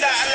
that.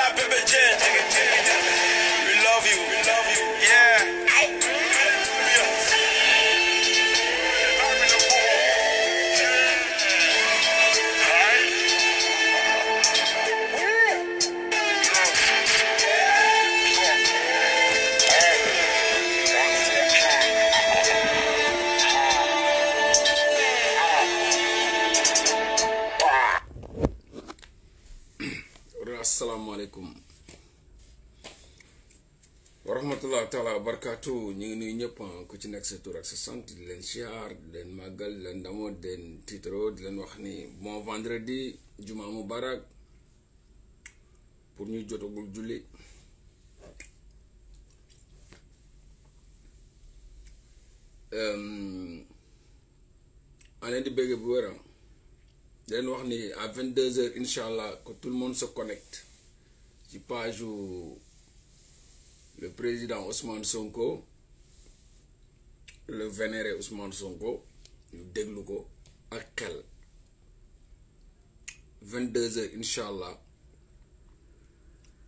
taala barkatu ñi ngi nuy ñëpp ku ci nekk sa tour ak sa sant di leen siyaar di leen màggal di leen damo di leen titro di leen wax ni bon vendredi juma mubarak pour ñu jotagul julli ma leen di bégge bu wéram di leen wax ni à 22 deux heures incha que tout le monde se connecte ci page le président Ousmane Sonko le vénéré Ousmane Sonko 22 déglu ko ak xel vingt deux heures dit allah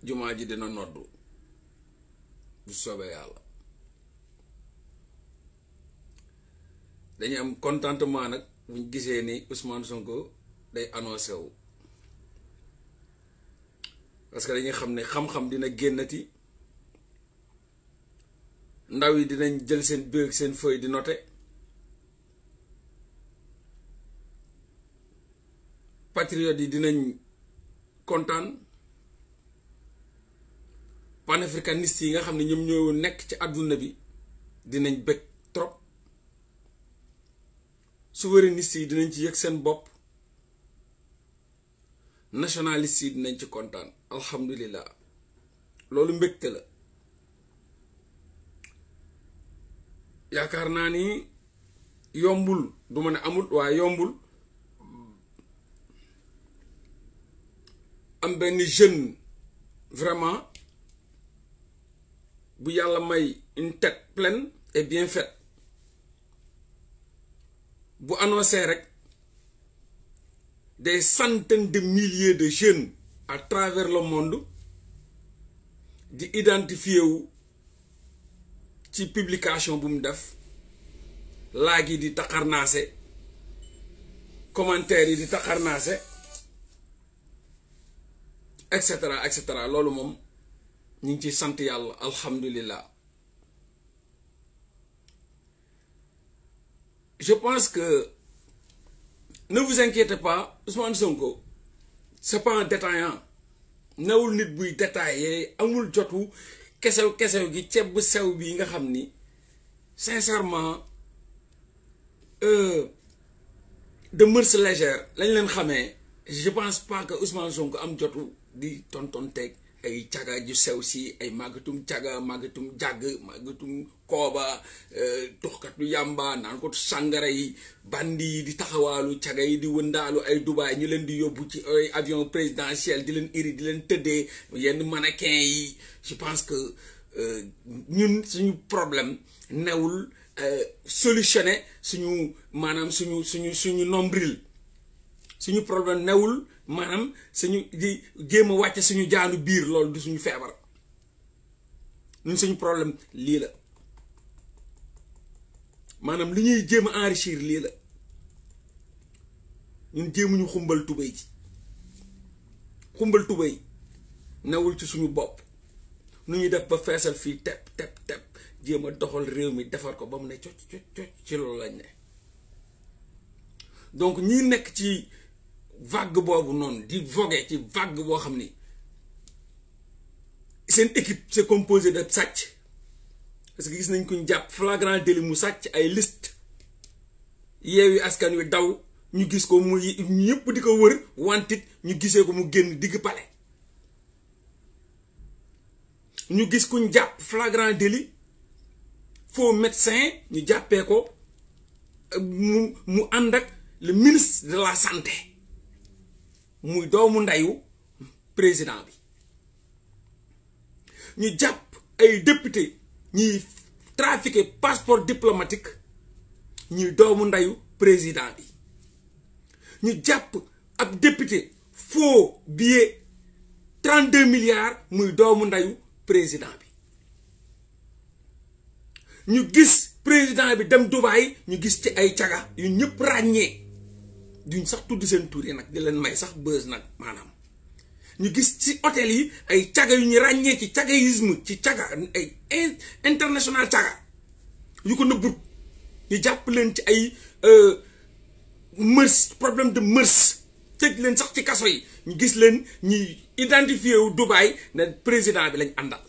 jumaa ji dina Il Je suis contentement Ousmane Sonko parce que ndaw yi dinañ jël seen biir seen feuille di noter patriotes yi dinañ kontaan panafricanistes yi nga xam ne ñoom ñoo nekk ci àdduna bi dinañ bëgg trop su souverainistes yi dinañ ci yëg seen bopp nationalistes yi dinañ ci kontaan alhamdulilah loolu mbégte la yaakaar naa ni yombul du ma ne yombul jeune vraiment bu une tête pleine et bien faite bu annoncé des centaines de milliers de jeunes à travers le monde di identifier où ci publication bu mu def laag yi di taxarnaase commentaires yi di taxarnaase et cetera et cetera loolu moom ñu ngi ciy sant yàlla alhamdulillah je pense que ne vous inquiétez pas Ousmane Sonko c'est pas un détaillant newul nit buy détaillé amul jotu kesew kesew gi ceeb bu sew bii nga xam ni sincèrement euh, de mœurs légères lañ leen xame je pense pas que Ousmane Sonko am jotu di tontonteeg ay caga ju sew si ay màggatum caga màggatum jàgg màggatum kooba euh, tuxkatu yàmba naan ko sàngara yi bandi yi di taxawaalu caga yi di wëndaalu ay Dubaay ñu leen di yóbbu ci ay avion présidentiel di leen iri di leen tëddee yenn mannequin yi je pense que euh, ñun suñu problème newul euh, solutionné suñu maanaam suñu suñu suñu nombril suñu problème newul maanaam suñu di jéem a wàcce suñu jaanu biir loolu du suñu feebar ñun suñu problème lii la maanaam li ñuy jéem a enrichir lii la ñun jéemuñu xumbal tubéy ji xumbal tubéy nawul ci suñu bopp nu ñuy def ba feesal fii tepp tepp tepp jéem a doxal réew mi defar ko ba mu ne cocc cocc ci loolu lañ ne donc ñi nekk ci vague non, noonu di vogue ci vague bo xamni ni seen équipe c'est composé de satch parce que gis nañ kuñ japp flagrant délit mu satch ay liste yeewi askan wi daw ñu gis ko mu ñëpp diko wër wantit ñu gisee ko mu génn digg pale ñu gis kuñ japp flagrant délit faux médecin ñu jappé ko mu mu ànd ak le ministre de la santé muy doomu ndeyu président bi ñu jàpp ay député ñuy trafiqué passeport diplomatique ñuy doomu ndeyu président bi ñu jàpp ab député faux billet trente deux milliards muy doomu ndeyu président bi ñu gis président bi dem Dubaï ñu gis ci ay caga yu ñëpp ràññee duñ sax tudd seen tur yi nag di leen may sax bës nag maanaam ñu gis ci hôtel yi ay caga yu ñu ràññee ci cagaïsme ci caga ay international caga yu ko nëbbut ñu jàpp leen ci ay euh, mërs problème de mërs tëj leen sax ci kaso yi ñu gis leen ñuy identifié wu Dubaï ne président bi lañ àndal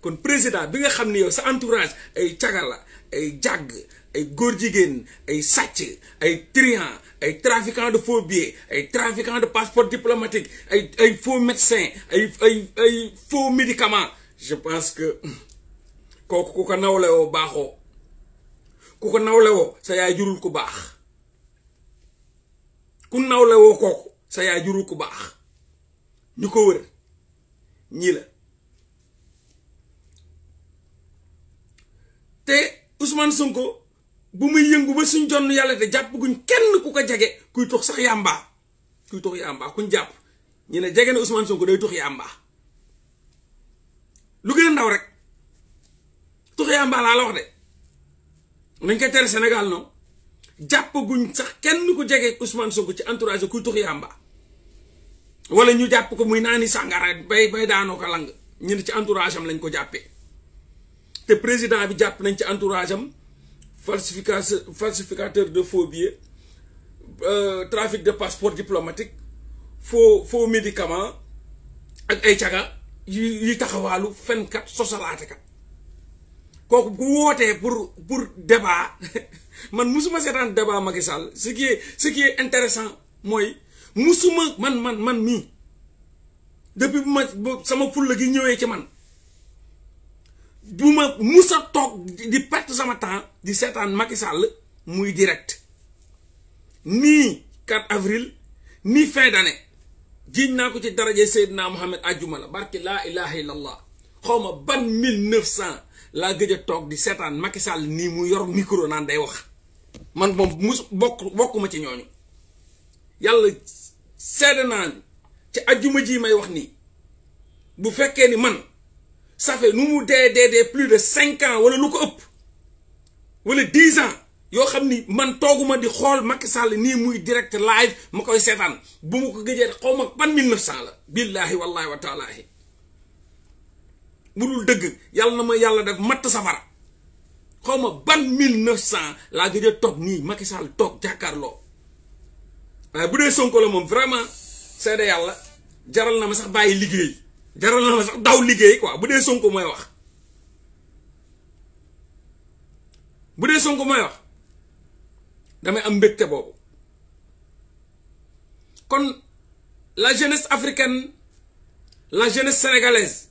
kon président bi nga xam ne yow sa entourage ay caga la ay jàgg ay góor jigéen ay sàcc ay trian ay trafiquants de faux billets ay trafiquants de passeports diplomatiques, ay ay faux médecins ay ay ay faux médicaments je pense que kooku ku ko nawlewoo baaxoo ku ko nawlewoo sa yaay jurul ku baax ku nawlewoo kooku sa yaay jurul ku bax. ñu ko wër ni la te Ousmane Sonko. bu muy yëngu ba suñ jonn yalla te japp guñ kenn ku ko jage kuy tok sax yamba kuy tok yamba kuñ japp ñi ne jage na Ousmane Sonko day tok yamba lu gën ndaw rek tok yamba la la wax de nañ ko téré Sénégal no japp guñ sax kenn ku jage Ousmane Sonko ci entourage kuy tok yamba wala ñu japp ko muy nani sangara bay bay daano ko lang ñi ci entourage am lañ ko jappé te président bi japp nañ ci entourage am falsificateur de faux billets euh, trafic de passeports diplomatiques, faux faux médicaments ak ay caga yu taxawaalu fenkat sosalaatekat kooku bu wootee pour pour débat man musuma seetaan débat Macky ce qui est ce qui est intéressant mooy musuma man man man mi. depuis bu ma sama fulla gi ñëwee ci man du ma mus toog di perte sama temps di seetaan Macky Sall muy direct nii 4 avril nii fin d'année jiñ naa ko ci daraje Seydina Mohamed ajjuma la barki laa ilaha illallah xaw ma ban mille neuf laa gëj a toog di seetaan Macky Sall nii mu yor micro naan day wax man moom mus bokk bokkuma ci ñooñu yàlla seede naa ci ajjuma ji may wax nii bu fekkee ni man ça nu mu dee dee dee plus de cinq ans wala lu ko ëpp wala dix ans yoo xam ni man tooguma di xool Macky Sall nii muy direct live ma koy seetaan bu ma ko gëjee xaw ma ban mille neuf cent la billaahi wallaahi wa taalaahi bu dëgg yàlla na ma yàlla def matt safara xaw ma ban mille neuf cent laa gëj a toog nii Macky Sall toog jàkkaarloo waaye bu dee Sonko la moom vraiment seede yàlla jaral na ma sax bàyyi liggéey jaral na la sax daw liggéey quoi bu dee Sonko moy wax bu dee Sonko moy wax damay am mbégte boobu kon la jeunesse africaine la jeunesse sénégalaise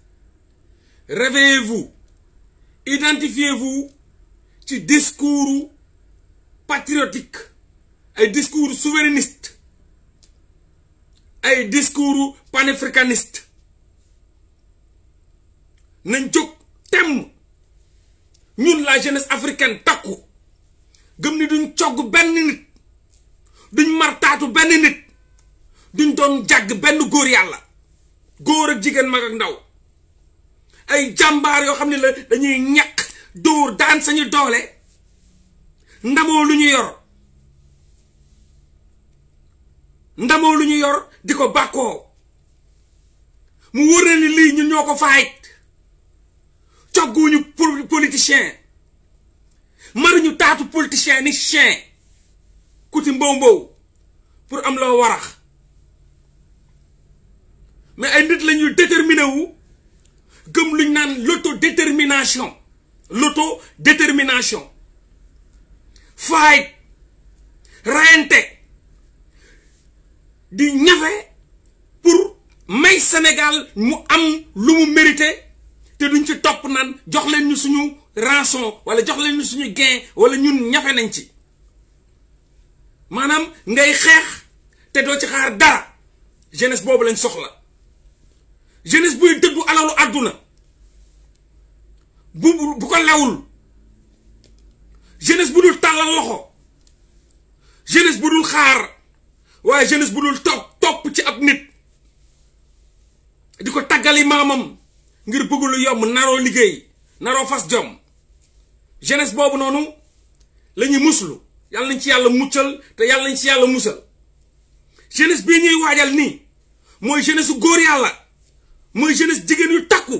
réveillez-vous identifiez-vous ci discours patriotique ay discours souverainiste ay discours panafricaniste nañ jóg temm ñun la jeunesse africaine takku gëm ni duñ cogg benn nit duñ martaatu benn nit duñ doon jàgg benn góor yàlla góor ak jigéen mag ak ndaw ay jàmbaar yoo xam ne la dañuy ñàkk dóor daan sañu doole ndamoo lu ñu yor ndamoo lu ñu yor di ko bàkkoo mu wóor ni lii ñun ñoo ko faay cogguñu politicien maruñu taatu politicien ni chien kuti mbow mbow pour am loo warax mais ay nit la ñuy déterminé wu gëm luñ naan l'autodétermination l'autodétermination fight rayante di ñafe pour may Sénégal mu am lu mu mérité te duñ ci topp naan jox leen ñu suñu rançon wala jox leen ñu suñu gain wala ñun ñafe nañ ci maanaam ngay xeex te doo ci xaar dara jeunesse boobu lañ soxla jeunesse buy dëddu alalu àdduna bu bu ko lewul jeunesse bu dul tàllal loxo jeunesse bu dul xaar waaye jeunesse bu dul topp topp ci ab nit di ko tàggali maamam ngir bëgg lu yomb naroo liggéey naroo fas jom jeunesse boobu noonu la ñuy muslu yàlla nañ ci yàlla muccal te yàlla nañ ci yàlla musal jeunesse bii ñuy waajal nii mooy jeunesse su góor yàlla mooy jeunesse jigéen yu takku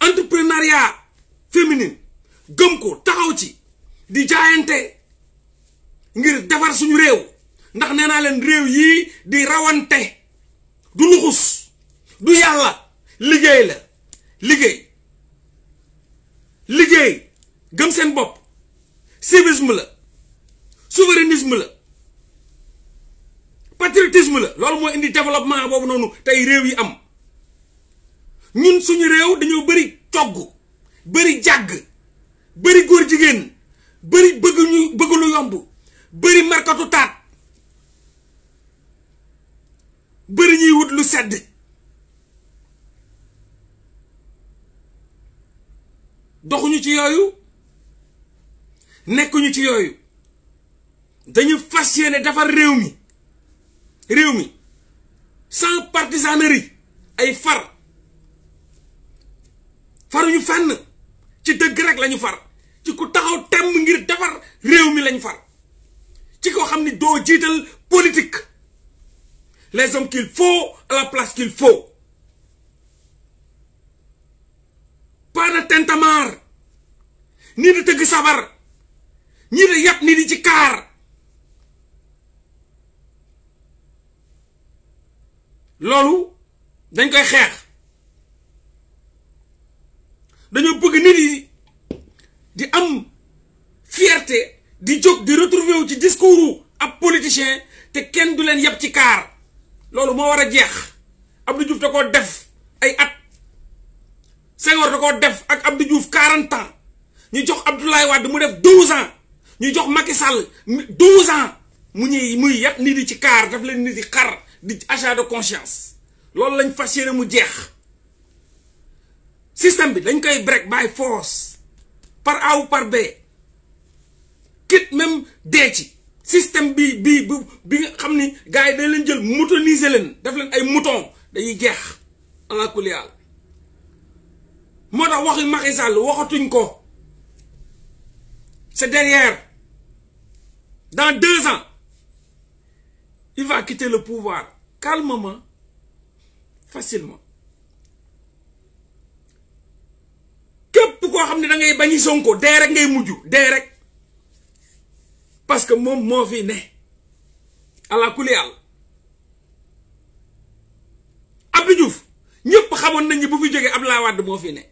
entrepreneuriat féminin gëm ko taxaw ci di jaayante ngir defar suñu réew ndax nee naa leen réew yii di rawante du luxus du yàlla liggéey la liggéey liggéey gëm seen bopp civisme la souverainisme la patriotisme la loolu mooy indi développement boobu noonu tey réew yi am ñun suñu réew dañoo bari togg bari jàgg bëri góor jigéen bëri bëgg ñu bëgg lu yomb bëri markatu taat bëri ñuy wut lu sedd doxuñu ci yoyu nekkuñu ci yoyu dañu réew sans partisanerie ay far faruñu fenn ci dëgg rek lañu far ci ku taxaw tem ngir defar réew lañu far ci ni doo politique les hommes qu'il faut à la place qu'il faut Para tentamar ni di teug sabar ni di yàpp ni di ci kaar lolou dañ koy xex dañu bëgg nit yi di am fierté di jog di retrouver wu ci discoursu ab politicien te kenn du len yàpp ci kaar lolou mo wara jeex Abdou Diouf da ko def ay at Senghor da koo def ak Abdou Diouf 40 ans ñu jox Abdoulaye Wade mu def 12 ans ñu jox Macky Sall 12 ans mu ñuy muy yàpp nit yi ci kaar daf leen nit yi xar di achat de conscience loolu lañ fas yéene mu jeex système bi dañ koy break by force par A par B kit même dee ci système bi bi bi xam ni gars yi dañ leen jël motonisé leen def leen ay mouton dañuy jeex alakulial moo tax waxi Maréchal, Sall waxatuñ ko c'est derrière dans deux ans il va quitter le pouvoir calmement facilement képp koo xam ne da ngay bañi Sonko dee ngay mujj dee parce que moom moo fi ne ala kulli àll Abdou Diouf ñëpp xamoon nañ ni bu fi jógee Abdoulaye Wade moo fi ne.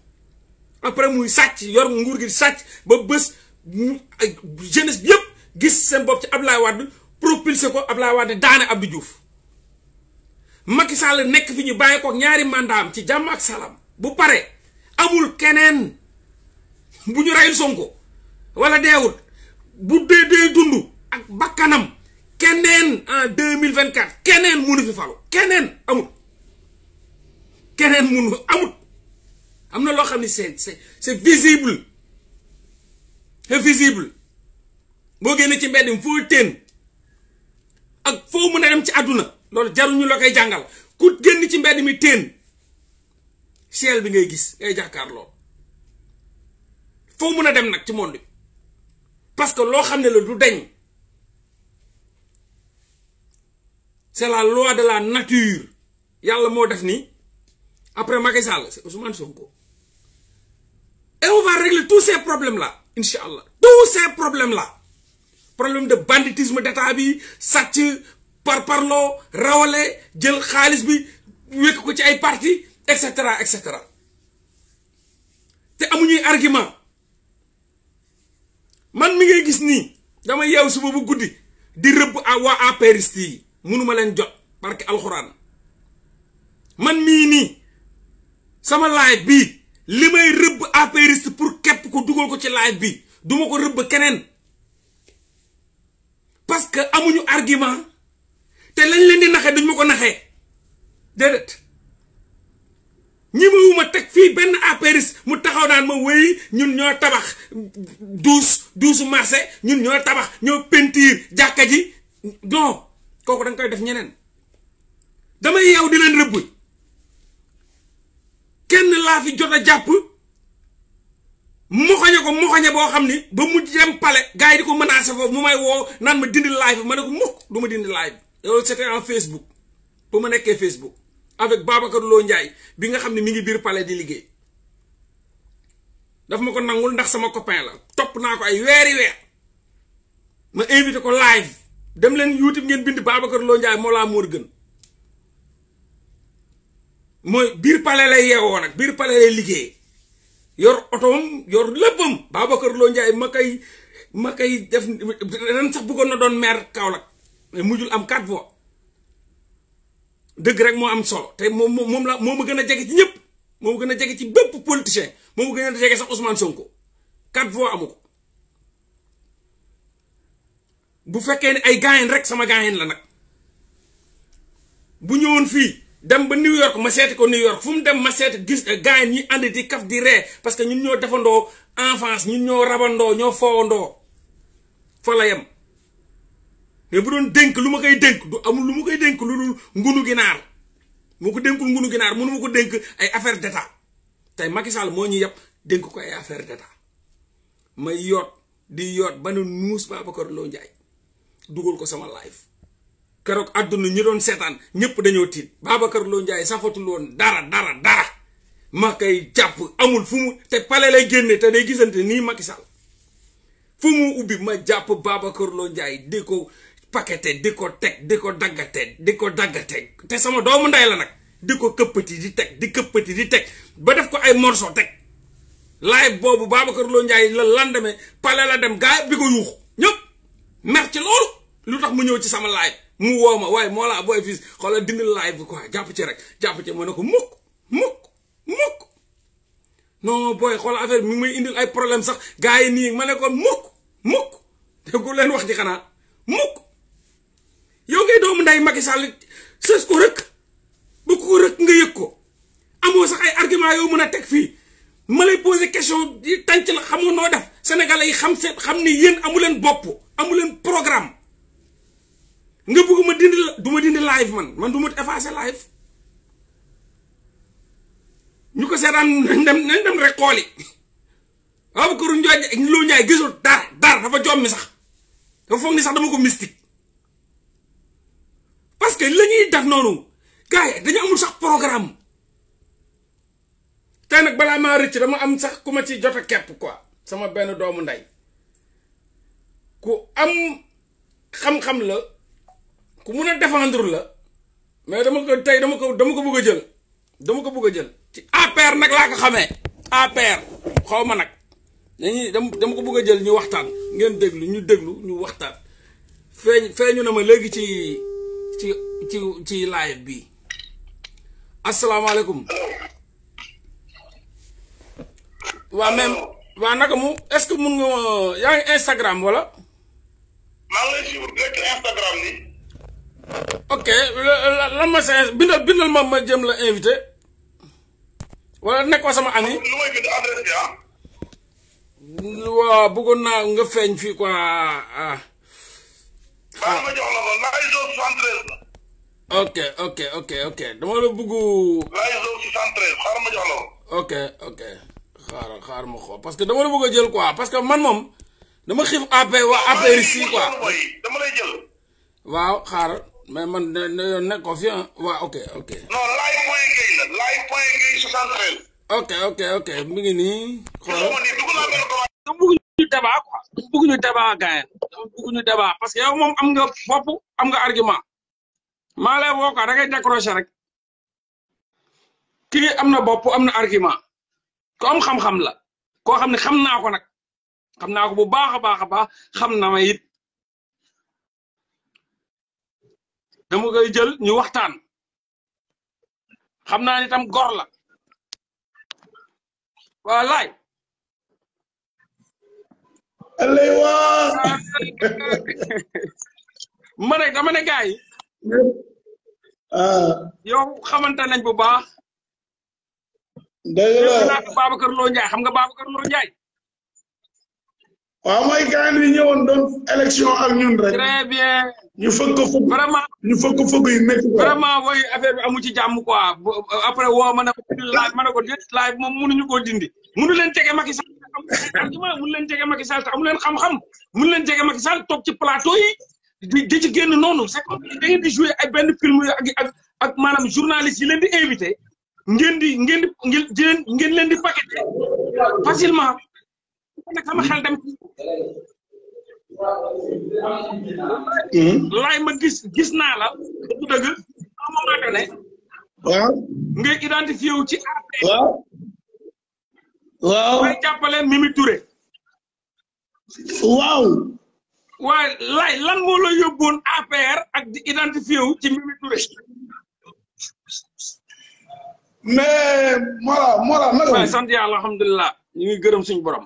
après muy sàcc yor nguur gi sàcc ba bés jeunesse yëpp gis seen bopp ci Abdoulaye Wade propulsé ko Abdoulaye Wade daane Abdou Diouf Macky Sall nekk fi ñu bàyyi ko ñaari mandaam ci jàmm ak salaam bu pare amul keneen bu ñu reyul Sonko walla deewut bu dee dee dund ak bakkanam keneen en deux mille vingt quatre keneen munu fi keneen amut keneen munu amut. amna lo xamni c'est c'est visible c'est visible bo gene ci mbedd fo ten ak fo mën a dem ci aduna lolou jaru ñu lokay jangal ku genn ci mbedd mi ten ciel bi ngay gis ngay jakarlo fo foo dem nak ci monde parce que lo xamne le du deñ c'est la loi de la nature yalla mo def ni après Macky Sall Ousmane Sonko Et on va régler tous ces problèmes-là, Inch'Allah. Tous ces problèmes-là. Problème de banditisme d'État, Sati, par parlo, Rawale, Djel Khalis, Wekoukoutiaï Parti, etc. etc. te amuñuy argument man mi ngay gis ni, dama yew suba bu goudi, di a wa a peristi, munuma len jot barke Quran, man mi ni, sama lay bi, limay may Aperis pour kep ko dougal ko ci live bi duma ko reub kenen parce que amuñu argument té lañ leen di naxé duñ mako naxé dedet déedéet ñi ma wuma tek fi ben apériste mu taxaw naan ma wéy ñun ñoo tabax 12 12 marché ñun ñoo tabax ñoo peinture jakka ji non koku dang koy def ñeneen dama yew di leen reub kenn la fi jotta a mukanya ko mukanya bo xamni ni ba mujj dem pale gaay di ko menacé fo mu may woo naan ma dindi live ma ne ko mukk duma dindi live loolu c'était en facebook bu ma nekké facebook avec Babacar Lo ndjay bi nga xamni mi ngi bir pale di liggéey daf mako nangul ndax sama copain la top naa ko ay wéri wé ma invité ko live dem len youtube ngeen bind Babacar Lo ndjay mola laa gën moy bir pale lay yéwo nak bir pale lay liggéey yor otoom yor léppam Babacar Lo Ndiaye ma koy ma koy def ren sax bëggoon na doon maire Kaolack mais mujjul am quatre voix dëgg rek moo am solo te moom moom la moo ma gën a jege ci ñëpp moo ma gën a jege ci bépp politicien moo ma gën a jege sax Ousmane Sonko quatre voix amu ko bu fekkee ne ay gaayen rek sama gaayen la nag bu ñëwoon fii dem ba New York ma seet ko New York fu mu dem ma seet gis eh, gars ñi ànd di kaf di ree parce que ñun ñoo defandoo envance ñun ñoo rabandoo ñoo foowandoo fa la yem mais bu doon dénk lu ma koy dénk du amul lu ma koy dénk lu dul ngunu ginaar mu ko dénkul ngunu ginaar mënu ma ko dénk ay affaire d'état tey Macky Sall moo ñu yàpp dénk ko ay affaire d'état may yoot di yoot ba nu nuus Babacar Loo Njaay dugal ko sama live keroog àdduna ñi doon seetaan ñëpp dañoo tiit Babacar Lo Ndiaye safatul woon dara dara ma koy jàpp amul fu mu te pale lay génne te day gisante nii Macky Sall fu mu ubbi ma jàpp Babacar Lo Ndiaye di ko pakete di ko teg di ko daggate di ko daggate te sama doomu ndey la nag di ko këppati di teg di këppati di teg ba def ko ay morso teg live boobu baaba kërloo njaay la landeme pale la dem gaa bi ko yuux ñëpp mer ci loolu lu tax mu ñëw ci sama live mu woo ma waaye moo laa booy fii xoolal dindi live bi quoi jàpp ci rek jàpp ci ma ne ko mukk mukk mukk non booy xoola affaire bi mi ngi may indil ay problème sax gars yi nii ma ne ko mukk mukk déggu leen wax ci xanaa mukk yow ngay doomu nday Macky Sall ko rëkk ba ko rëkk nga yëg ko amoo sax ay argument yow mun a teg fii ma lay posé question di tànc la xamoo noo def sénégal yi xam seen xam ni yéen amu leen bopp amu leen programme nga bëgg ma dindi du ma dindi live man man du ma effacer live ñu ko seetaan nañ dem nañ dem rek xooli Babacar Ndiaye Lo Ndiaye gisul dara dara dafa jommi sax dafa foog ni sax dama ko mystique parce que la ñuy def noonu gars yi dañu amul sax programme tey nag balaa maa rëcc dama am sax ku ci jot kepp quoi sama benn doomu ndey ku am xam-xam la. ku mun a défendre la mais dama ko tay dama ko dama ko bëgg jël dama ko bëgg jël ci APR nak la ko xamé APR xaw ma nag dañuy dama ko bëgg jël ñu waxtaan ngeen déglu ñu déglu ñu waxtaan feeñ na ma légui ci ci ci live bi alaykum Wa même Wa naka mu est ce que ya Instagram wala. maa ngi lay suivre Instagram ni ok lan ma sa bindal bindal ma ma jëm la invité wala nekkoo sama ami lu may ah? na nga feeñ fi quoi ah la la ok ok ok ok dama la bugu... la ok ok xaaral xaar ma xool parce que dama la bugu a jël quoi parce que man mom, dama xiif AP wa APR si quoi dama la jël waaw xaaral mais man de ne nekkoo fi ah waaw ok ok. non laay point gay la ok ok ok mu ngi nii. xoolal dama bëgg ñu débat quoi dama bëgg ñu parce que yow moom am nga bopp am nga argument maa lay woo quoi da ngay décrocher rek kii am na bopp am na argument ku am xam-xam la koo xam ne xam naa ko nag xam naa ko bu baax a baax a baax xam na ma it. dama koy jël ñu waxtaan xam naa ni tam gor la waa laay alay waa ma ne dama ne gars yi ah. yow xamante nañ bu baax dëgg la Babacar Lo Ndiaye xam nga Babacar Lo Ndiaye waaw mooy gaan yi ñëwoon doon élection ak ñun rek. très bien. ñu fëgg ko fëgg vraiment ñu fëgg ko fëgg yu métti. vraiment mooy affaire bi amu ci jàmm quoi après woo ma ne ko laaj ma ne ko déet laaj moom mënuñu koo dindi. mënu leen tege Macky Sall mënu leen tege Macky Sall te amu leen xam-xam mënu leen tege Macky Sall toog ci plateau yi di di ci génn noonu c'est comme da ngeen di jouer ay benn film ak ak ak maanaam journaliste yi leen di invité ngeen di ngeen di ngeen leen di paqueté facilement. Nak sama xel dem lay ma gis gis naa la du dëgg à un moment nga identifié wu ci waaw waaw Mimi Touré waaw lay lan la APR ak di identifié ci Mimi Touré mais Mora Mora nag sant ngi suñu borom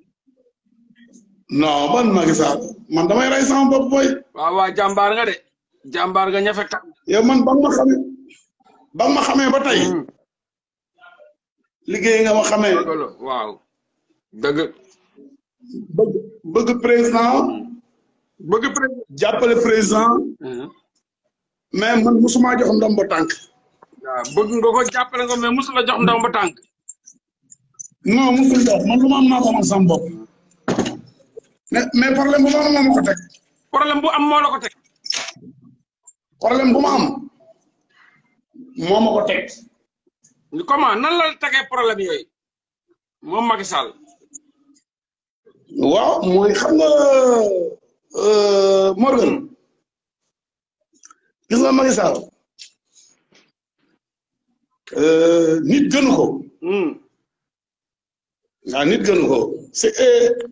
non ban Macky Sall man damay rey sama bopp booy. waaw waaw jàmbaar nga de. jàmbaar nga ñafe kan. yow man ba ma xamee ba ma xamee ba tey. Hmm. liggéey nga ma xamee. waaw dëgg. bëgg bëgg président. Hmm. bëgg président jàppale président. Hmm. mais man musuma jox ndam ba tànk. waaw bëgg nga ko jàppale ko mais musu la jox ndam ba tànk. non musul jox man lu am naa ko man sama mais problème bu am moo ma ko teg. problème bu am moo ko teg. problème bu ma am moo ko teg. comment nan la tegee problème yooyu mom Macky Sall. waaw mooy xam nga euh, Morgan gis nga Macky euh, nit gënu ko. Hmm. waaw nit gënu ko c'est euh,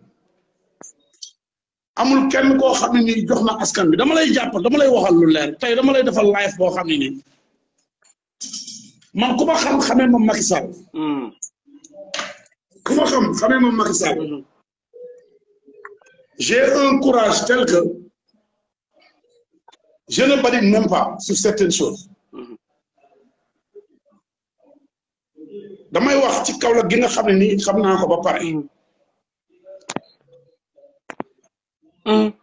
amul kenn koo xam ne nii jox na askan bi dama lay jàppal dama lay waxal lu leer tey dama lay defal live boo xam ne ni man ku ma xam xamee ma Macky Sall. Hmm. ku ma xam xamee ma Macky Sall. Hmm. j'ai un que je ne badine même pas sur certaines choses. Hmm. damay wax ci kaw gi nga xam ni nii xam naa ko ba pare. Hmm.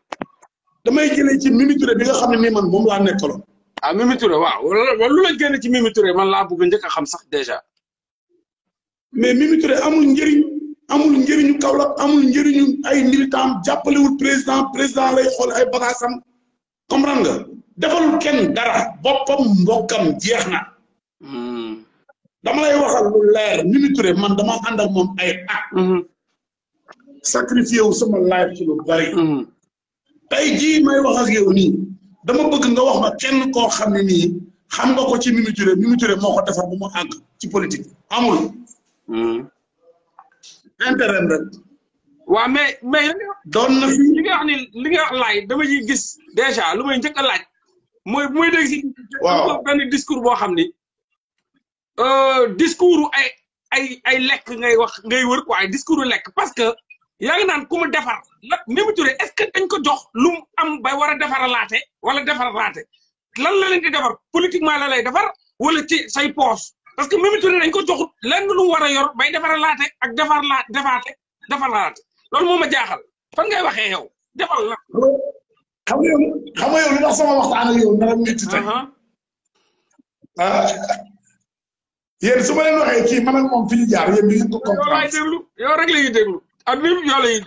damay jëlee ci Mimi bi nga xam ne nii man moom laa nekkaloon. ah Mimi Touré waaw wala lu la génne ci Mimi Touré man laa bëgg njëkk a xam sax déjà. mais Mimi amul njëriñ amul njëriñu Kaolack amul njëriñu ay militant jàppalewul président président lay xool ay bagaasam comprendre nga defalul kenn dara boppam mbokkam jeex na. Hmm. dama lay waxal lu leer Mimi man dama ànd ak moom ay at. Hmm. sacrifié wu sama life ci lu bari. ay mm-hmm. ji may wax ak yow nii dama bëgg nga wax ma kenn ko xam ne nii xam nga ko ci Mimi Touré Mimi Touré moo ko defar gu mu àgg ci politique amul. Mm-hmm. intérêt rek. waaw mais mais. doon na fi li nga li nga wax laaj dama ciy gis déjà lu may njëkk a laaj. mooy bu may si. waaw benn discours boo xam ni. Euh, discours ay ay ay lekk ngay wax ngay wër waaye discours lekk parce que. yaa ngi naan ku mu defar la Mimi Touré que dañ ko jox lu mu am ba war a laate wala defar laate lan la leen di defar politiquement la lay defar wala ci say poos parce que Mimi Touré dañ ko joxut lenn lu mu war a yor bay defar laate ak defar laa defaate defar laate loolu moo ma jaaxal fan ngay waxee yow defal la. xam nga yow xam nga yow li tax sama waxtaan ak yow nar uh-huh. a ah, su ma leen waxee kii man moom fi jaar yéen ñu ngi ko comprendre. yow rek la ñuy at mi yàlla yi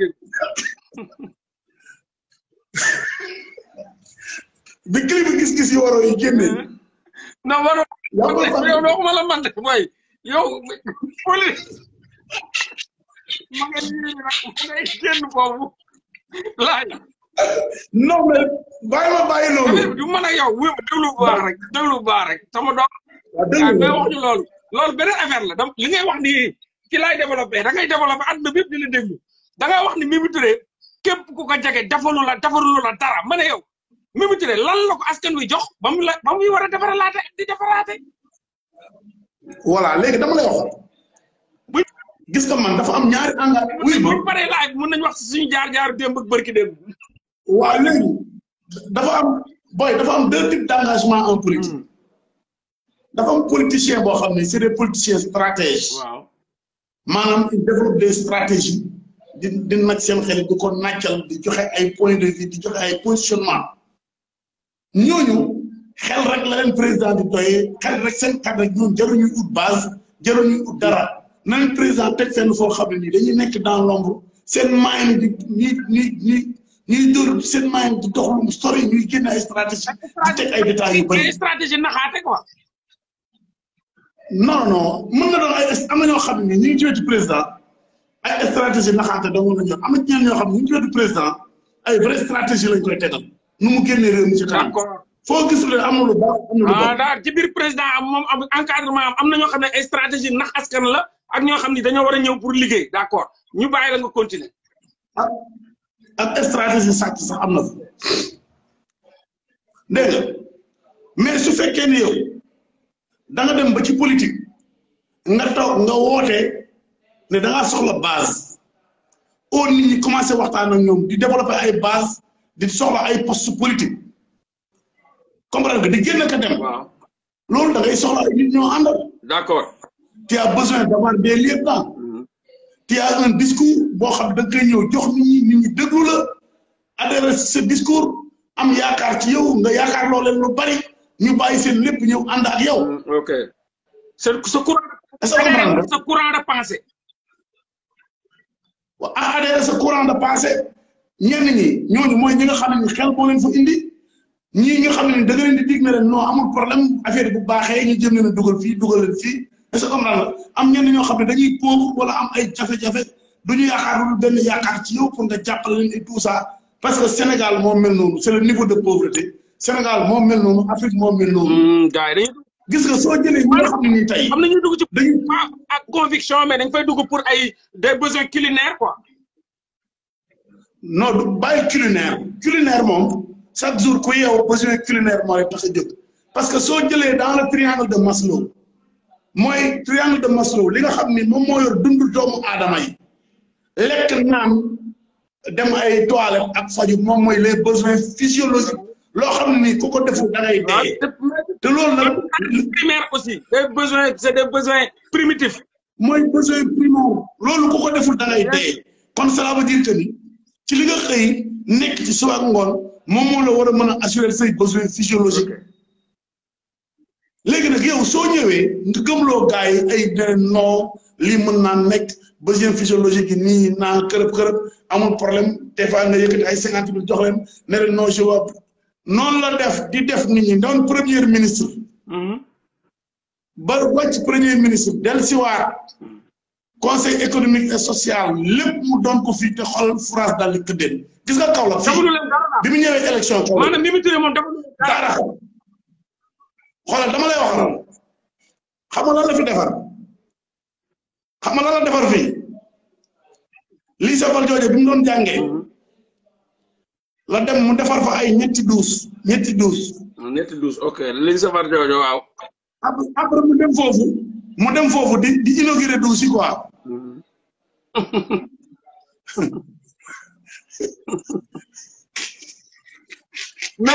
dégg bi clip gis-gis yi waroo yi génne. non waroo yow doo ko mën a mën de booy yow police ma nga boobu laaj. non mais ma bàyyi loolu. du mën yow wéy ma déglu rek déglu bu rek sama doom. waaw déglu wax ñu loolu. loolu la donc li ki laay développé da ngay développé àdduna bépp di la déglu da wax ni Mimi Touré képp ku ko jege defalu la defalu la dara ma ne yow Mimi Touré lan la ko askan wi jox ba mu la ba muy war a defaralaate di defaraate voilà dama lay wax. gis man dafa am ñaari engagement. oui mën nañu wax si suñu jaar jaar démb ak barki démb. waaw léegi dafa am boy dafa am deux types en politique. Hmm. dafa am politicien boo xam ne c' est des politiciens stratèges. maanaam il développe des stratégies di di nag seen xel di ko nàccal di joxe ay point de vue di joxe ay positionnement ñooñu xel rek la leen président di doyee xel rek seen kat rek ñoom jaruñuy ut base jaruñuy ut dara na leen président teg fenn foo xam ne nii dañuy nekk dans l'ombre seen moyen di ñuy ñuy ñuy ñuy seen moyen di dox lu mu sori ñuy génne ay stratégie di teg ay détails yu bëri stratégie naxaate quoi non non mën nga doon am na ñoo xam ni ñu ngi ci wetu président ay stratégie naxaate dong la ñu am na ñeneen ñoo xam ne ñu ngi ci wetu président ay vrai stratégie lañ koy tegal nu mu génnee réew mi ci kanam. foo gis ne amul lu baax amul ah, daal ci biir président am moom am encadrement am am na ñoo xam ne ay stratégie nax askan la ak ñoo xam ni dañoo war a ñëw pour liggéey d' accord ñu bàyyi la nga continuer. ak ah, ak stratégie sàcc sax am na fa mais su fekkee ni yow. da dem ba ci politique nga taw nga woote ne da ngaa soxla base au nit ñi commencé waxtaan ak ñoom di développer ay base di soxla ay post politique comprendre nga di génn ka dem. loolu da ngay soxla ay nit ñoo àndal. d'accord. tu as besoin d'avoir des lieutenants. Mm-hmm. tu discours boo xam da nga koy ñëw jox nit ñi nit ñi déglu la discours am yaakaar ci yow nga yaakaar loo lu bari. ñu bàyyi seen lépp ñëw ànd ak yow. Mm, ok sa sa courant. sa courant de pensée. waaw adhéré ah, ah, sa courant de pensée ñenn ñi ñooñu mooy ñi nga xam ne xel boo leen fa indi ñii nga xam ne da nga leen di dig ne leen non amul problème affaire bu baaxee ñu jëm leen a dugal fii dugal leen fii est-ce que comprendre am ñenn ñoo xam ne dañuy pauvre wala am ay jafe-jafe du ñu yaakaar lu benn yaakaar ci yow pour nga jàppale leen et tout ça parce que Sénégal moo mel noonu c'est le niveau de pauvreté. Sénégal mon mel noonu Afrique mon mel noonu. Hmm, gars Qu'est-ce nga ça veut dire nga xam ne nii tey. am na conviction mais dañ fay dugg pour ay des besoins culinaires quoi. non pas culinaire Culinairement, chaque jour ku yeewu besoin culinaire mooy tax a parce que veut dire dans le triangle de Maslow mooy triangle de Maslow li nga xam mon moom yor dundu doomu aadama yi lekk dem ay toilettes ak faju moom mooy les besoins physiologiques. loo xam ni nii ku ko deful da ngay ah, dee. te loolu na primaire aussi. des besoins c'est des besoins primitifs. mooy besoin primaire. loolu ku ko deful da ngay dee. kon cela veut dire que ci li nga xëy nekk ci suba ak ngoon moom moo la war a mën a assurer say besoins physiologiques. léegi nag yow soo ñëwee nga gëmloo gars yi ay ne no lii mën naa nekk besoin physiologique yi nii naa kërëb kërëb amul problème des fois nga yëkkati ay cinquante mille jox leen ne leen non je noonu la def di def nit ñi doon premier ministre. Mm-hmm. ba wàcc premier ministre del siwaat conseil économique et social lépp mu doon ko fii te xool France daal di tëddee gis nga Kaolack. defuñu leen dara bi mu ñëwee élection. maanaam ni mu tëddee moom dama lay wax noonu xam nga lan la fi defar xam nga la defar fii lii sa fal jooje bi mu doon jàngee. la dem mu defar fa ay ñetti douze ñetti douze. Ah, ñetti douze ok li ñu safar joojo waaw. après après mu dem foofu di di inauguré douze yi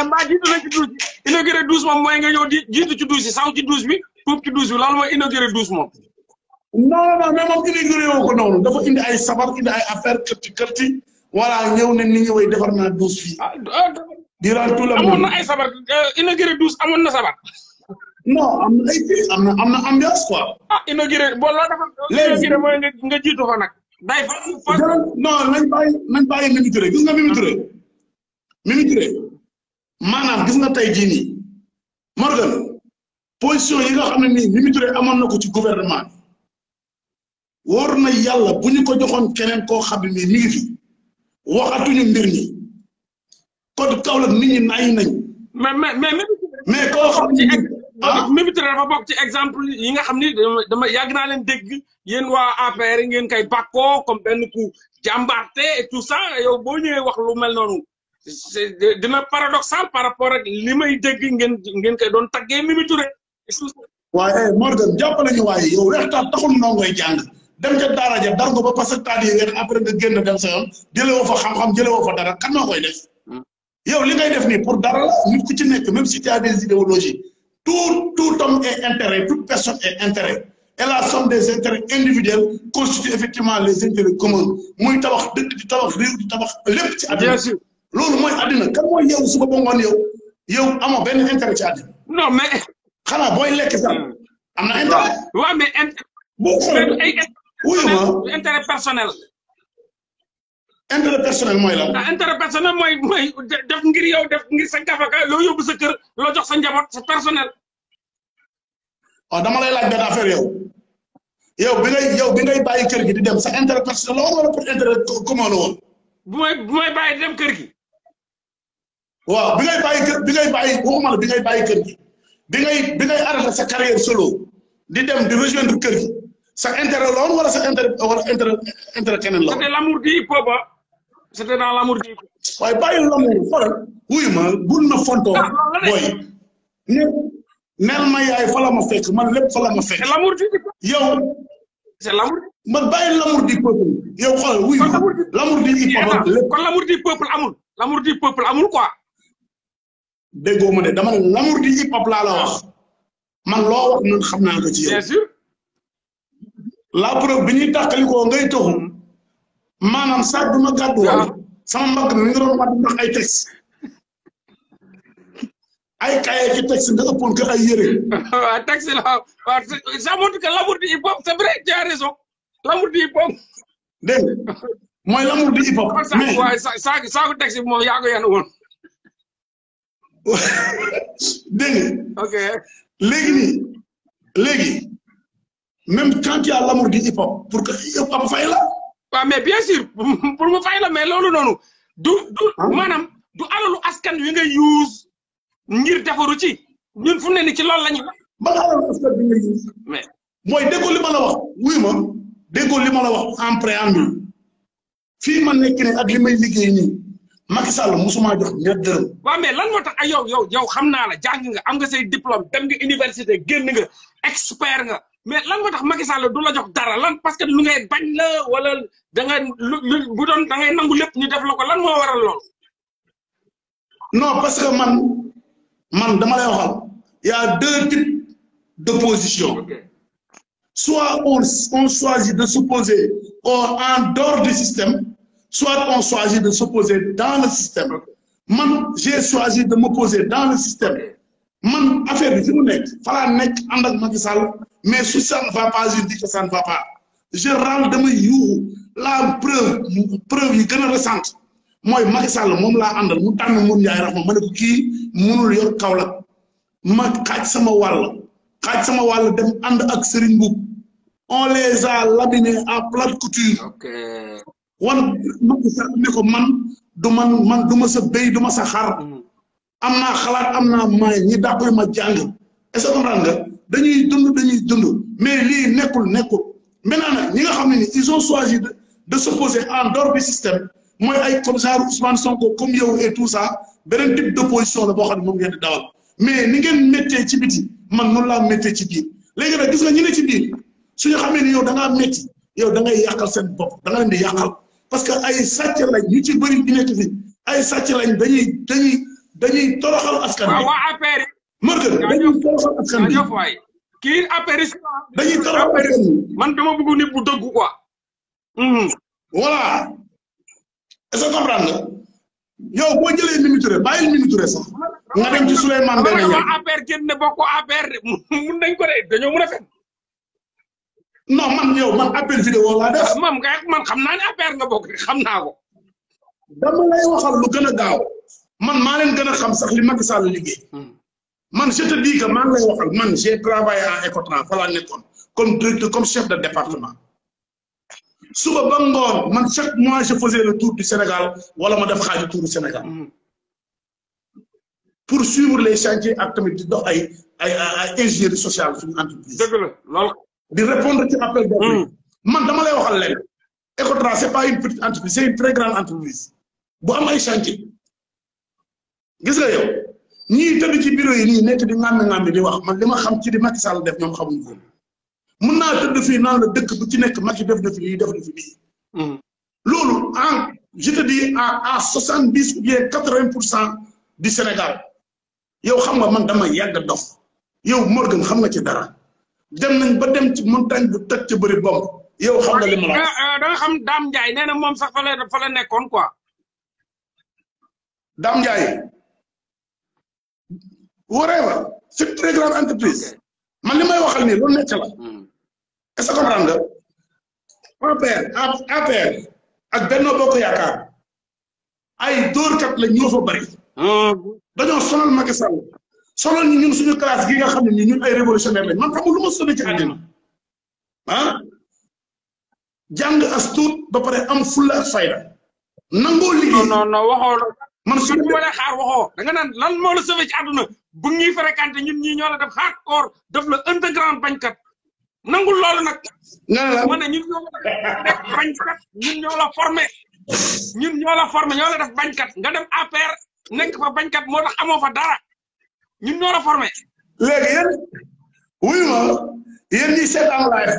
mbaa jiitu na ci douze yi inauguré moom mooy nga ñëw di jiitu ci douze yi saw ci douze bi tuub ci douze bi loolu mooy inauguré douze moom. non non mais moom inauguré woo ko noonu dafa indi ay sabar indi ay affaire kërti kërti. voilà ñëw ne ni ñëwee defar naa douze fii. Ah, ah, ah, durant tout le na ay sabar euh, inauguré douze amoon na sabar. non am na am na am na ambiance quoi. ah inauguré boo la defar. léegi inauguré nga jiitu fa nag. day fa non nañ bàyyi nañ bàyyi Mimi Touré gis nga Mimi Touré. Mimi maanaam gis nga tey jii nii Morgan position yi nga xam ne nii Mimi amoon na ko ci gouvernement bi. wóor na yàlla bu ko joxoon keneen koo xam ne waxatuñu mbir ñi kon Kaolack mi ñi naaj nañ. mais mais mais mais koo xam ah. ci exemple yi nga xam ni dama yàgg naa leen dégg yéen waa affaire ngeen koy bàkkoo comme benn ku jàmbaarte et tout ça yow boo ñëwee wax lu mel noonu dina paradoxal par rapport ak li may dégg ngeen ngeen koy doon taggee Mimi Touré. waaye eh, Morgan jàppale ñu waaye yow reex taxul noo ngay jàng. dem ca daara ja dar ko ba parce que taat yi nga après nga génn dem sa yoon jëlewoo fa xam-xam jëlewoo fa dara kan moo koy def hmm. yow li ngay def nii pour dara la nit ku ci nekk même si tu as des idéologies tout tout homme est intérêt toute personne est intérêt et la somme des intérêts individuels constitue effectivement les intérêts communs muy tabax dëkk di tabax réew di tabax lépp ci àddina loolu mooy adina kan mooy yow suba ba ngoon yow yow amoo benn intérêt ci adina. non mais xanaa booy lekk sax hmm. am na intérêt waaw mais Oui, ma intérêt personnel. intérêt personnel moi, là. Ah, intérêt personnel moi, moi, def ngir yow def ngir sa gafaka loo yóbbu sa kër loo jox sa njaboot c'est personnel. waaw ah, dama lay laaj benn affaire yow yow bi ngay yow bi ngay bàyyi kër gi di dem sa intérêt personnel la wala pour intérêt commun la woon. bu may bu may di dem kër gi. bi ngay kër bi ngay la bi ngay kër gi bi ngay bi ngay sa carrière solo di dem di rejoindre kër gi sa intérêt la woon wala sa intérêt wala intérêt intérêt keneen la woon. c'était l'amour du hip hop ah. c'était dans l'amour du hip hop. waaye bàyyi l'amour xoolal wuyu ma bul na fontoo. Ah, booy ne nel ma yaay fa ma fekk man lépp fa C'est ma fekk. c'est l'amour du hip hop. yow. c'est l'amour man bàyyi l'amour du peuple yow xoolal wuyu l'amour du hip hop lépp. kon l'amour du peuple amul. l'amour du peuple amul quoi. déggoo C'est un dama l'amour du hip hop laa la wax man loo wax noonu C'est un ko ci yow. bien sûr la preuve bi ñuy tàqalikoo ngay toxum manam sa du ma gàddu ah. sama mbagg mi ngi doon wàddu ndax ay texte ay kaye ci texte nga ëppoon ko ay yére wa texte la waaw ça montre que l'amour di hip hop c'est vrai tu as raison l'amour di hip hop dégg moy l'amour di hip hop ah, mais sa saaku saaku texte bi moom ko yanu won dégg ok léegi nii léegi même quand il y a l'amour du hip-hop pour que hip-hop la. waaw mais bien sûr pour mu fay la mais loolu noonu du du ah. maanaam du alalu askan wi nga use ngir defaru ci ñun fu ne ni ci loolu la ñu. ba alalu askan bi nga use. mais mooy déggoo li ma wax wuy ma déggoo li ma la wax en préambule fii ma nekk ne ak li may liggéey nii Macky Sall musuma jox ñaar dërëm. waaw mais lan moo tax ay ah, yow yow yow xam naa la jàng nga am nga say diplôme dem nga université génn nga expert nga. mais lan motax Macky Sall du la jox dara lan parce que lu ngay bañ la wala da nga lu bu doon da ngay nangu lepp ñu def la ko lan moo waral lool. non parce que man man dama lay waxal y a deux types d'opposition. Okay. soit on, on choisit de s'opposer en dehors du système soit on choisit de s'opposer dans le système man j'ai choisi de m'opposer dans le système. man affaire bi fimu nek fala nek nekk Macky Sall mais su ça ne va pas je dis que ça ne va pas je rends damay yuuxu la preuve preuve yi gën a récente mooy Macky Sall mom la andal mu tànn mu Ndiaye Rahma mané ko ki mënul yor kawla ma xaj sama wall xaj sama wall dem and ak Serigne Mboup on les a labiné à plat couture. ok wan Macky Sall ne ko man du man man duma sa bey duma sa xar. Mm. am naa xalaat am naa may ñi dàqul ma jàng est-ce que comprendre dañuy dund dañuy dund mais lii nekkul nekkul maintenant nag ñi nga xam ne ni ils ont choisi de de en dehors du système mooy ay comme genre Ousmane Sonko comme yow et tout ça beneen de d'opposition la boo xam ne moom ngeen di dawal mais ni gën méttee ci biti man noonu laa méttee ci biir léegi nag gis nga ñu ne ci biir su ñu xamee ni yow da ngaa métti yow da ngay yàqal seen bopp danga nga leen di yàqal parce que ay sàcc lañ ñu ci bëri ñu nekk fi ay sàcc lañ dañuy dañuy. dañuy toroxal askan bi waa affaire yi. Marguerite dañuy toroxal askan bi kii affaire bi man dama bëgg nit bu dëgg quoi. Hmm. voilà est-ce que comprendre nga yow boo jëlee Mimi Touré bàyyil Mimi Touré sax nga dem ci Souleymane Ndeye Ndiaye. waaw affaire bokk affaire mun nañ dañoo mën a fen. non man yow man appel vidéo laa def. Ah, man kay man xam naa ne affaire nga bokk xam naa ko. dama lay waxal lu gën a gaaw. man maa leen gën a xam sax li mag Sall liggéey. Hmm. man je te dis que maa ngi lay waxal man j'ai travaillé en Écotran fa laa nekkoon comme directeur comme chef de département. suba ba ngoor man chaque mois je faisais le tour du Sénégal wala ma def xaaju tour du Sénégal. Hmm. pour suivre les chantiers ak tamit di dox ay ay ay ingénierie sociale suñu entreprise. la loolu. di répondre ci appel d'offres. Hmm. man dama lay waxal leen. Ecotra c'est pas une petite entreprise c'est une très grande entreprise. bu am ay chantiers gis nga yow ñii tëdd ci biro yi nii nekk di ngàmmi ngàmmi di wax man li ma xam ci di Macky Sall def ñoom xamuñ ko mun naa tëdd fii naan la dëkk bu ci nekk Macky def na fi lii def na fi lii hmm. loolu en je te dis à à soixante dix ou bien quatre vingt pour cent du Sénégal yow xam nga man dama yàgg dof yow Morgan xam nga ci dara dem nañ ba dem ci montagne bu tëj ci bëri bomb yow xam nga li ma la eh, eh, da nga xam Dame Ndiaye nee na moom sax fa la fa la nekkoon quoi Dame Ndiaye whatever c'est très grande entreprise man limay waxal ni lu nekk la hmm. est ce que comprendre nga APR APR ak Benno Bokk Yaakaar ay kat la ñoo fa bari hmm. dañoo sonal Macky Sall sonal ñu ñun suñu classe gi nga xam ni ñun ay révolutionnaire lañ man xamul lu ma sonné ci adina ah jang as ba pare am fulla ak fayda nangoo liggéey non non non waxoo man suñu wala xaar waxo da nga nan lan mo la sauvé ci aduna bu ñuy fréquenté ñun ñii ñoo la def hardcore def la underground bañkat nangul loolu nag. nan la ma ne ñun ñoo la def bañkat ñun formé ñun ñoo la formé ñoo la def bañkat nga dem APR nekk fa bañkat moo tax amoo fa dara ñun ñoo la formé. léegi yéen wuyu ñi seetaan live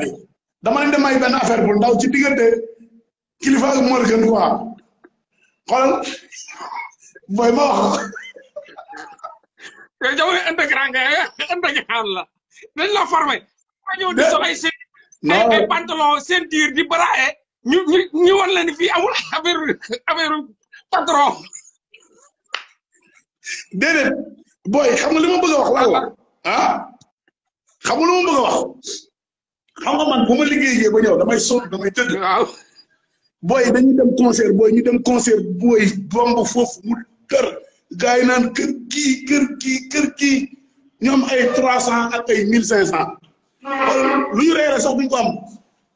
dama leen di may benn affaire bu ndaw ci diggante kilifa ak Mor Gën quoi xoolal booy yow jamono intégrant nga intégrant la dañ la formé ma ñëw di solay seen ay pantalon seen diir di baraaye ñu ñu ñu wan la ni fii amul affaire affaire patron déedéet booy xam nga li ma bëgg a wax lan la ah xam nga li ma bëgg a wax xam nga man bu ma liggéeyee ba ñëw damay sol damay tëdd waaw booy dañuy dem concert booy ñu dem concert booy bomb foofu mu tër gars yi naan kër kii kër kii kër kii ñoom ay trois cent ak ay mille cinq cent lu ñu reere sax duñ ko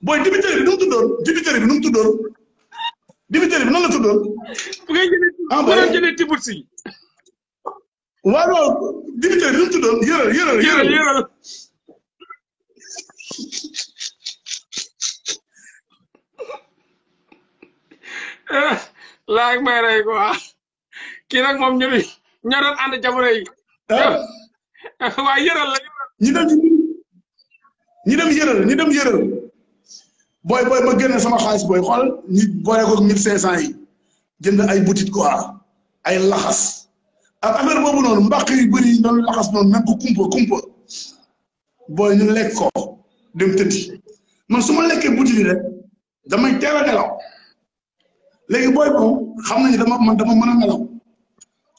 booy dibiteri bi nu mu tuddoon dibiteri bi nu mu tuddoon dibiteri bi nan la tuddoon kii nag moom ñu ne ñoo doon ànd jamono yi. Ah. waaye yëral la ñu dem ñu dem yëral ñu dem yëral booy booy ma génn sama xaalis booy xool ñu boole ko mille cinq yi jënd ay boutique quoi ay laxas ak affaire boobu noonu mbàq yu bëri yi noonu laxas noonu nag ko kumpa kumpa booy ñu lekk ko dem tëddi man su ma lekkee boutique yi rek damay teel a nelaw léegi booy boobu xam nañu dama man dama mën a nelaw.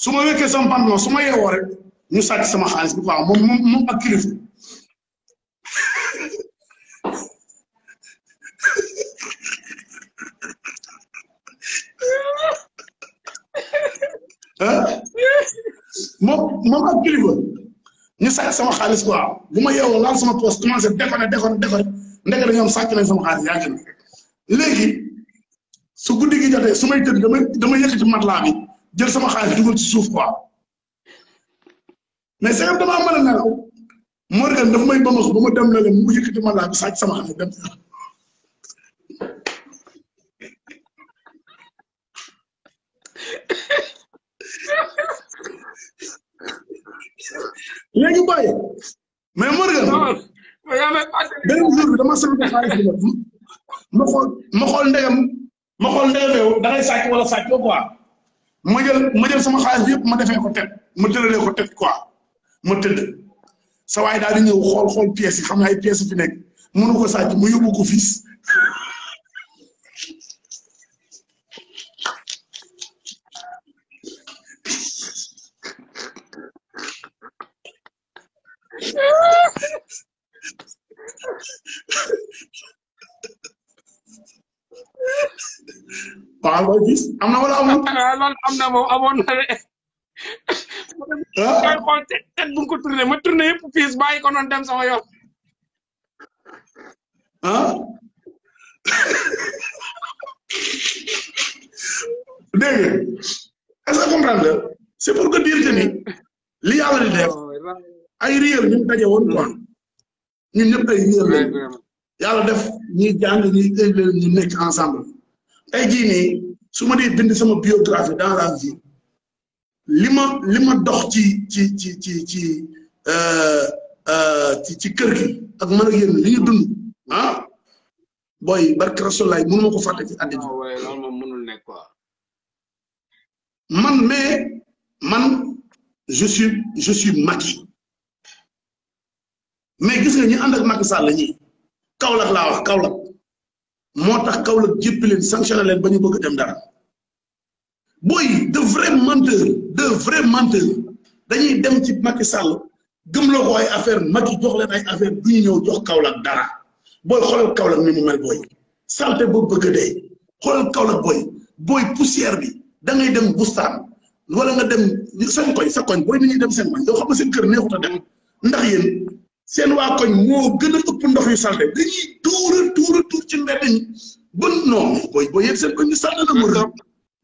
su ma wekkee sama pantalon su ma yeewoo rek ñu sàcc sama xaalis bi quoi moom moom ak kilifa moom moom ak kilifa ñu sàcc sama xaalis quoi bu ma yeewoo laal sama poste commencé déconné déconné déconné ndekete ñoom sàcc nañ sama xaalis yàgg na léegi su guddi gi jotee su may tëdd damay damay yëkkati matelas bi. jël sama xaalis dugal ci suuf quoi mais sëñ damaa mën a nelaw Morgan daf may bamax ba ma dem na la mu yëkkati ma laa bi sàcc sama xaalis dem léegi bàyyi mais Morgan beneen jour bi dama sëñ bi xaalis bi ma xool ma xool ndegam ma xool ndegam yow da ngay sàcc wala sàcc quoi ma jël ma jël sama ma defee ko tet ma jëlalee ko tet quoi ma tëdd sa waay daal di ñëw xool xool pièces yi ay pièces fi nekk mënu ko sàcc mu yóbbu ko fiis waaw booy gis am na wala amul. Ah, loolu am na moom amoon na de. ah xool tet bu ko tourné ma tourné yëpp piis bàyyi ko dem sama yoon. ah. dégg nga que comprendre c'est pour que dire que ni li yàlla di def ah, ay réel ñu daje woon quoi ñun ay réel lañ. yàlla def ñuy jàng ñuy ñu nekk ensemble tey jii nii su ma dee bind sama biographie dans la vie li ma li ma dox ci ci ci ci ci euh, euh, ci ci kër gi ak man ak yéen li ñu dund ah booy barke rasulaay ma ko fàtte ci àddina ah loolu moom mënul nekk quoi man mais man je suis je suis Macky mais gis nga ñi ànd ak Macky Sall ñi Kaolack laa wax Kaolack moo tax Kaolack jéppi leen sanctionné leen ba ñu bëgg dem dara booy de vrai menteur de vrai menteur dañuy dem ci Macky Sall gëmloo ko ay affaire Macky jox leen ay affaire du ñu ñëw jox Kaolack dara booy xoolal Kaolack ni mu mel booy salte boo bëgg a dee xoolal Kaolack booy booy poussière bi da dem bustaan wala nga dem seen koñ sa koñ booy ni ñuy dem seen koñ yow xam nga seen kër neexut a dem ndax yéen seen waa koñ moo gën a ëpp ndox yu salte dañuy tuura tuura tuur ci mbedd ñi ba non booy booy yéen seen koñ ñu salte na mu rëb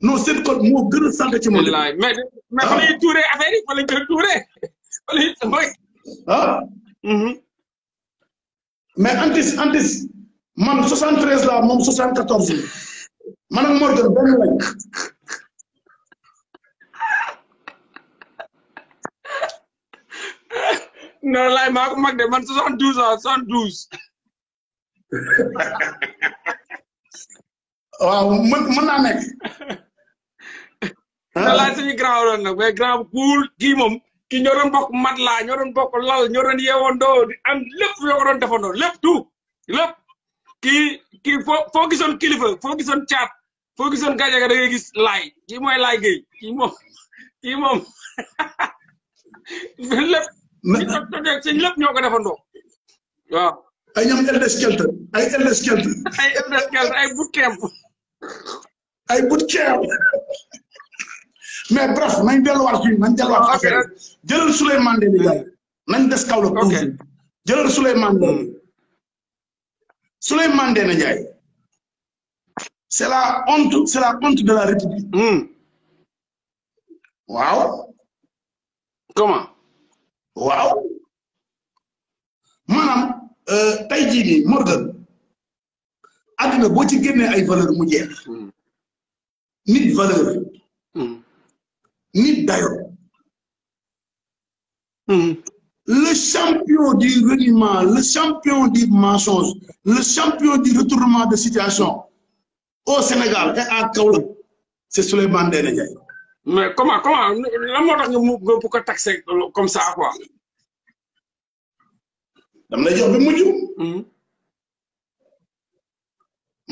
non seen moo gën a salte ci moom. mais mais fa lay tuuree affaire yi fa lañ ah. mm-hmm. antis antis man 73 la moom 74 man ak Morgan benn lañ. non laay maa ko man soixante douze ans soixante douze. waaw mën mën naa grand woon nag grand buul kii moom kii ñoo doon bokk mat laa ñoo doon bokk lal ñoo doon yeewandoo am lépp ñoo ko doon defandoo lépp tout lépp. kii kii foo gisoon kilifa foo gisoon cat foo gisoon gajaga da ngay gis laay kii mooy laay gay kii moom kii moom lépp. na sëñ lépp ñoo ko defandoo waaw. ay ñoom LDS Kelt ay LDS Kelt. ay LDS nañ delluwaat fii nañ delluwaat affaire jëlal Souleymane nañ des kaw la. ok jëlal Souleymane Ndéné Souleymane Ndéné la honte c' la honte de la République. Hmm. waaw comment. Wow, madame euh, tey jii a Morgan àdduna boo ci génnee ay valeur mu jeex hmm. nit valeur hmm. Ni d'ailleurs. Hmm. le champion du reniement le champion du mensonge le champion du retournement de situation au Sénégal et à Kaolack c'est Souleymane Ndéné mais comment comment lan moo tax nga mu nga bu ko taxé comme ça quoi. dam lay jox bi mujj. Hmm.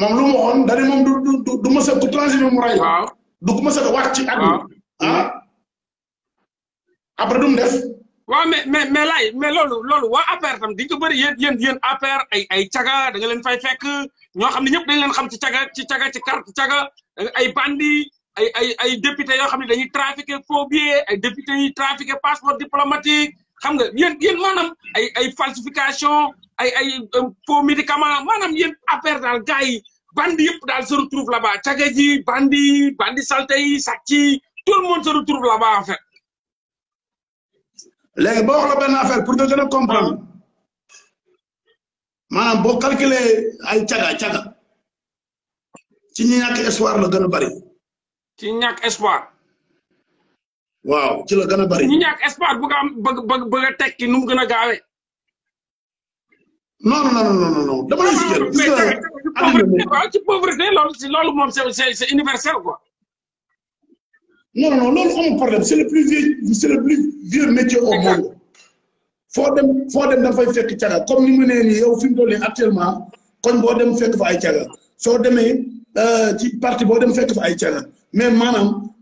moom lu mu waxoon moom du du du mës a ku transhumé mu rey. waaw du ko mës a ci at mi. ah après du mu def. waaw mais mais lay mais loolu loolu waa APR tam di nga bëri yéen yéen yéen APR ay ay caga da leen fay fekk ñoo xam ne ñëpp dañ leen xam ci caga ci caga ci carte caga ay bandi. ay ay ay député yoo xam ne dañuy trafiqué faux billets ay député yuy trafiqué passeport diplomatique xam nga yéen ay ay falsification ay ay euh, faux médicament maanaam yéen affaire daal gars bandi yëpp daal se retrouve là-bas caga ji bandi bandi salté yi sàcc yi tout le monde se retrouve là-bas en fait léegi boo wax affaire pour de gën a comprendre ah. maanaam boo calculer ay caga caga ci ñi ñàkk la gën a bari ci ñàkk espoir. waaw ci la gën a bari. ñu ñàkk espoir bëgg a am bëgg bëgg bëgg a tekki nu mu gën a gaawee. non non non non non dama lay sigal. waaw ci pauvreté loolu si loolu moom c'est c'est universel quoi. non non loolu amul problème c'est le plus vieux métier au monde. foo dem foo dem da fay fekk caga comme ni mu nee nii yow fi mu toll actuellement koñ boo dem fekk fa ay caga soo demee euh, ci parti boo dem fekk fa ay caga. mais maanaam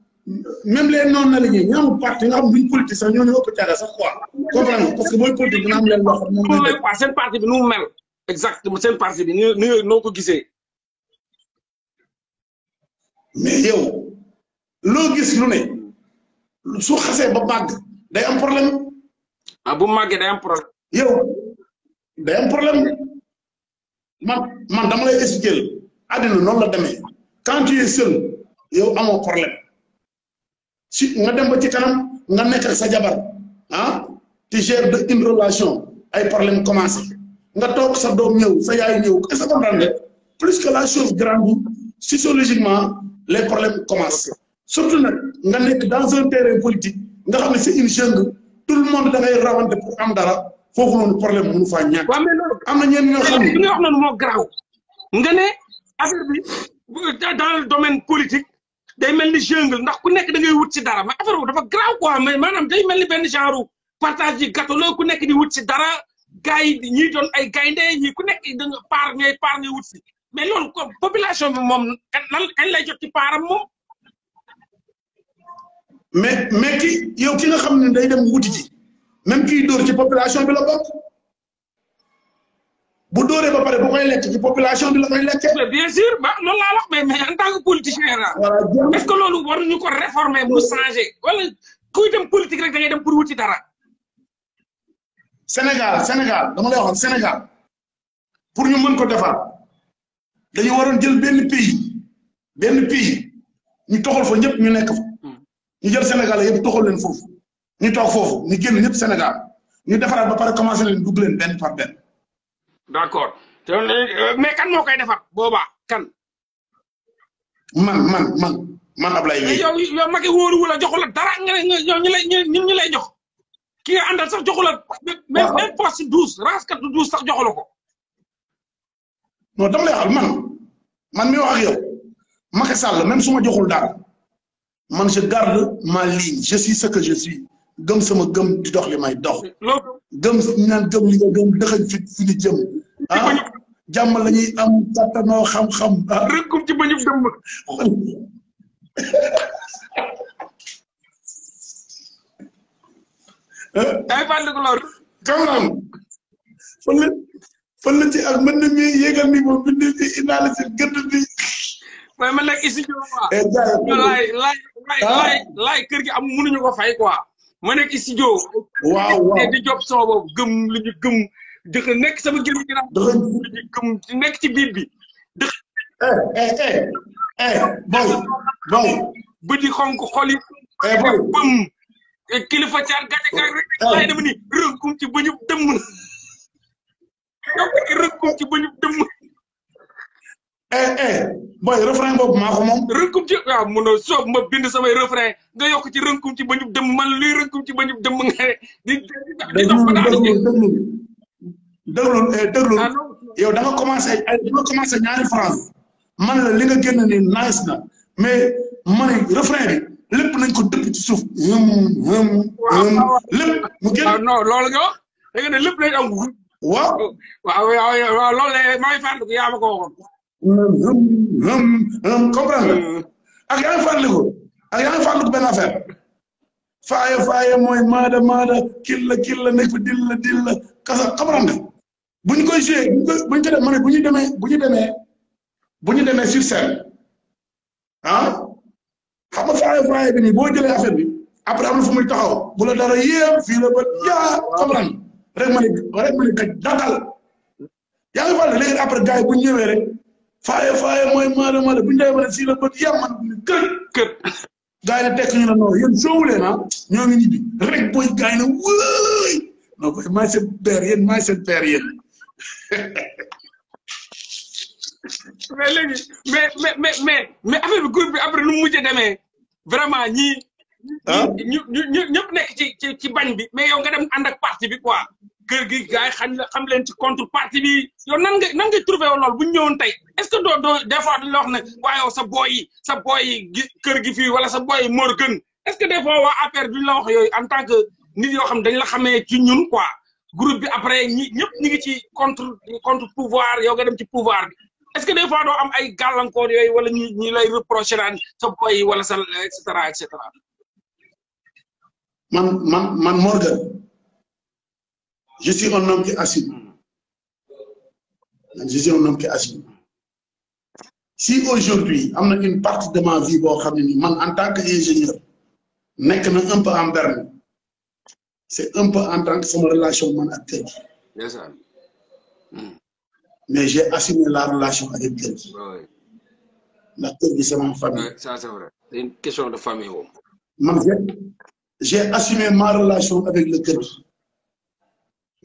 même les noonu na la ñuy ñu parti nga xam buñ politique sax ñoo ñu ëpp caga sax quoi. comprendre parce que booy politique dina am leen loo xam moom lañ. waaw seen parti bi nu mu mel. exactement seen parti bi ni ni noo ko gisee. mais yow loo gis lu ne su xasee ba màgg day am problème. ah bu màggee day am problème. yow day am problème man man dama lay expliquer àddina noonu la demee quand tu es yow amoo problème si nga dem ba ci kanam nga nekk ak sa jabar ah tu gère de une relation ay problème commencé nga toog sa doom ñëw sa yaay ñëw est-ce que comprendre plus que la chose grande sociologiquement les problèmes commencent surtout nag nga nekk dans un terrain politique nga xam ne c'est une jungle tout le monde da ngay rawante pour am dara foofu noonu problème mënu faa ñàkk. waaw mais loolu am na ñenn ñoo xam ne li nga wax noonu moo garaaw nga ne affaire bi dans le domaine politique. day mel ni jungle ndax ku nekk da ngay wut si dara mais affaire dafa grave ko mais maanaam day mel ni benn genre partage yi gâteau ku nekk di wut si dara gars yi ñiy doon ay gaynde ñi ku nekk da nga paar ngay paar wut si mais loolu ko population bi moom lan kañ lay jot ci paaram moom. mais mais ki yow ki nga xam ne day dem wuti ji même kiy dóor ci population bi bokk. bu dóoree ba pare bu koy lekk ci population bi la koy lekkee. bien sûr ba loolu laa wax mais mais en tant que politicien la. voilà est ce que loolu war nañu ko réformer mu rek da ngay dem pour Sénégal Sénégal dama lay waxoon Sénégal pour ñu mën ko defar dañu waroon jël benn pays benn pays ñu toxal fa ñëpp ñu nekk fa. ñu jël Sénégal yëpp toxal leen foofu ñu toog foofu ñu génn ñëpp Sénégal ñu defaraat ba pare commencé leen dugg leen benn par benn. d' accord euh, mais kan moo koy defar boobaa kan. man man man man Ablaye Gueye. yow yow Macky wóoruwu la joxu la dara nga ne yow ñu lay ñun jox ki nga sax joxu la. waaw même poste raskat du douze sax joxu la ko. non dama man man mi wax ak yow Macky Sall même su ma joxul dara man je garde ma ligne je suis ce que je gëm sama gëm di dox li may dox. gëm ñu naan gëm li nga gëm dëxëñ fi fi ñu jëm. ah jàmm la ñuy am kattanoo xam-xam. ah rëkkum ci bañu dëmb. day eh? fàttaliku loolu. gàllankoor fan la fan la ci ak mën na mi yéegal ni moom bind bi indaale seen gëdd bi. mooy man nag ici. Eh, waaw laay laay laay ah. laay kër gi am mënuñu ko fay quoi. ma nekk studio. waaw waaw di job soo gëm lu gëm. dëkk nekk sama gëm gi naan. dëkk gëm nekk ci biir bi. dëkk. boy boy. bët yi xonk xol yi. Eh, boy bëm. Eh, kilifa caar gàcce kaay rek. laay eh. dem ni rënkum ci bañu dëmm. yow rënkum ci bañu dëmm. eh eh boy refrain bo maa ko moom. rënkum ci waaw munoo soob ma bind samay refrain nga yokk ci rënkum ci ba ñu dem man luy rënkum ci ba ñu dem nga di. di dox ba déglu déglu eh, yow da nga commencé ay eh, da nga commencé ñaari phrase man la li nga génn ni nice na mais mani refrain bi lépp nañ ko dëpp ci suuf. lépp mu génn. waaw ah, non loolu nga wax da nga ne lépp lañ am. waaw waaw waaw loolu la maa ngi fàttaliku yaa ma ko comprendre nga ak yaa ngi fàttaliku ak yaa ngi fàttaliku benn affaire faaya faaya mooy maada maada killa killa nekk fi dilla dilla kasa comprendre nga bu ñu koy joué bu ñu koy bu ñu ko ma bu ñu demee bu ñu demee bu ñu ah? boo jëlee affaire bi après am na muy taxaw bu la dara yéem fii la ba jaa comprendre rek ma ne rek ma ne gaj dàqal yaa ngi fàttali léegi après faaye faaye mooy maada maada bu ñu demee ba ne si la bët yem man kër kër. gaa yi ne tekk ñu ne non yéen soowulee na ah. ñoo ngi ñibbi rek booy gaa yi ne wóoy non booy maay seen père yéen maay seen père yéen. mais léegi mais mais mais mais affaire bi groupe bi après nu mu mujjee demee vraiment ñii. ah ñu ñu ñëpp nekk ci ci ci bañ bi mais yow nga dem ànd ak parti bi quoi. kër gi gars yi la xam leen ci contre parti bi yow nan nga nan nga trouvé wo loolu bu ñu ñëwoon tey est ce que doo doo des fois dañ la wax ne waaye sa boy yi sa boy yi kër gi fii wala sa boy yi moor gën est ce que des fois waa APR duñ la wax yooyu en tant que nit yoo xam dañ la xamee ci ñun quoi groupe bi après ñi ñëpp ñi ngi ci contre contre pouvoir yow nga dem ci pouvoir bi est ce que des fois doo am ay gàllankoor yooyu wala ñi ñi lay reprocher naan sa boy yi wala sa et cetera et cetera. man man man Morgan. Je suis un homme qui assume. Je suis un homme qui assume. Si aujourd'hui, il a une partie de ma vie, en tant qu'ingénieur, n'est na un peu en berne c'est un peu en tant que relation man la tête. Hmm. mais j'ai assumé la relation avec la tête. La tête, ma famille. ça c'est vrai c'est une question de famille. Oh. j'ai assumé ma relation avec le tête.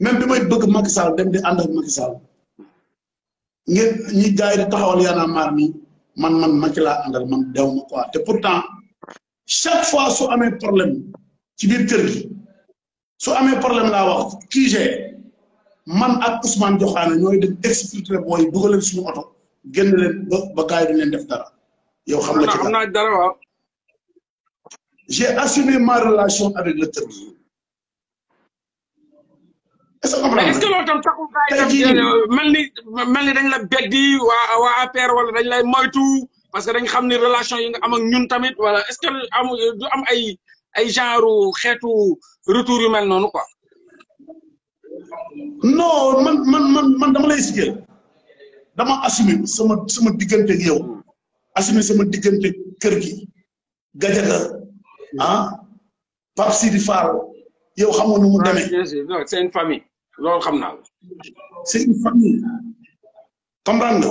même bi may bëgg Macky Sall dem di ànd ak Macky Sall ngeen ñi gaay yi di taxawal Y'en mar mi ni man man Macky laa àndal man dew ma quoi te pourtant chaque fois su amee problème ci biir kër gi su amee problème laa wax QG man ak Ousmane Diokhane ñooy dem exfiltré booy dugal leen suñu oto génn leen ba ba gars yi leen def dara. yow xam nga ci dara xam naa j'ai assumé ma relation avec le terrorisme. est-ce que est-ce que mel ni mel ni dañ la beddi waa waa APR wala dañ lay moytu parce que dañ xam ni relation yi nga am ñun tamit wala est-ce que am du am ay ay genre xeetu retour yu mel noonu quoi. non man man man dama lay expliquer dama assumer sama sama diggante yow assumer sama diggante kër gi Gadiaga ah Pape Sidi Fall yow xamoon nu mu ah, demee. c'est une famille. loolu xam naa c'est une famille comprendre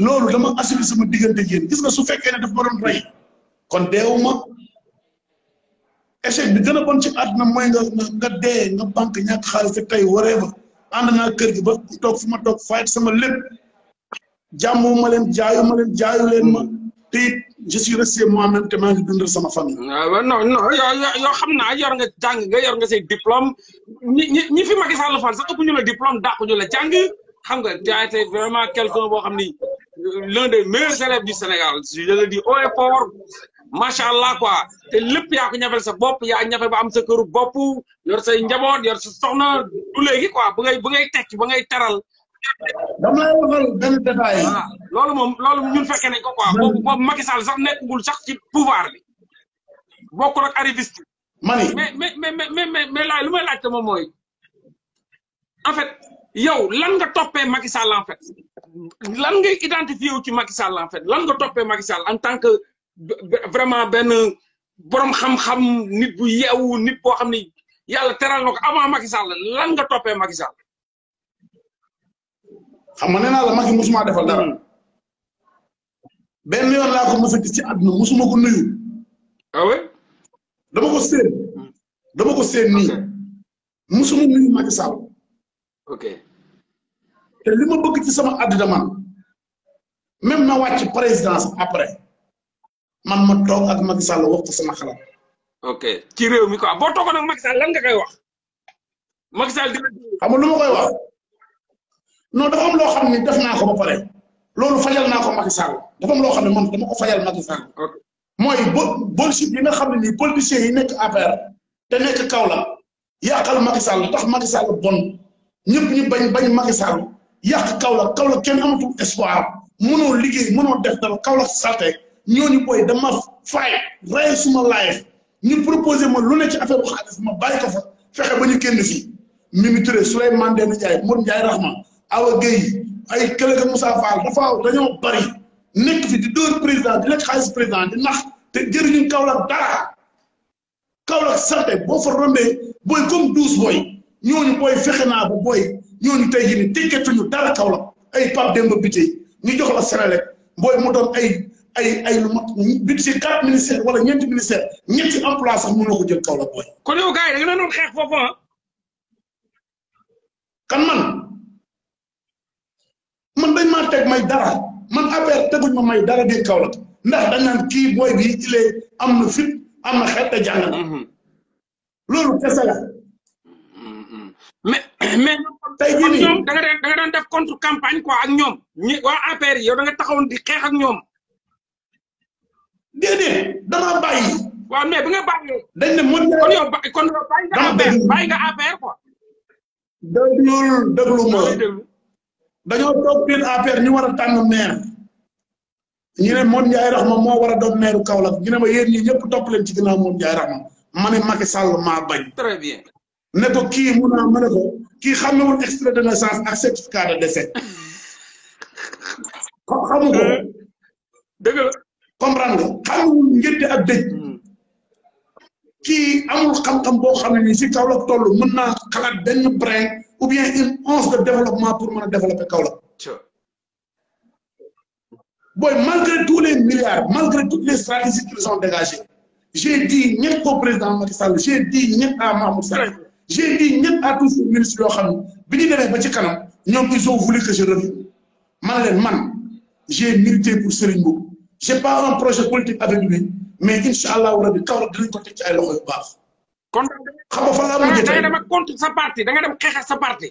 nga loolu dama assuré sama diggante yéen gis nga su fekkee ne daf ma doon rey kon deewuma échec bi gën a bon ci àdduna mooy nga nga dee nga banque ñàkk xaalis te tey waree ba naa kër gi ba toog fu ma toog fayet sama lépp jàmmoo ma leen jaayu ma leen leen ma te je suis resté moi-même te maa ngi sama famille. Ah, waaw non non yoo yoo xam naa yor nga jàng nga yor nga say diplôme ñi ñi ñi fi Macky la fan sax ëpp ñu la diplôme dàqu ñu la jàng xam nga tu as été vraiment quelqu'un boo xam ni l'un des meilleurs élèves du Sénégal je le dis haut et fort macha allah quoi te lépp yaa ko ñafel sa bopp yaa ñafe ba am sa këru bopp yor say njaboot yor sa soxna du léegi quoi bu ngay bu ngay tekki ba ngay teral. dama ah, loolu moom loolu ñun fekkee nañ ko quoi. boobu boobu Sall sax nekkul sax ci pouvoir bi. bokkul ak arriviste. mani mais mais mais mais mais mais laaj lu may laajte moom mooy. en fait yow lan nga toppee Macky Sall en lan nga identifié wu ci Macky Sall en lan nga toppee Macky Sall en tant que vraiment benn borom xam-xam nit bu yeewu nit boo xam ni yàlla teral na ko avant Macky lan nga toppee Macky Sall. xam nga ne naa la Macky musuma defal dara. Hmm. benn yoon laa ko mos a gis ci àdduna musuma ko nuyu. ah ouais. dama ko séen. dama ko séen nii. musuma nuyu Macky te li ma bëgg ci sama àddina man même na wàcc présidence après man ma toog ak Macky Sall wax sama xalaat. ok ci réew mi quoi boo toogoon ak Macky Sall lan nga koy wax. Macky Sall dina. xam nga lu koy wax. non dafa am loo xam ne def naa ko ba pare loolu fajal naa ko Macky Sall dafa am loo xam ne man dama ko fajal Macky Sall. mooy bo bullshit yi na xam ne nii politiciens yi nekk APR te nekk Kaolack yàqal Macky Sall tax Macky Sall bon ñëpp ñu bañ bañ Macky Sall yàq Kaolack Kaolack kenn amatul espoir mënoo liggéey mënoo def dara Kaolack salte ñooñu booy dama fay rey suma live ñu proposé ma lu ne affaire bu xaalis ma bàyyi ko fa fexe ba ñu génn fii Mimi Touré Souleymane Ndéné Ndiaye Modou Ndiaye Rahma a Gueye ay Kële de Moussa Fall dafa dañoo bari nekk fi di dóor président di lekk xaalis président di nax te jëriñu Kaolack dara Kaolack salte boo fa rombee booy comme douze booy ñooñu booy fexe naa bu booy ñooñu tey jii nii tëggetuñu dara Kaolack ay Pape Demba Biteye ñu jox la Sénélec booy mu doon ay ay ay lu mat si quatre ministères wala ñeenti ministères ñetti emploi sax mënoo ko jël Kaolack booy. kon yow gars yi da nga doon xeex foofu ah? man dañ maa teg may dara man affaire teguñ ma may dara biir Kaolack ndax dañ naan kii booy bi il am na fit am na xel te jàng na mhm. loolu kese la. Mhm. mais mais. tey jii nii ñoom da nga daan def contre campagne ko ak ñoom ñi waa APR yow da nga taxawoon di xeex ak ñoom. déedéet damaa bàyyi. waaw mais bi nga bàyyi. dañ ne modéré kon yow kon bàyyi nga APR bàyyi nga APR quoi. déglu déglu ma. dañoo toog biir APR ñu war a tànn maire ñu ne Modou Ndiaye Rahma moo war a doon maire Kaolack ñu ne ma yéen ñi ñëpp topp leen ci ginnaaw Modou Ndiaye Rahma ma ne Macky Sall maa bañ. ne ko kii mun naa ma ne ko kii xam na extrait de naissance ak certificat de décès. xam xamu ko. Euh, dëgg dëj. Hmm. kii amul xam-xam boo xam ne nii kawla Kaolack toll mën naa xalaat benn brin. ou bien une once de développement pour me développer Kaola. malgré tous les milliards malgré toutes les stratégies qu'ils ont dégagées j'ai dit ñëpp au président Macky j'ai dit ñëpp à Mamadou, j'ai dit à tous les ministres de xam ils ont voulu que je revienne Malheureusement, j'ai milité pour Seringo. Je j'ai pas un projet politique avec lui mais Inch'Allah, on rabi dit dinañ ko teg ci ay loxo kon xam nga fan laa mujjee tey da nga dem ak contre sa parti da nga dem xeex ak sa parti.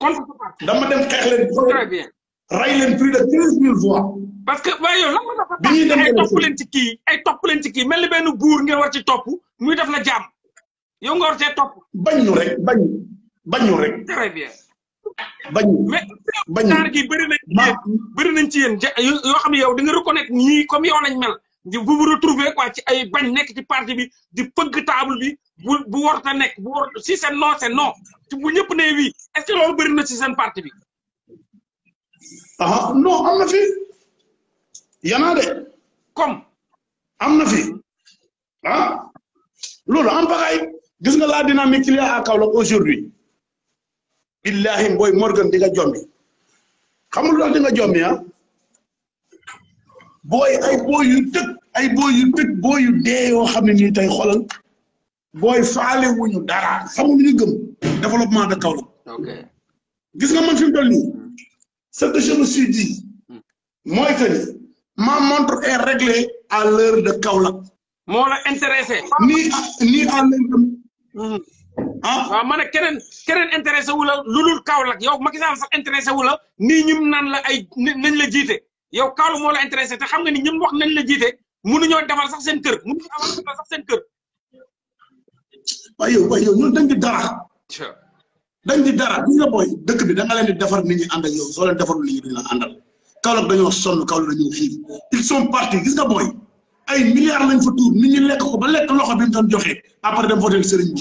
contre sa parti dama dem xeex leen. très bien rey leen plus de quinze mille voix. parce que waaye yow lan nga def. bi ñuy dem ay topp leen ci kii ay topp leen ci kii mel ni benn buur ngeen war ci topp muy def la jàmm yow nga war cee topp. bañ ñu rek bañ bañ ñu rek. très bien. bañ bañ mais taar gi bëri nañ ci yéen bëri nañ ci yéen yoo xam ne yow di nga reconnaître ñii comme yow lañ mel. ji bu mu retrouver quoi ci ay bañ nekk ci parti bi di fëgg table bi bu bu warta nekk si seen non seen non bu ñëpp ne wii est-ce que loolu bëri na si seen parti bi ah non am na fi yanaa de comme am na fi ah loolu en pagaille gis nga la dynamique qu'il y a à Kaolack aujourd'hui billahi mbooy Morgan di nga jombi xamul loolu di nga jombi ah booy ay booy yu tëg ay booy yu tëg booy yu dee yoo xam ne nii tey xoolal booy faale wuñu dara xamuñu ñu gëm développement de Kaolack gis nga man ci mu toll nii ce que je me hmm. mooy que ma montre est réglée à l'heure de Kaolack moo la intéressé nii nii à l'heure hmm. de ah, ah keneen keneen intéressé wu la lulul Kaolack yow Macky Sall sax intéressé wu la nii ñum la ay nañ la jiite yow kaalu moo la intéressé te xam nga ni ñun wax nañ la jiite mënuñoo defal sax seen kër sax seen kër. waaye yow waaye yow ñun dañ di dara. dañ di dara gis nga booy dëkk bi da nga leen di defar nit ñi ànd ak yow defarul nit ñi duñ la àndal Kaolack dañoo sonn Kaolack dañoo xiif ils sont partis gis nga booy ay milliards lañ fa tuur nit lekk ko ba lekk loxo bi mu doon joxe après dem voté sëriñ bi.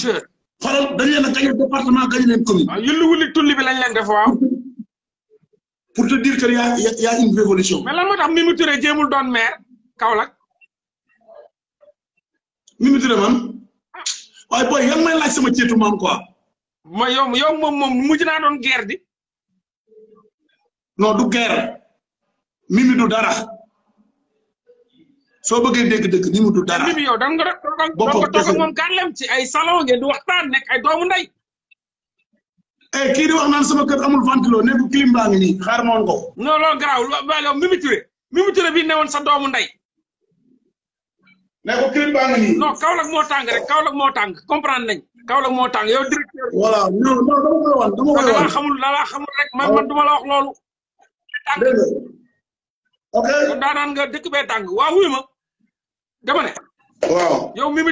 xoolal dañ leen a gañe département gañe leen commune. waaw yëllu wuli tulli lañ def waaw. pour te dire qu'il y, a, y, a une révolution. Mais là, madame Mimi Touré, je vous donne maire, Kaolak. Mimi Touré, mam. Ouais, boy, y'a même là, c'est ma tiétou, mam, quoi. Moi, y'a, y'a, mom, mom, moujina don guerre, di. Non, du guerre. Mimi du dara. So bëggé dégg ni mu du dara. Mimi yow da nga da nga tok mom kan lam ci ay salon ngeen du waxtan nek ay doomu ndey eh kii di wax naan sama kilo amul ventilo nekku clim baa ngi nii xaar ko non loolu garaaw loolu mimi touré bi newoon sa doomu ndey nekku clim baa ngi non kaolak moo tàng rek kaolak moo tàng comprendre nañ kaolak moo tàng yow directeur voilà non non dama koy wan dama xamul la xamul rek man man duma la wax loolu dëgg ok daanaan nga dëkk bee tàng waa wuy ma dama ne waaw yow mimi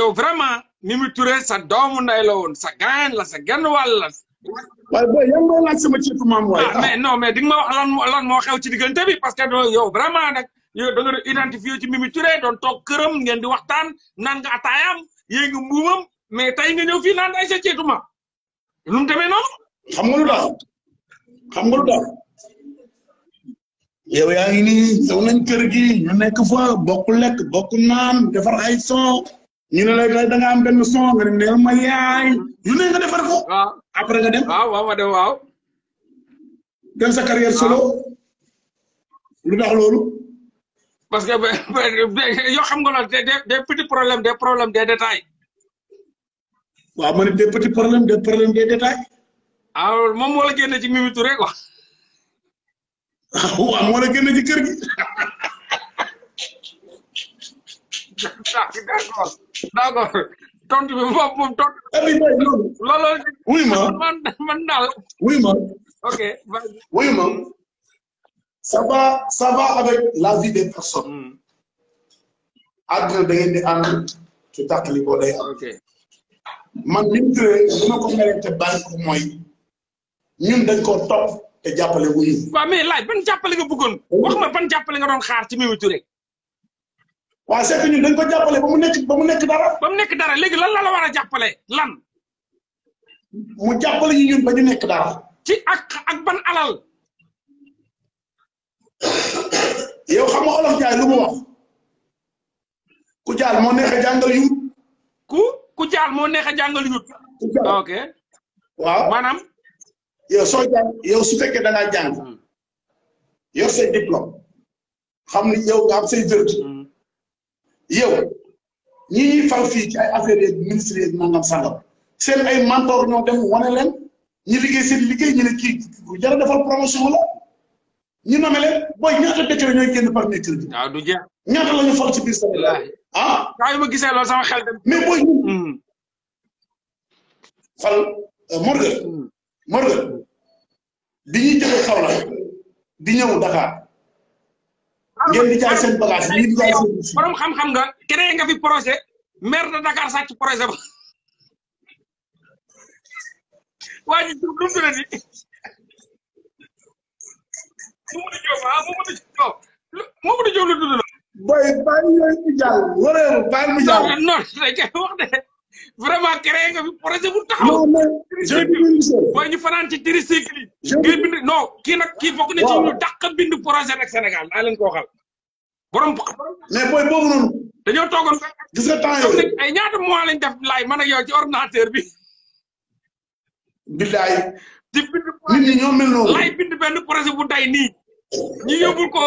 yow vraiment mimi sa doomu ndey la sa la sa genn la waaye boy, yan nga laaj sama ciitu maam waaye. ah mais non mais di nga ma wax lan lan moo xew ci diggante bi parce que yow vraiment nag yow da nga doon identifié ci Mimi Touré doon toog këram ngeen di waxtaan naan nga ataayaam yéen nga mbuumam mais tey nga ñëw fii naan ay sa ciitu maam lu mu demee noonu. xam nga lu tax xam nga lu tax yow yaa ngi nii ñëw nañ kër gi ñu nekk fa bokk lekk bokk naan defar ay son ñu ne la da nga am benn son nga ne ma yaay yu ne nga defar ko. waaw. Ah. après nga dem waaw waaw ma dem waaw. dem sa solo. lu tax loolu. parce que yoo xam nga loolu des des petits problèmes des problèmes des détails. waaw ma ne des petits problèmes des problèmes des détails. ah moom moo la génne ci Mimi Touré quoi. waaw moo la génne kër gi. d'accord tontu bi moom moom tontu. looloo. wuy ma man man daal. wuy ma. ok. wuy ma. ça va ça la vie des personnes. Hmm. àddina da ngeen di ànd ci tàqali ko day am. man li mu tëree li ma ko meree te ñun dañ koo topp te jàppale wuñu. waaw mais laaj ban jàppale nga bëggoon wax ma nga doon xaar ci Mimi Touré. waaye c'est que ñun ya, dañ ko jàppale ba mu nekk ba mu nekk dara. ba mu nekk dara léegi lan la la war a jàppale lan. mu jàppale ñun ba ñu nekk dara. ci ak ak ban alal. yow ya, xam nga olof jaay lu mu wax. ku jaal moo neex a jàngal yuut. ku ku jaal moo neex a jàngal yuut. ku jaal ok. waaw maanaam. yow soo jàng yow su fekkee da ngaa jàng. yor say diplôme. xam ni yow nga am say vertu. Hmm. yow ñi ñuy fal fii ci ay affaires yeeg ministres yeeg nangam sangam seen ay mentor ñoo dem wane leen ñu liggéey seen liggéey ñu ne kii jara defal promotion la ñu nommé leen booy ñaata décret ñooy génn par mercredi. waaw la ñu fal ci biir sama. ah waaye ma gisee loolu hmm. fal Morgan. Euh, Morgan hmm. bi ñuy jógee Kaolack di ñëw Dakar. ngeen di jaay seen bagage ngeen di xam-xam nga créé nga fi projet maire de Dakar sàcc projet ba waa ji dum dum na ni Mamadou Diop ah Mamadou Diop Mamadou Diop la tudd la boy bàyyi yooyu mu jàll wareeru mu jàll non non wax de vraiment créé nga fi projet bu taxaw. mooy ñu fanaan ci tricycle yi. bind non kii nag ki bokk na ci ñu dàq bind projet nag Sénégal naa leen ko waxal. borom mais booy boobu noonu. dañoo toogoon. gis temps yooyu ay ñaata mois lañ def laay man ak yow ci ordinateur bi. billaay. di bind projet nit ñi ñoo mel noonu. laay bind bu day ni ñu yóbbul ko.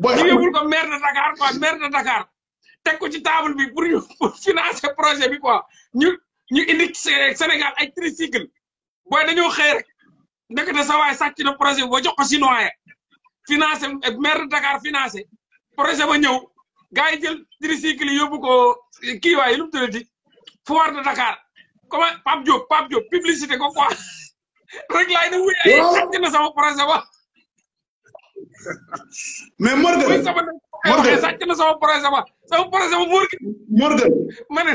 booy ñu yóbbul ko maire de Dakar quoi maire Dakar. teg ko ci table bi pour ñu pour financer projet bi quoi ñu ñu indi Sénégal ay tricycle booy dañoo xëy rek ndekete sa waay sàcc na projet bi jox ko chinois ya financé maire de Dakar financé projet ba ñëw gars yi jël tricycle yi yóbbu ko kii waay lu mu tuddati foire de Dakar comment Pape Diop Pape Diop publicité ko quoi rek laay ne wuy ay sàcc na sama projet ba mais Morgan Morgan sàcc na sama projet ba sama projet ba Morgan. ma ne.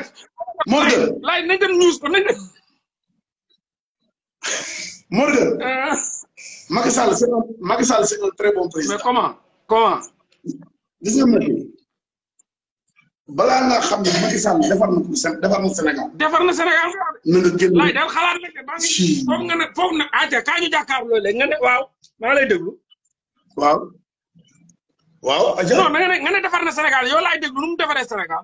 Morgan laaj nañ dem news ko nañ dem. Morgan. sal ah. Sall c'est un Macky Sall bon président. mais comment comment. gis nga Macky balaa nga xam ne Macky Sall defar na pour defar na Sénégal. defar na na nga daal xalaat nag de maa ngi. foofu nga ne foofu nag ah te ñu jàkkaarloo léegi nga ne waaw maa lay déglu. waaw. waaw. non nga ne ne defar na Sénégal yow laay déglu lu mu defaree Sénégal.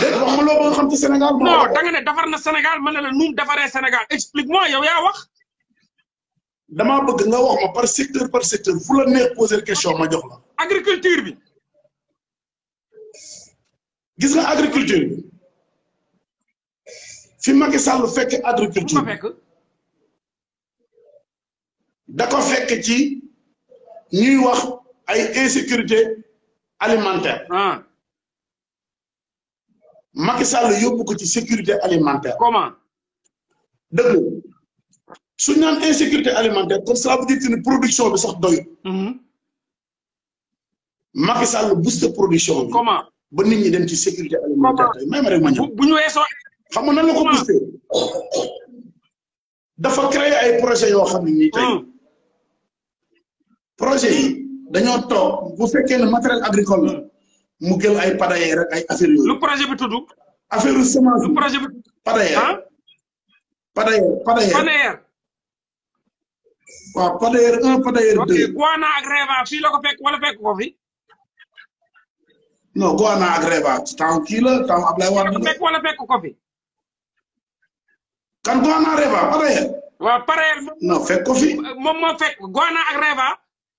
dégg nga wax nga xam ci Sénégal. non danga ne defar na Sénégal ma ne la nu mu defaree Sénégal explique moi yow yaa wax. damaa bëgg nga wax ma par secteur par secteur fu la neex poser question ma jox agriculture bi. gis nga agriculture bi fi Macky Sall fekk agriculture da ko fekk ci ñuy wax ay insécurité alimentaire. Ah. Macky Sall yóbbu ko ci sécurité alimentaire. comment. dëgg su naan insécurité alimentaire comme ça veut dire que production bi sox doy. Mm-hmm. Macky Sall booster production bi. comment ba nit ñi dem ci sécurité alimentaire tey may ma rek ma ñëw. bu ñu weesoo. xam nga nan la dafa créer ay projets yoo xam ne tey. Mm. projet yi dañoo toog bu fekkee ne matériel agricole la mu jël ay padayer ak ay affaire yooyu. lu projet bi tudd. affaire semence lu projet bi tudd. para ah. padayer padayer para waaw padayer un padayer deux. ok Goana ak Reva fii la ko fekk wala fekk ko fi. non Goana ak Reva temps kii la temps Ablaye Wade la. fekk wala fekk ko fi. kan Goana Reva padayer. waaw padayer. non fekk ko fi. moom moo fekk Goana ak Reva.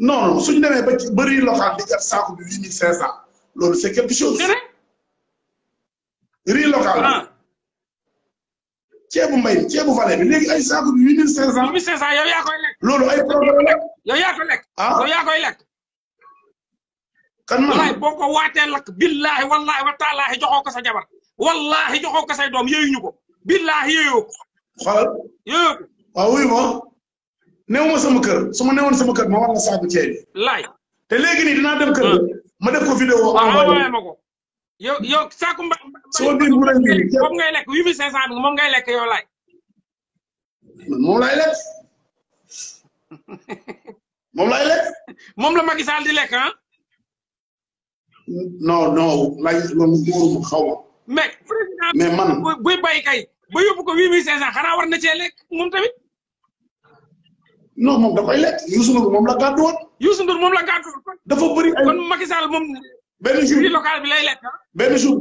non suñu demee ba ci bëri local di jar bi huit mille cinq cent loolu c'est quelque chose. riz local bi. Ah. ceebu mbay mi ceebu vallée bi léegi ay saako bi huit mille cinq cent. yow yaa koy lekk. loolu ay problème la. yow lekk. ah lekk. kan ma wallaay ko waatee lakk billahi wallahi wa taalaahi joxoo ko sa jabar wallahi joxoo ko say doom yéyuñu ko billahi yéyoo ko. xoolal yéyoo ma sama kër su ma newoon sama kër ma war na saaku ceeb bi. te léegi nii dinaa dem kër ma def ko vidéo envoyé ma ko. yow yow saaku mba. soo biir bu rëy bi moom ngay lekk huit mille cinq cent bi moom ngay lekk yow moom moom la Macky Sall di lekk ah. non non laaj loolu góor xaw ma. mais man buy bay kay ba yóbbu ko huit mille cinq cent xanaa war na cee lekk moom tamit. no moom da koy lekk Youssou Ndour moom la gàddu woon. Youssou Ndour moom la gàddu woon. dafa bëri ay kon Macky moom. benn jour local bi lay lekk ah. benn jour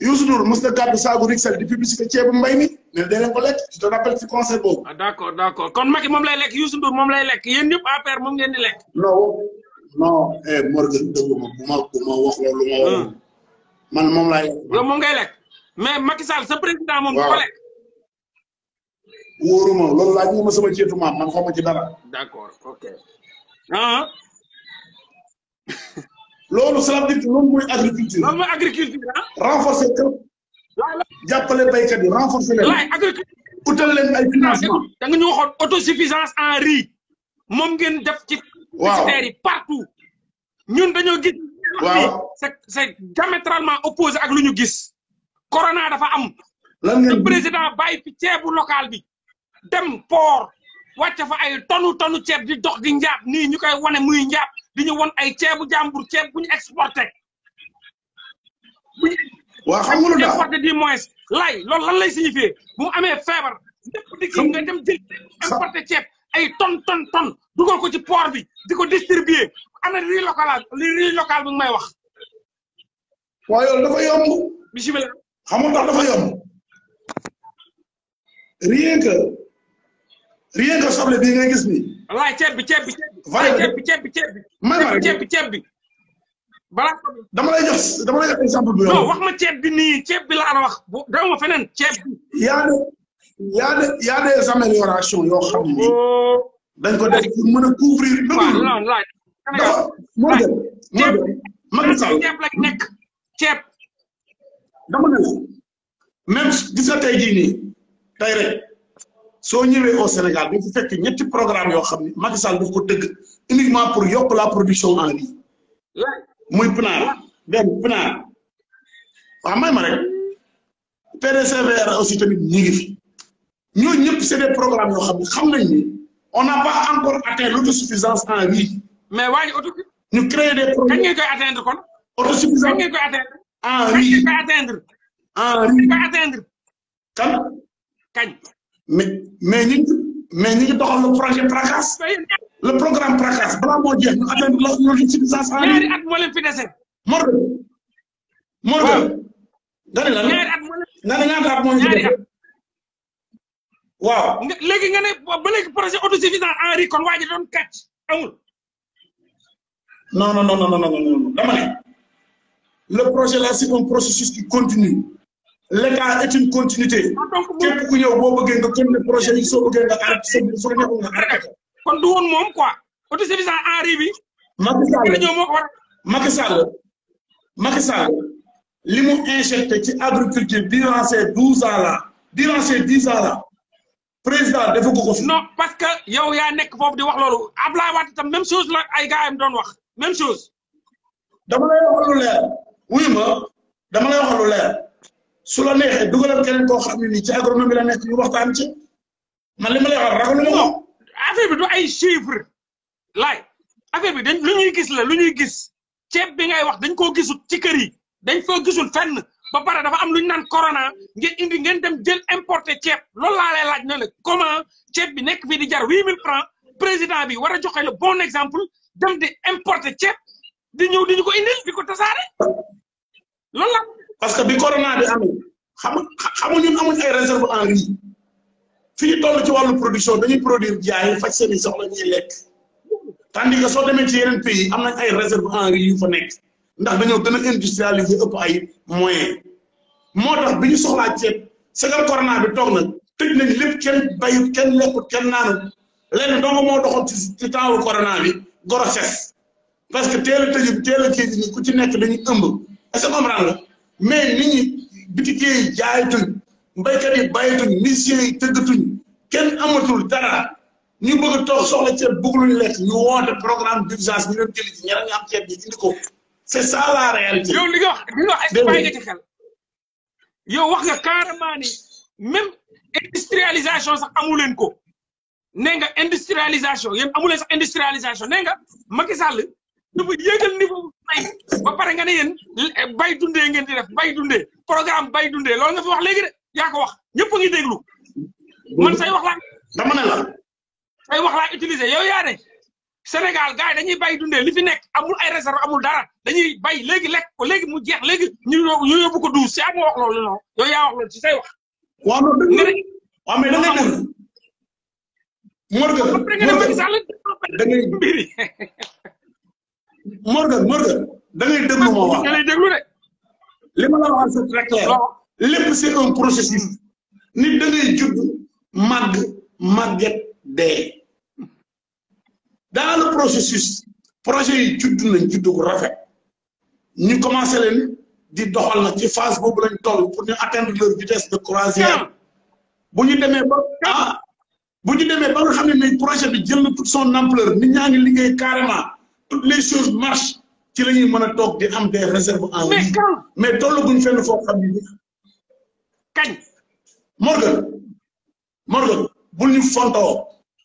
Youssou Ndour mos na gàddu saagu Rixel di publicité ceebu mbay mi ne dee leen ko lekk je te rappelle ci concert boobu. ah d' kon Macky moom lay lekk Youssou Ndour moom lay lekk yéen ñëpp APR moom ngeen di lekk. non non eh Morgan dëgg ma bu ma bu ma wax loolu ma. Ah. man moom laay lekk. moom sa président moom. wóoruma lolou la wuma sama ceetu mam man xoma ci dara d'accord ok ah lolou salam dit dire moy agriculture loolu mooy agriculture ah. renforcer kër kan. jàppale baykat yi renforcer leen laay agriculture outal leen ay financement da nga ñu waxoon autosuffisance en riz mom ngeen def ci terre yi partout ñun dañu gis c'est c'est diamétralement opposé ak lu ñu gis corona dafa am le président bàyyi fi ceebu local bi dem port wàcce fa ay tonu tonu ceeb di dox di njaab nii ñu koy wane muy njaab di ñu won ay ceebu jàmbur ceeb bu ñu exporté. waaw xam nga lu daal exporté du moins lay loolu lan lay signifié bu mu amee feebar. lépp di kii nga dem jël importé ceeb ay ton ton ko ci port bi di ko distribuer ana riz local li riz local bi may wax. waaw yow dafa yomb. bisimilah xam nga dafa yomb. rien que. rien que soble bii nga gis nii. wallaay ceeb bi ceeb bi ceeb bi ceeb bi ceeb bi. maanaam ceeb bi ceeb bi dama lay jox dama lay jox exemple bu non wax ma ceeb bi nii ceeb bi laa la wax bu daw ma feneen ceeb bi. yaa de yaa de yaa des yoo xam ni. Oh. dañ ko def pour mën a couvrir. waaw non laaj. moo gën moo gën. ceeb la nekk ceeb. dama ne la même tey jii nii tey soo ñëwee au Sénégal la fi fekk ñetti programme yoo xam ne ko uniquement pour la production en muy aussi tamit ngi fi des programmes on n'a pas encore atteint l'autosuffisance en vie. mais auto des programmes koy atteindre autosuffisance koy atteindre en vie. atteindre en atteindre mais mais ñu mais ñu ngi doxal le projet Prakash le programme Prakash balaa moo jeex ñu atteindre l' autosuffisance en ñaari at moo leen fi dese. Morgan Morgan. dana la ñaari at moo leen nga ne ñaata at moo ñu ñaari at. waaw. léegi nga ne ba léegi projet autosuffisance en riz kon waa ji doon amul. non non non non non non dama ne le projet là c'est un processus qui continue. l'état est une continuité képp ku ñëw boo bëggee nga continuer projet yi soo bëggee nga arrêté soo kon du woon moom quoi autosuffisance en riz bi. Macky Sall Macky Sall Macky Sall li mu ci agriculture durant ces douze ans là durant ces dix ans président dafa ko ko fi. non parce que yow yaa nekk foofu di wax loolu Abdoulaye Wade tam même chose la ay gars yi doon wax même chose. dama lay wax leer wuy ma dama lay wax lu leer. su la neexee dugalal keneen koo xam ne nii ci agronomie la nekk ñu waxtaan ci man li ma lay wax ragalu ma ko. affaire bi du ay chiffre laay affaire bi dañ lu ñuy gis la lu ñuy gis ceeb bi ngay wax dañ koo gisul ci kër yi dañ koo gisul fenn ba pare dafa am lu ñu naan corona ngeen indi ngeen dem jël importer ceeb loolu laa lay laaj ne la comment ceeb bi nekk fii di jar huit mille francs président bi war a joxe le bon exemple dem di importer ceeb di ñëw di ñu ko indil di ko tasaare loolu la. parce que bi corona bi amee xam xam ñun amuñ ay réserve en riz fi ñu toll ci wàllu production dañuy produire jaay faj seen i soxla ñuy lekk tandis que soo demee ci yeneen pays am nañ ay réserve en riz yu fa nekk ndax dañoo gën a industrialiser ëpp ay moyen moo tax bi ñu soxlaa ceeb segal bi toog na tëj nañ lépp kenn bayut kenn lekkut kenn naanut lenn dong moo doxoon ci ci temps corona bi grossesse parce que teel a tëju teel a kii ni ku ci nekk dañuy ëmb est-ce que comprendre nga. mais nit ñi bitigee yi jaayatuñ mbaykat yi bàyyituñ musiciens yi tëggatuñ kenn amatul dara ñu bëgg a toog soxla ceeb bëgg luñ lekk ñu woote programme d'urgence ñu dem jëli ci ñeneen ceeb bi indi ko c'est ça la réalité. yow li nga wax li nga wax est xel yow wax nga carrément ni même industrialisation sax amuleen ko nee nga industrialisation yéen amu leen sax industrialisation nee nga Macky Sall dama yëgal niveau ba pare nga ne yéen eh, bay dundee ngeen di def bay dundee programme bay dundee loolu nga fi wax léegi de yaa ko wax ñëpp a ngi déglu. man say wax laa. dama ne la. say wax laa utiliser yow yaa ne Sénégal gars dañuy bay dundee li fi nekk amul ay réserve amul dara dañuy bay léegi lekk ko léegi mu jeex léegi ñu ñu yóbbu ko duus si am wax loolu non yow yaa wax loolu si say wax. waaw non dëgg la waaw mais dëgg da ngay Morgan Morgan da ngay déglu ma wax da ngay déglu de li ma la waxal c'est très clair lépp c'est un processus nit da ngay judd màgg màgget dee dans le processus projet yi judd nañ judd gu rafet ñu commencé leen di doxal nag ci phase boobu lañ toll pour ñu atteindre leur vitesse de croisière bu ñu demee ba ah bu ñu demee ba nga xam ne projet bi jël toute son ampleur nit ñaa liggéey carrément tout les choses marche ci la ñuy mën a toog di am des réserves en mais quand mais tollaguñ fenn foo xam ne kañ. Morgan Morgan bul ñu fontoo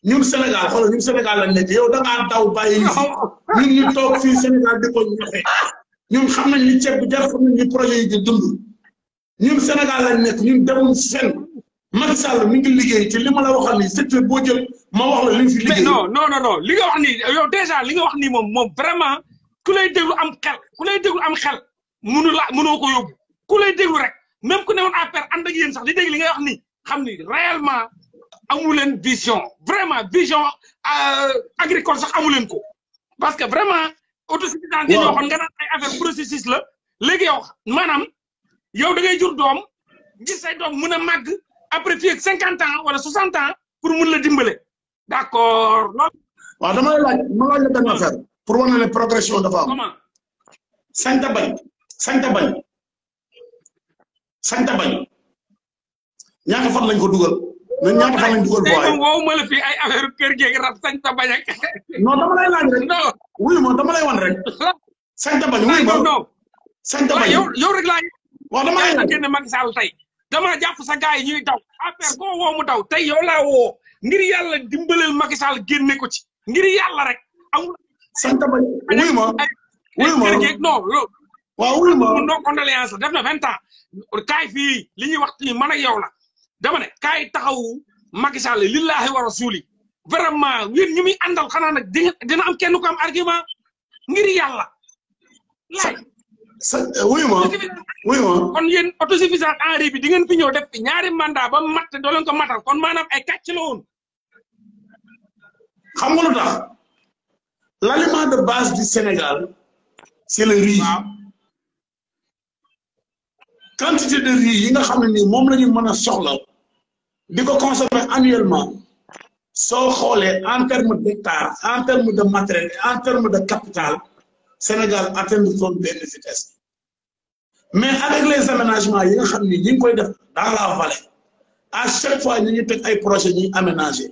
ñun Sénégal xoolal ñun Sénégal lañ nekk yow da ngaa daw bàyyi ñu ñun ñu toog fii Sénégal di ko ñaxee ñun xam nañ ni ceeb jar xam nañ ni projet yi di dund ñun Sénégal lañ nekk ñun demul fenn. Macky Sall mi ngi liggéey ti li ma la waxal ni secteur boo jël ma wax la li mu fi liggéey. mais non non non non li yow déjà li nga wax nii moom moom vraiment ku lay déglu am xel ku lay déglu am xel mënu la mënoo ko yóbbu ku lay déglu rek même ku newoon affaire ànd ak yéen sax di dégg li nga wax nii xam ni réellement amu leen vision vraiment vision euh, agricole sax amu leen ko parce que vraiment. autosuffisance yi ñu waxoon nga naan ay affaire la léegi yow maanaam yow da ngay jur doom gis say doom mën a màgg. après fi ak cinquante ans wala soixante ans pour mun la dimbale d' accord loolu. waaw damay laaj ma laaj la benn pour wane ne progression dafa am. comment sañ ta bañ sañ ta bañ sañ ta bañ ñaata fan lañ ko dugal. ñun ñaata fan lañ dugal bu waay wow ma la fi ay affaire kër geeg rab sañ ta bañ ak. non dama lay laaj rek. non wuyu ma dama lay wan rek. sañ ta bañ wuyu ma sañ ta bañ yow rek laaj. waaw dama lay laaj ne Macky tey. damaa jàpp sa gars yi daw affaire koo woo mu daw te yow laa woo ngir yàlla dimbaleel Macky Sall génne ko ci ngir yàlla rek amul. sant ba wuy ma wuy ma non condoléance la def na vingt ans. kaay fii li ñuy wax nii man ak yow la dama ne kaay taxaw Macky Sall lillahi wa rasuli vraiment yéen ñu muy àndal xanaa nag dina am kenn ko am argument ngir yàlla. laaj sa wuy ma wuy ma kon yéen autosuffisance en riz bi di ngeen fi ñëw def fi ñaari mandat ba mat te doo leen ko matal kon maanaam ay kàcc la woon xam nga lu tax l' aliment de base du Sénégal c' est le riz waaw quantité de riz yi nga xam ne moom la ñu mën a soxla di ko consommer annuellement soo xoolee en terme d' hectare en terme de matériel en terme de capital Sénégal atteindre son benn vitesse mais avec les aménagements yi nga xam ni ñu ngi koy def dans la à chaque fois ñu ngi teg ay projets ñuy aménagé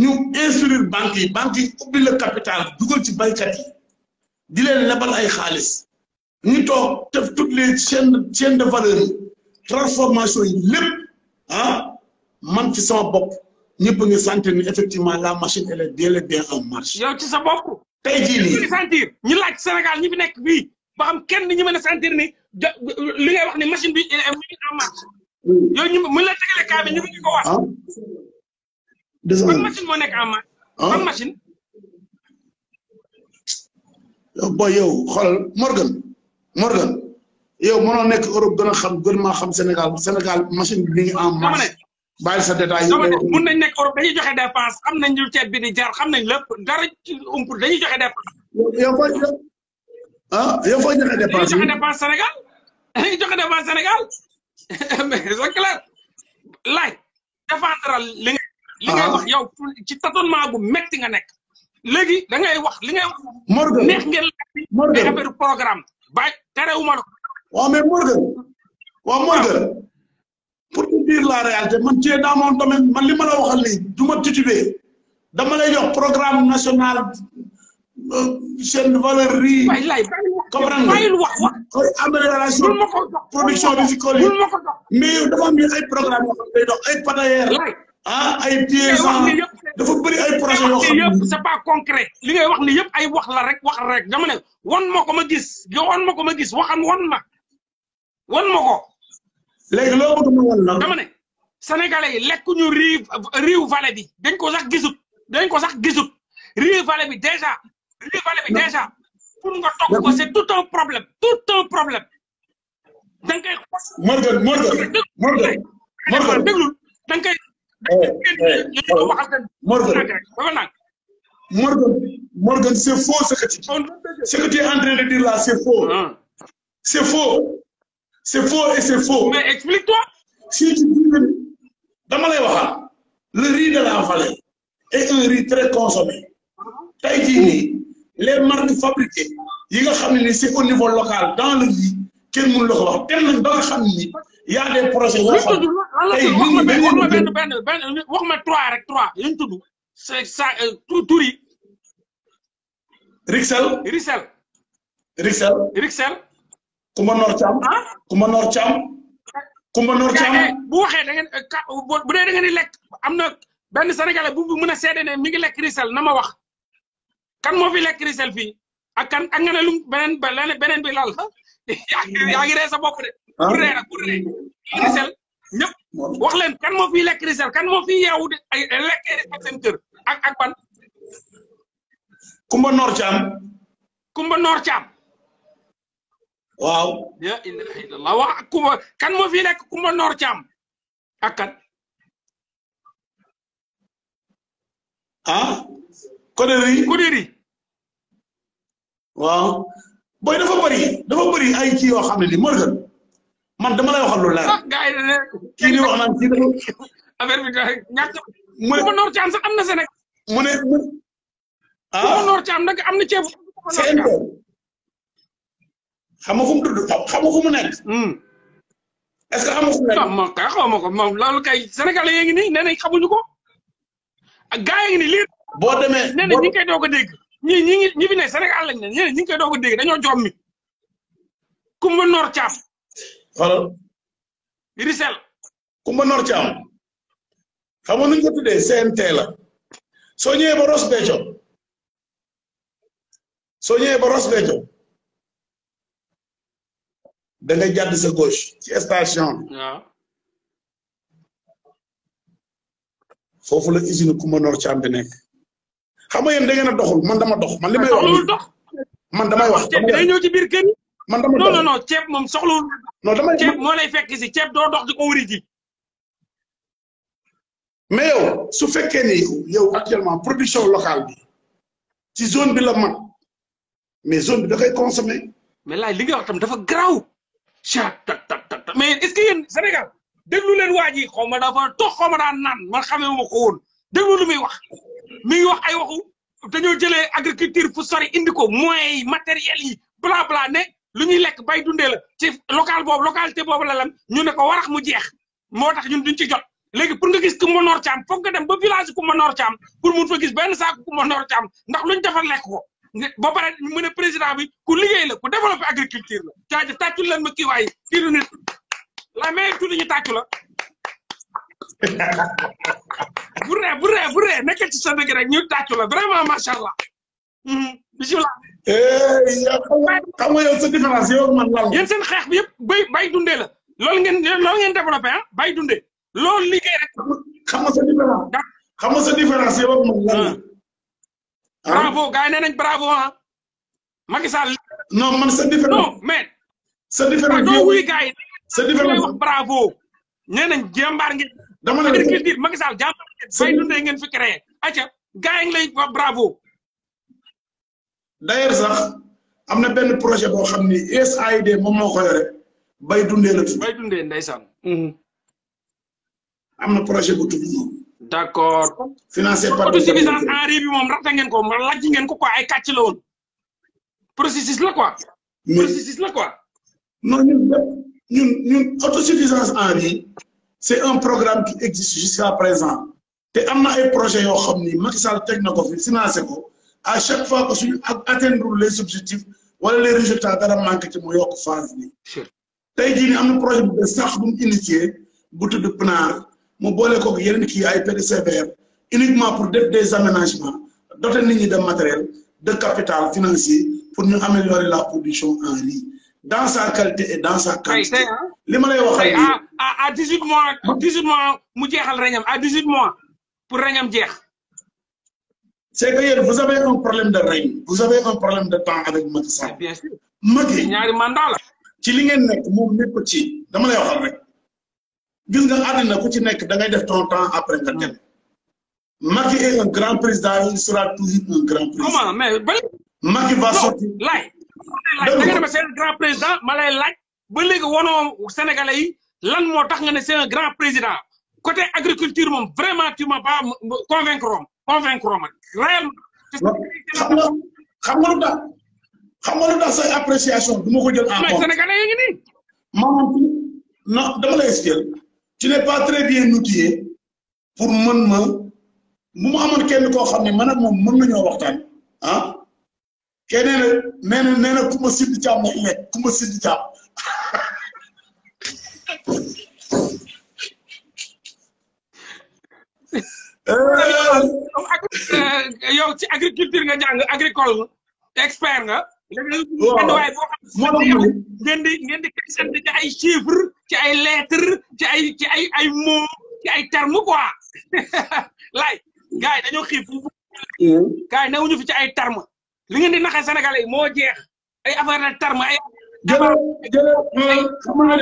ñu instruire banques yi banques yi ubbi le capital dugal ci baykat yi di leen lebal ay xaalis ñu toog def tout les chaînes chaînes de valeur yi transformation yi lépp ah man ci sama bopp ñëpp nga sentir ni effectivement la machine elle est bel et bien en marche. yow ci sa bopp. tey jii nii sentir ñi laaj Sénégal ñi fi nekk fii ba xam kenn ñu mën a ni li ngay wax ni machine bi eh, mu ngi en marche. yooyu ñu mën la tegale bi ñu ko wax. Ah. machine moo nekk en marche. Ah. ban machine. booy yow xol Morgan Morgan yow mënoo nekk Europe gën a xam gën maa xam Sénégal Sénégal machine bi mi ngi bàyyi sa détail yi mun nañ nekk Europe dañuy joxe dépense xam nañ lu ceeb bi di jar xam nañ lépp dara umpul dañuy joxe dépense. yow fooy ah yow fooy joxe dépense dañuy joxe dépense Sénégal joxe dépense Sénégal mais c'est clair laaj défendre li nga. li ngay ah. wax yow ci tâtonnement bu métti nga nekk. léegi da ngay wax li ngay wax. Morgan neex ngeen laaj. Morgan affaire programme. bàyyi terewuma la. waaw mais Morgan waaw Morgan. pour te dire la réalité man ci dans mon domaine man li ma la waxal nii du ma titubé dama lay jox programme national chaîne euh, valeur riz. comprendre nga amélioration production agricole yi mais yow dafa am ay programme yoo xam ne day dox ay patayeer ah ay paysan dafa bëri ay projet yoo xam ne yëpp c'est pas concret li ngay wax ni yëpp ay wax la rek wax rek dama ne wan ma ko ma gis wan ma ko ma gis waxan wan ma wan ma ko léegi loo bëgg mu wan la dama ne sénégalais yi lekkuñu riz bi dañ koo sax gisut dañ ko sax gisut riz vallée bi déjà riz vallée bi déjà pour nga togg ko c'est tout un problème tout un problème da nga Morgan Morgan Morgan Morgan da nga koy eh, eh, waxal Morgan Morgan c'est faux ce que tu dis en train de dire là c'est faux ah. c'est c'est faux et c'est faux. Mais explique-toi. Si tu dis que le riz de la vallée est un riz très consommé. les marques fabriquées, c'est au niveau local, dans le riz, kenn mënu la ko wax kenn nag ba nga xam ni y' a des projets yoo xam tey nit ñi benn benn benn benn wax ma trois rek trois li ñu tudd. c'est ça tur euh, tur Rixel. Rixel. Rixel. Rixel. Kumba Noor Thiam. ah Kumba Noor Thiam. Kumba Noor Thiam bu waxee bu dee da ngeen di am na benn sénégalais bu mën a seede ne mi ngi lekk risel nama wax kan moo fi lekk risel fii ak kan ak nga ne lum beneen ba beneen bi lal sa bopp de. ah bu dee risel ñëpp wax kan moo fi lekk risel kan moo fi de ay lekk risel seen kër ak ak ban. Kumba Noor Thiam. Kumba Noor Wow, ya ilaha illallah wa kuma kan mo fi nek kuma nor cham ak kan ah koderi koderi waaw boy dafa bari dafa bari ay ci yo xamne li morgal man dama lay waxal lu leer gaay nek ki ni wax nan ci affaire bi ñak kuma nor am sax amna sénégal mu ne ah kuma nor am nak amna ci xam nga fu mu tudd xam nga fu mu nekk. Hmm. est que xam nga fu mu nekk. waaw moom xaw ma ko moom loolu kay sénégalais yi ngi nii nee nañ ko ak gars yi ngi nii boo demee nee na ñi a dégg ñii ñi ngi ñi fi ne Sénégal lañ ne ñeneen ñi ngi koy doog a dégg dañoo joom mi Kumba nor Thiam. xoolal. Rizal. Kumba Noor Thiam. xam nga nu ñu ko tuddee CNT la. soo ñëwee ba Ross soo ñëwee ba Ross de ngay jàdd sa gauche ci station bi. foofu la usine Kumba Noor Thiam bi nekk. xam nga man dama dox man li wax non non ceeb moom soxlawul. non damay ceeb moo lay si ceeb doo dox di ko ji. mais su fekkee ni yow actuellement production locale bi ci zone bi la mais zone bi da consommer. mais laaj li wax tam chat tat tat tat mais est-ce que yéen Sénégal déglu leen waa ji xaw ma dafa tox xaw ma daan naan man xamee ma ko woon déglu muy wax mi wax ay waxu dañoo jëlee agriculture fu sori indi ko moyens yi matériels yi bla bla ne lu ñuy lekk bay dundee la ci local boobu localité boobu la lam ñu ne ko warax mu jeex moo tax ñun duñ ci jot léegi pour nga gis ku Manor Thiam foog nga dem ba village ku Manor Thiam pour mun fa gis benn saako ku Manor Thiam ndax lu luñ defar lekk ko ba pare mu ne président bi ku liggéey la ku développé agriculture la jaajëf tàccul leen ma kii waay fiiru nit la mais tuuti ñu tàccu la bu ree bu ree bu ree nekk ci sa dëgg rek ñu tàccu la vraiment macha allah mhm, bisimilah. Eh, xam nga yow sa différence yow man lan yéen seen xeex bi yëpp bay bay dundee la loolu ngeen loolu ngeen développé ah bay dundee lool liggéey rek. xam nga sa différence. xam nga sa différence Ah. bravo gars yi nee bravo ah. Macky Sall. man sa différence no mais. sa différence doo wuy gars yi. bravo. nee nañ jàmbaar dama la leen di Macky Sall jàmbaar ngeen. fay dundee ngeen fi créé. acca gars yi lay bravo. d'ailleurs sax am na benn projet boo xam ni USAID moom moo ko yore bay dundee la tudd. bay dundee ndeysaan. Mhm. am na projet bu tudd noonu. d' accord. financé par autosuffisance en riz bi moom rafet ngeen ko moom lajj ngeen ko quoi ay kàcc la woon. processus la quoi. processus la quoi. non ñun ñun ñun autosuffisance en riz. c' est un programme qui existe jusqu'à présent. te am na ay projets yoo xam ni Macky Sall na ko fi financé ko à chaque fois que suñu atteindre les objectifs wala les résultats dara manqué ci mu yokk phase bi. tey jii nii am na projet bu bees sax bu mu initié bu tudd PNAR. mu boole kook yeneen kii ay PDCVR uniquement pour def des aménagements doter nit ñi de matériel de capital financier pour ñu améliorer la production en riz dans sa qualité et dans sa quantité. Ah. li ma lay waxal nii ah, ah, à à dix huit mois dix huit mois mu jeexal reñam à pour reñam jeex. c' est que yéen vous avez un problème de règne vous avez un problème de temps avec Macky Sall. bien sûr Macky ñaari mandat la. ci li ngeen nekk moom nekk ko ci dama lay waxal rek. gis nga àddina ku ci nekk da def ton temps après nga dem. Ah. Macky grand président il sera toujours un grand président. comment mais ba. Macky va sortir. laaj da ma c'est grand président ma lay laaj ba léegi wanoo Sénégalais yi lan moo tax nga ne c'est un grand président côté agriculture moom vraiment tu m'as pas convaincre woon convaincre woon réellement. xam nga xam nga lu tax xam nga lu tax say appréciation du ma ko jël en compte. mais Sénégalais yi ngi nii. maanaam non ci n'es pas très bien outillé pour mën ma bu mu amoon kenn koo xam ne man ak moom mën nañoo waxtaan ah keneen nee na nee na ku ma sidd jaam na lekk ku ma ci agriculture nga jàng agricole expert nga waaw waaye boo xam ngeen di ngeen di sant ci ay chiffres ci ay lettres ci ay ci ay ay mots ci ay termes quoi laaj gars yi dañoo xiif. Hmm. gars yi newuñu fi ci ay termes li ngeen di naxee sénégalais yi moo jeex ay affaire de termes ay. jërëjëf xam nga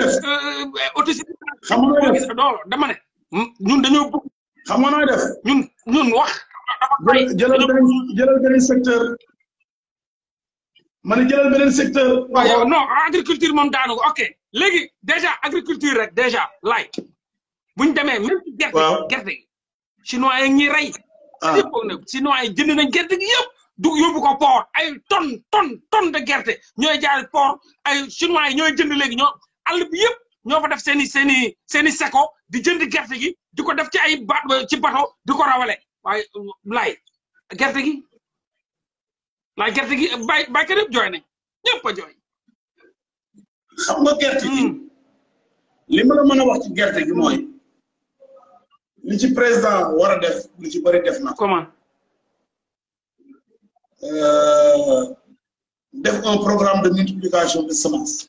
def euh, euh, dama ne. ñun dañoo bëgg. xam nga def ñun ñun wax. jëlal benn jëlal benn secteur. ma ne jëlal beneen secteur. waaw yow non agriculture moom daanu ko ok léegi déjà agriculture rek déjà laay bu ñu demee même ci gerte. waaw gerte gi chinois yi ñuy rey. ah chinois yi jënd nañ gerte gi yëpp. dug yóbbu port ay tonne tonne tonne de gerte ñooy jaay port ay chinois yi ñooy jënd léegi ñoo àll bi yëpp ñoo fa def seen i seen i seen i di jënd gerte gi di ko def ci ay ba ci bato di ko rawale waaye laay gi la gerte gi bay baykat yëpp jooy nañ ñëpp a jooy. xam nga gerte gi. Hmm. li ma la mën a wax ci gerte gi mooy. li ci président war a def li ci bëri def na. comment. Euh, def un programme de multiplication de semences.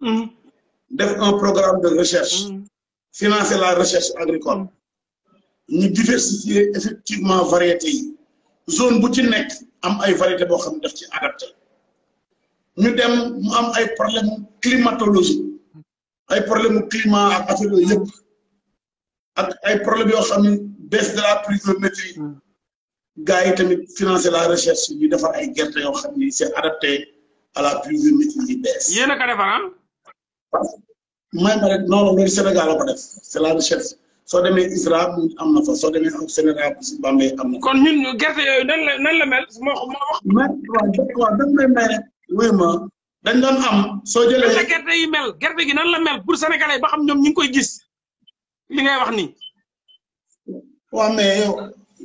Hmm. def un programme de recherche. Hmm. financer la recherche agricole. ñu diversifier effectivement variétés yi. zone bu ci nekk am ay varité boo xam ne daf ci adapté ñu dem mu am ay problème climatologie ay problème climat a affaire yooyu yëpp ak ay problème yoo xam ne baisse de la pluviométrie gars yi tamit financer la recherche ñu defar ay gerte yoo xam ni c'est adapté à la pluviométrie yi baisse. yéen a ko defar ah. may ma rek non Sénégal la ko def c'est la recherche. soo demee ISRA mu am na fa soo demee ak Sénégal si Bambey am na. kon ñun gerte yooyu nan la nan la wax. mais waaw waaw dañ koy dañ doon am. soo jëlee la gerte yi mel gerte gi nan la pour sénégalais ba xam ñoom ñu ngi koy gis li ngay wax nii. waaw mais yow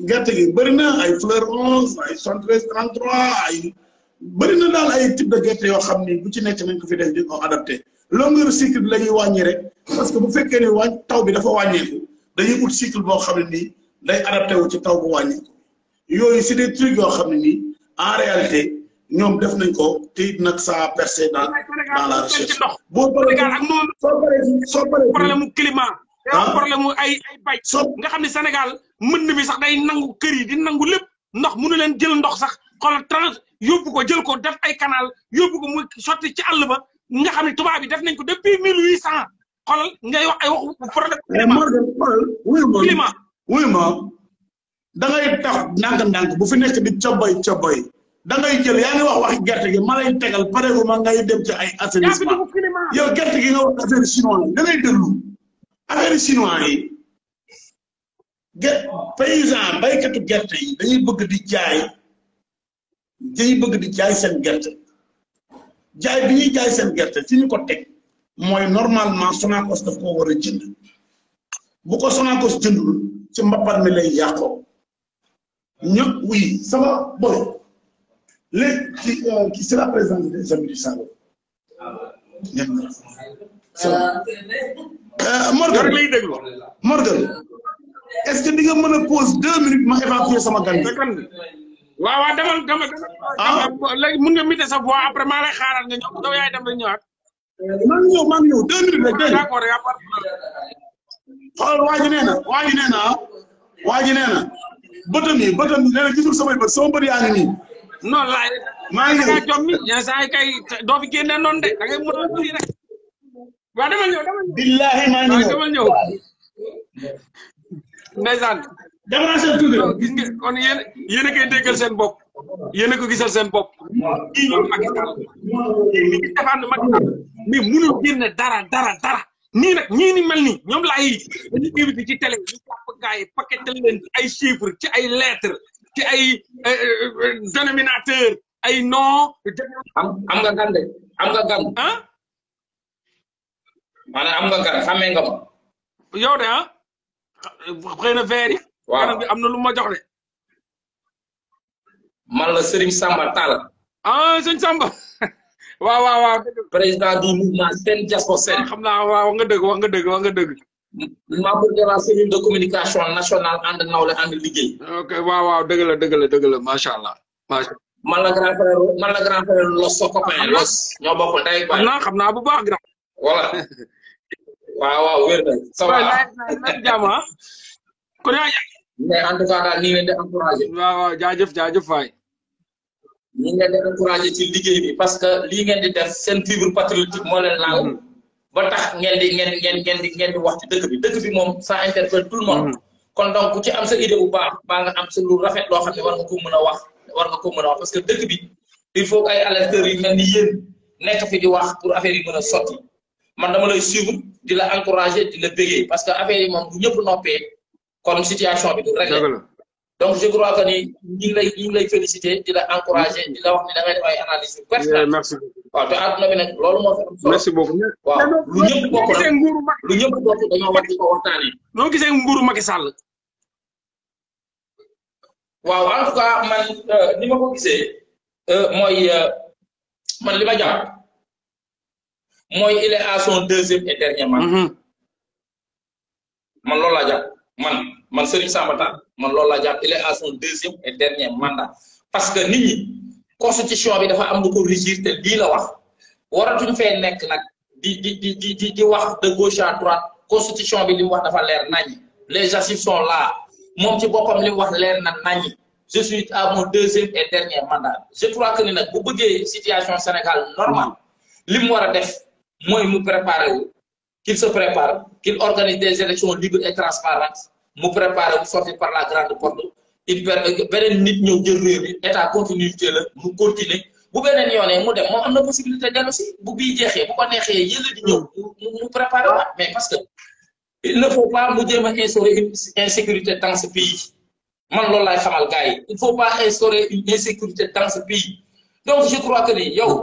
gerte gi bëri na ay fleur onze ay soixante trente trois ay bëri na daal ay type de gerte yoo xam ni bu ci nekk nañ ko fi def di ko adapté longueur cycle bi la ñuy wàññi rek parce que bu fekkee ne wàññ taw bi dafa wàññeeku. dañuy ut cycle boo xam ne nii day adapté wu ci taw bu wàññi ko yooyu c'est des trucs yoo xam ne nii en réalité ñoom def nañ ko te it nag ça percé dans dans la recherche. boo paree ak soo paree soo mu climat. ah problème mu ay ay bay. nga xam ni Sénégal mën na mi sax day nangu kër yi di nangu lépp ndox mënu leen jël ndox sax xoolal trans yóbbu ko jël ko def ay kanal yóbbu ko mu sotti ci àll ba nga xam ni tubaab yi def nañ ko depuis mille huit cent. xoolal ngay wax ay waxu problème. climat wuy ma da ngay tax ndànk-ndànk bu fi nekk bi cobboy cobboy da ngay jël yaa ngi wax wax gerte gi ma lay tegal pareegu ma ngay dem ci ay assainissement yow gerte gi nga wax affaire chinois yi da ngay déglu affaire chinois yi gerte paysan yi dañuy bëgg di jay dañuy bëg di jaay seen gerte jaay bi ñuy jaay seen gerte fi ñu ko teg. mooy normalement Sonacos daf koo war a jënd bu ko Sonacos jëndul ci mbappat mi lay yàqoo ñëpp oui sama boy léegi euh, qui sera président des amis du Saloum euh, Morgan lay déglu Morgan est-ce que di nga mën a pause deux minutes ma évacuer sama gan bi waaw waaw demal demal ah léegi mun nga mite sa voix après maa lay xaaral nga ñëw yow maa ngi ñëw maa ngi ñëw deux minutes rek dégg xoolal waa ji na waa ji nee na ah waa ji na bëtam yi bëtam yi nee na gisul samay bët sama bët yaa kay doo fi génne de da ngay mën a rek. waa demal ñëw demal ñëw. billahi maa ngi ñëw demal seen bopp. yéen a ko gisal seen bopp ñii ñoo Macky Sall ñii ñi défendre Macky Sall dara dara dara nii nag ñii ni mel nii ñoom laay dañu invité ci télé ñu jàpp gars yi paquetal leen ay chiffres ci ay lettres ci ay euh, euh, dénominateur ay nom am am nga gan de am nga gan ah am nga gan xamee nga ma yow de na am na lu ma jox de man la Serigne Samba Tall. ah sëñ Samba. waaw waaw waaw. président du mouvement Sen Diaspo Sen. xam naa waaw nga dëgg wax nga dëgg wax nga dëgg. membre de la cellule de communication nationale ànd nawle ànd liggéey. ok waaw waaw dëgg la dëgg la dëgg grand frère Los sa Los. ñoo bokk ndey xam naa xam naa bu baax grand. voilà. waaw waaw wér na. ça ah. daal nii ngeen di encouragé. waaw waaw jaajëf jaajëf ñu ngi leen di ci liggéey bi parce que lii ngeen di def seen fibre patriotique moo leen laal mm-hmm. ba tax ngeen di ngeen ngeen ngeen di ngeen di wax ci dëkk bi dëkk bi moom ça interpelle tout le monde. Mm-hmm. kon donc ku ci am sa idée bu baax baa nga am lu rafet loo xam ne war nga ko mën a wax war nga ko parce que dëkk bi il faut ay alerteurs yu mel ni yéen nekk fi di wax pour affaire yi mën a sotti man dama lay suivre di la encouragé di la bégee parce que affaire yi moom bu ñëpp noppee kon bi du réglé donc je crois que ni ñu lay ñu lay féliciter di la encourager di la wax ni da nga def ay analyse yu pertinente. merci beaucoup waaw te àdduna bi nag loolu moo fi am merci beaucoup waaw lu ñëpp bokk nag lu ñepp bokku dañu war ci ko waxtaanee. noo gisee nguuru Macky Sall. waaw en tout cas man euh, ni ma ko gisé euh moy euh, man li ma jàpp mooy il est à son deuxième et dernier mandat. Mm-hmm. man lolu la jàpp man. man Serigne Samba Tall man loolu laa jàpp il est à son deuxième et dernier mandat parce que nit ñi constitution bi dafa am lu ko rigide te la wax waratuñ fee nekk nag di di di di wax de gauche à droite constitution bi li wax dafa leer naññi les assises son là moom ci boppam li mu wax leer na naññi je suis à mon deuxième et dernier mandat je crois que ni nag bu bëggee situation Sénégal normale li mu war a def mooy mu préparer wu qu'il se prépare qu'il organise des élections libres et transparentes mu préparer pour sortir par la grande porte il permet nit ñëw jël réew état continuité la mu continuer bu benen yone mu dem mo am possibilité d'aller aussi bu bi jexé bu ko nexé di ñëw mu préparer mais parce que il ne faut pas mu instaurer une insécurité dans ce pays man loolu xamal gaay il faut pas instaurer une insécurité dans ce pays donc je crois que ni yow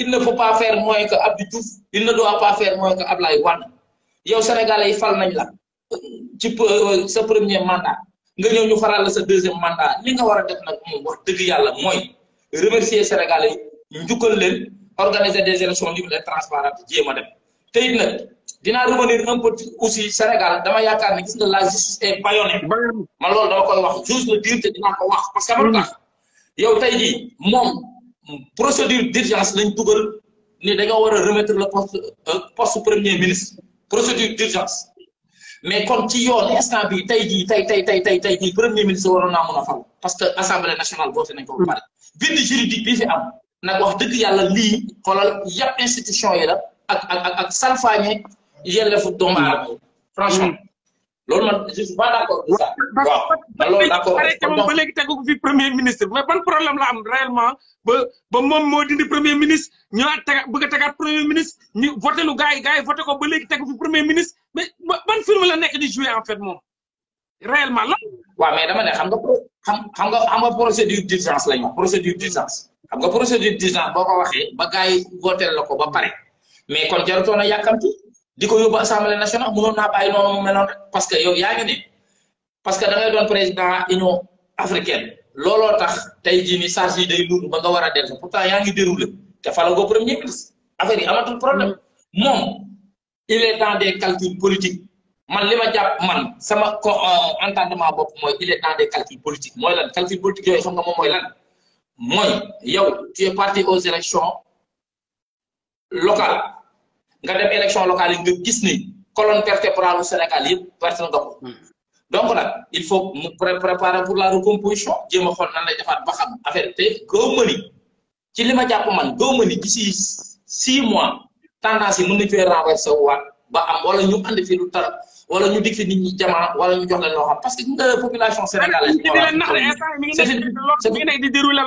il ne faut pas faire moins que Abdou il ne doit pas faire moins que Ablaye Wade yow sénégalais yi fal nañ la ci euh, sa premier mandat nga ñëw ñu faral sa deuxième mandat li nga war a def nag moom wax dëgg yàlla mooy remercier Sénégalais yi njukkal leen organiser des élections libres de transparentes jéem a dem te it nag dinaa revenir un peu aussi Sénégal dama yaakaar ne gis nga la justice est bâillonnée man loolu dama koy wax juste le dire te dinaa ko wax parce que xam tax yow tey jii moom procédure d'urgence lañ dugal ni da nga war a remettre le poste euh, poste premier ministre procédure d'urgence mais kon ci yoon instant bi tey jii tey tey tey tey tey jii premier ministre waroon naa mën a parce que assemblée nationale voté nañ ko ba pare. vide bi fi am nag wax dëgg yàlla lii xoolal yàpp institution yi la ak ak ak salfaañe yellefu doomu aadama franchement. loolu man je suis pas d' accord ba léegi tegu ko fi premier ministre mais ban problème la am réellement ba ba moom moo dindi premier ministre ñëwaat tega bëgg a tegaat premier ministre ñu voté lu gars yi gars yi voté ko ba léegi tegu fi premier ministre mais ban film la nekk di joué en fait moom réellement la. wa mais dama ne xam nga xam xam nga xam nga procédure d' urgence la ñu wax procédure d' urgence xam nga procédure d' urgence boo ko waxee ba gars yi voté la ko ba pare mais kon jarutoon na di ko yóbbu assemblée nationale mënoon naa bàyyi noonu mu meloon rek parce que yow yaa ngi parce que da ngay doon président union africaine looloo tax tey jii ni charge yi day ba nga war a dellu pourtant yaa ngi déroulé te fala go premier ministre affaire yi amatul problème moom il est dans des calculs politiques man li ma jàpp man sama euh, entendement bopp mooy il est dans des calculs politiques mooy lan calcul politique yooyu xam nga moom mooy lan mooy yow tu es nga dem élection locale nga gis ni colonne vertébrale bu Sénégal yëpp perte nga ko. Hmm. donc nag il faut mu préparer pour la recomposition jéem a xool nan lay defaat ba xam affaire te góob ma ci li ma jàpp man góob ma ni d'ici six mois tendance yi mën na fee renversé waat ba am wala ñu andi fi lu tar wala ñu dikk fi nit ñi jamaa wala ñu jox leen parce que nga population sénégalaise. ñu ngi leen nax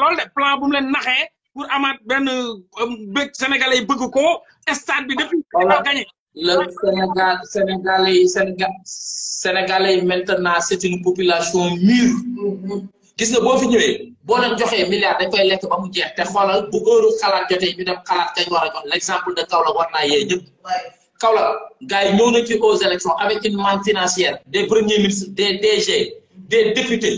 lool de plan bu mu naxee. pour amaat benn euh, bëgg sénégalais yi bëgg ko stade bi depuis. voilà gagné. le Sénégal sénégalais yi Sénégal sénégalais maintenant c' est une population gis nga boo fi ñëwee. boo leen joxee milliard dañ koy lekk ba mu jeex te xoolal bu heure xalaat jotee ñu dem xalaat kañ wax a exemple de Kaolack war naa yee ñëpp. yi ñëw na ci aux élections avec une manne financière des premiers ministres des DG des députés.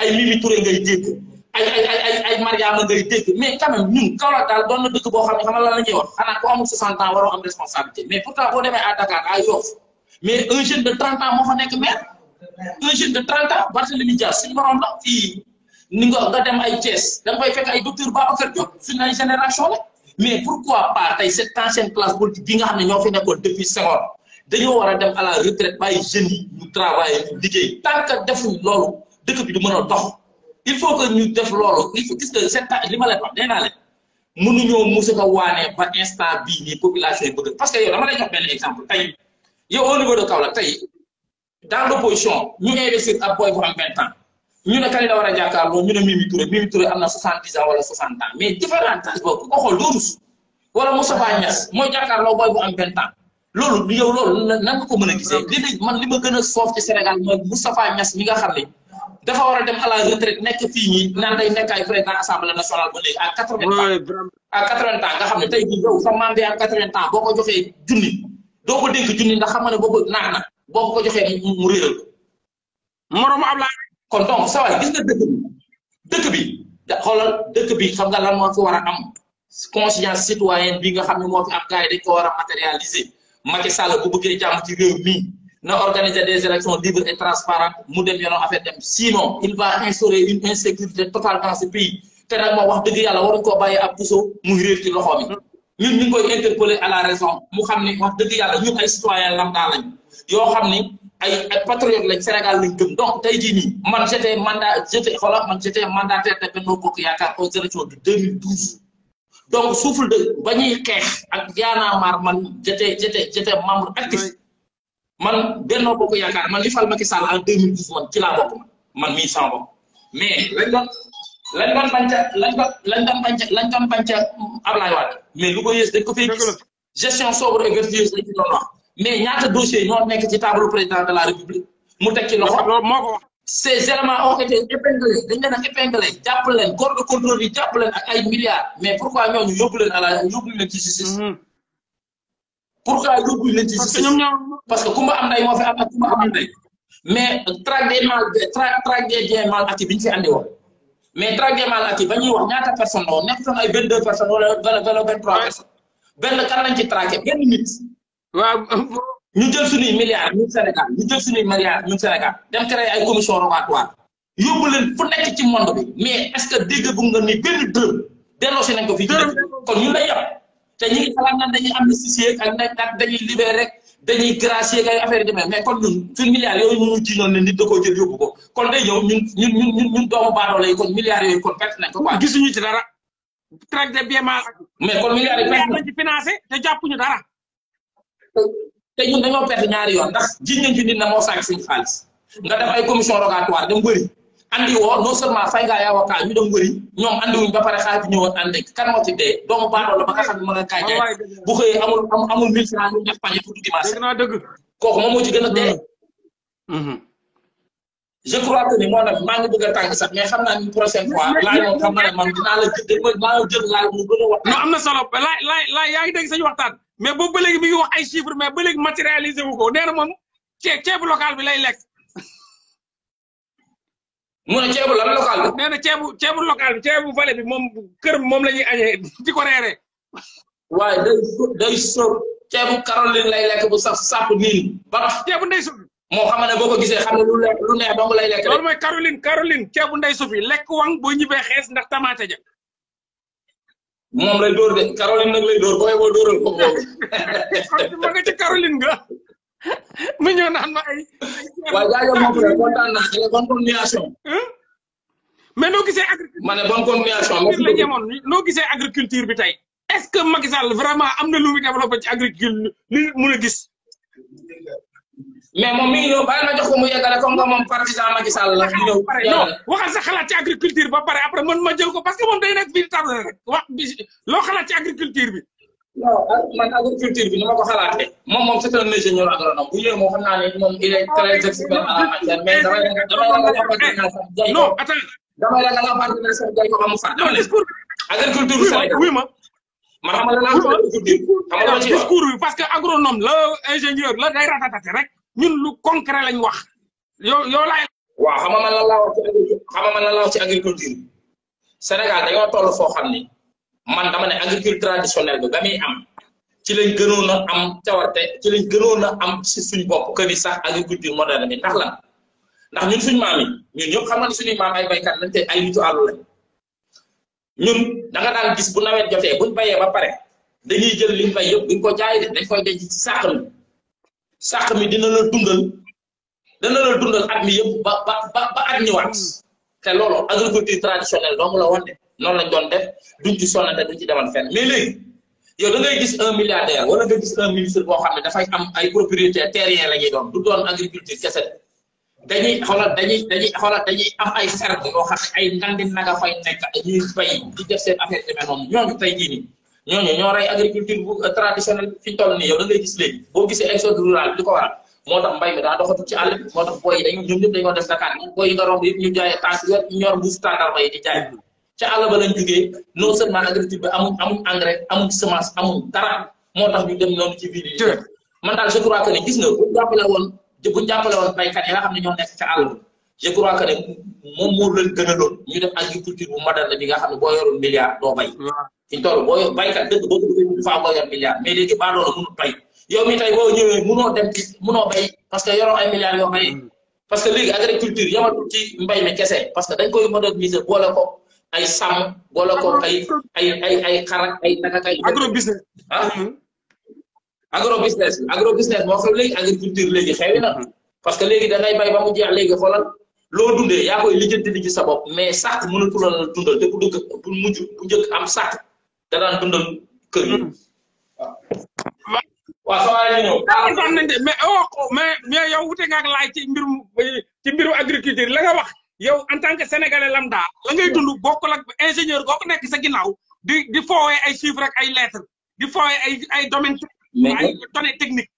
ay Mimi Touré ngay dégg ay ay ay ay Mariama ngay dégg mais quand même ñun daal doon na dëkk boo xam ne xam Dakar à Yoff mais un jeune de 30 moo fa nekk maire un jeune de 30 ans Barthélémy Dias suñu la fii ni nga nga dem ay Thiès da nga fay fekk ay docteur Babacar Diop suñu ay génération la mais pourquoi pas tey cette ancienne classe politique bi nga xam ne ñoo fi nekkoon depuis Senghor dañoo war a dem à la retraite bàyyi jeunes yi ñu travailler dëkk bi du mën a dox il faut que ñu def loolu il faut gis que seen li ma leen wax nee naa leen mënuñoo musa ko waane ba instant bii nii population yi bëgg parce que yow dama lay jox benn exemple tey yow au niveau de Kaolack tey dans l' opposition ñu investir ab boy bu am ñu ne kan la war a jàkkaarloo ñu ne Mimi Touré Mimi Touré am na soixante dix ans wala soixante ans mais différent âge ko xool doo loolu yow loolu nan mën a gisee li man li ma gën a soof ci nga xam ne dafa war a dem à la retraite nekk fii ñii naan day nekk ay président assemblée nationale ba léegi à quatre vingt ans à quatre vingt ans nga xam ne tey jii yow sa mandat à quatre vingt boo ko joxee junni doo ko dénk junni ndax xam ne boo ko naan na boo ko joxee mu réeral ko moromu Ablaye kon donc sa gis nga dëkk bi dëkk bi da xoolal dëkk bi xam nga lan moo fi war a am conscience citoyenne bi nga xam ne moo fi am gars yi dañ ko war a matérialiser Macky Sall bu bëggee jàmm ci réew mii na organiser des élections libres et transparentes mu dem yoonam affaire dem sinon il va instaurer une insécurité totale dans ce pays te nag moo wax deug yalla waru ko baye ab pousso mu reer ci loxo mi ñun ñu koy interpeller à la raison mu xamni wax deug yalla ñun ay citoyen lambda lañ yo xamni ay patriotes patriote lañ Sénégal lañ gëm donc tay jii ni man j'étais mandat j'étais xoolal man j'étais mandataire de Benno Bokk Yaakaar aux élections de 2012 donc souffle de bañuy ñuy ak Y'en mar man j'étais j'étais j'étais membre actif man Benno Bokk Yaakaar man li fal Macky Sall en deux mille dix man ci laa bokk man man mii sama bopp mais lañ doon lañ doon bañ ca lañ doon lañ doon bañ mais lu ko yées dañ sobre et vertueuse lañ mais ñaata dossier ñoo nekk ci table président de la république mu teg ci loxo moo ko wax ces éléments ont été épinglés dañ leen a jàpp leen corps de contrôle yi jàpp leen ak ay milliards mais pourquoi ñooñu yóbbu leen à la yóbbu leen ci pourquoi yóbbuñ leen ci si parce que kumba am nday moo fi am ak kumba am nday mais traque des mal traque bi ñu fi andi woon mais traque des mal acquis ba ñuy wax ñaata personne la woon nekkutoon ay vingt deux personnes wala wala vingt trois personnes benn kan ci traqué benn nit waaw ñu jël suñuy milliards ñun Sénégal ñu jël suñuy milliards ñun Sénégal dem créé ay commission rogatoire yóbbu leen fu nekk ci monde mais est que dégg bu ni benn dërëm delloo si nañ ko fii kon ñu lay yàpp te ñi ngi xalaat naan am amnistier ak nag dañuy libérer rek dañuy gracier ay affaire yu demee mais kon ñun suñ milliards yooyu ci noonu ne nit da koo jël yóbbu ko kon day ñëw ñun ñun ñun ñun doomu baadoolo yi kon milliards yooyu kon perte nañ ko quoi gisuñu ci dara. traite de bien mal mais kon milliards yi perte nañ ci financé te jàppuñu dara. te ñun dañoo perte ñaari yoon ndax jiñ nañ fi nit na moo sànq suñu xaalis nga def ay commission rogatoire dem bëri. andi woo non seulement fay ngaa yawa kaa ñu dem ñoom andi wuñ ba pare xaalis bi ñëwoon ànd ak kan moo ci dee doomu baadoo la ba nga ma nga kaa jaay bu xëyee amul amul mille francs ñu pañe pour du dimanche. naa dëgg kooku moom moo ci gën a dee. Mm. Mm-hmm. je crois que ni moo tax maa ngi bëgg a tàng sax mais xam naa ni prochaine fois laaj moom xam la jël maa la jël a am na solo laa laaj laaj yaa ngi dégg sañu waxtaan mais boobu ba léegi mi ngi wax ay chiffres mais ba léegi matérialisé wu ko nee na moom ceeb ceebu local bi lay lekk moo ne ceebu lan local bi. nee na ceebu ceebu local bi ceebu vallée bi moom kër moom la ñuy añee di ko reeree. waaye day day sóob ceebu Caroline lay lekk bu saf sàpp nii ba. ceebu ndey suuf moo xam ne boo ko gisee xam ne lu neex lu neex dong lay lekk. loolu mooy Caroline Caroline ceebu ndey suuf lekk wang boo ñibbee xees ndax tamaate ja. moom lay dóor de Caroline nag lay dóor booy boo dóoral ci Caroline nga. mu ñëw naan ma ay. waaye jaajëf moom bu dee kontaan naa ne bonne mais noo gisee agriculture ma ne bonne continuation. la jëmoon noo gisee agriculture bi tey. est-ce que Macky Sall vraiment am na lu muy développé ci agriculture li a gis. mais moom mi ngi ñëw bàyyi ma jox ko mu yeggale comme que moom partisan Macky Sall la. ñëw non sa xalaat ci agriculture ba pare après man ma jël ko parce que moom day nekk fii di table rek wax bi loo xalaat ci agriculture bi. non man bi ni ma ko xalaatee moom moom ne moom il est très expert à la matière mais eh, ma man xamal la agriculture discours parce que agronome la ingénieur la day ratatate rek ñun lu concret lañ wax yoo yoo laay waaw xama ci agriculture xama man la laa wax ci ni man dama ne agriculture traditionnelle bi ba muy am ci lañ gënoon a am cawarte ci lañ gënoon a am si suñ bopp que ni sax agriculture moderne bi ndax lan ndax ñun suñ ma yi ñun ñëpp xam na ne suñuy maam ay baykat lañ te ay nitu àllu lañ ñun da nga gis bu nawet jotee buñ bayee ba pare dañuy jël liñ bay yëpp duñ ko jaay de dañ koy denc ci sàq mi sàq mi dina la dundal dana la dundal at mi yëpp ba ba ba at ñëwaat te loolu agriculture traditionnelle doomu la woon non lañ doon def duñ ci sonnante duñ ci demal fenn mais léegi yow da ngay gis un milliardaire wala nga gis un ministre boo xam ne dafay am ay propriété terrien la ñuy doon du doon agriculture kese dañuy xoolal dañuy dañuy xoolal dañuy am ay serbe yoo xam ay ndandi naga fay nekk ñuy bay di def seen affaire demee noonu ñooñu tey jii nii ñooñu ñoo rey agriculture bu euh, traditionnelle fi toll nii yow da ngay gis léegi boo gisee exode rural li ko waral moo tax mbay mi daa doxatu ci àll bi moo tax booy yi dañu ñoom ñëpp dañoo def Dakar boy yi nga romb yëpp ñu jaay taas yor ñor mbuus tàndarma bay di jaay ca àll ba lañ jógee non seulement agriculture bi amul amul engrais amul semence amul dara moo tax ñu dem noonu ci ville yi. man daal je crois que ne gis nga bu ñu jàppale woon bu ñu jàppale woon baykat yi nga xam ne ñoo nekk ca àll ba je crois moom moo leen ñu def agriculture bu moderne bi a xam ne boo yoroon milliard doo bay. fi ñu toll boo yor baykat dëgg boo dugg faa boo yor milliard mais léegi baadoo la mënut bay yow mi tey boo ñëwee mënoo dem ci mënoo bay que yoroo ay milliards yoo ay sam, wala ko ay ay ay ay karak ay naka kay. agro business. ah agro business agro business mo xam léegi agriculture legi xewi na mm-hmm. parce que legi da ngay bay ba mu jeex legi xolal lo dundé ya koy lijjanti li ci sa bop mais mënu mënatul la dundal te bu dëkk bu muju bu njëkk am sax da daan dundal keur yi. Mm-hmm. wa sama la ñu oh, mais mais yow wuté nga ak lay ci mbir ci mbiru agriculture la nga wax. yow en tant que sénégalais lambda la ngay dund bokkul ak ingénieur boo ko nekk sa ginnaaw di di foowee ay chiffres ak ay lettres di foowee ay ay domaines. ay données techniques.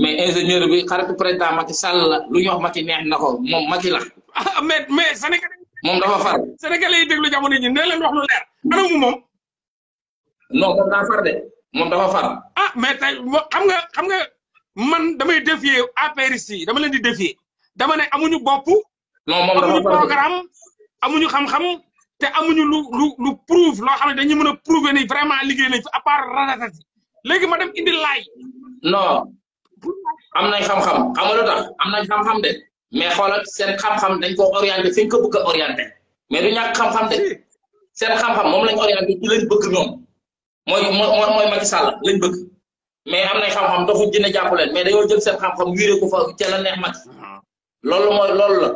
mais ingénieur bi xaritu président Macky Sall la lu ñu wax neex na ko moom Macky la. Ah, mais mais sénégalais. moom dafa far. sénégalais yi déglu jamono ji nee leen wax lu leer. anamu moom. non moom daa far de moom dafa far. ah mais tey xam nga xam nga man damay défier APRC dama leen di défier. dama ne amuñu bopp. non moom amuñu programme amuñu xam-xam te amuñu lu lu lu prouve loo xam ne dañuy mën a prouver ni vraiment liggéey nañ fi à part ratatati léegi ma dem indi laay. non am nañ xam-xam xam nga lu tax am nañ xam-xam de mais xoolal seen xam-xam dañ ko orienté fi ñu ko bëgg a orienté mais du ñàkk xam-xam de seen xam-xam moom lañ orienté ci lañ bëgg ñoom mooy mooy mooy Macky Sall lañ bëgg mais am nañ xam-xam doxul dina jàpp leen mais jël seen xam-xam wiire ko fa ca la neex loolu mooy loolu la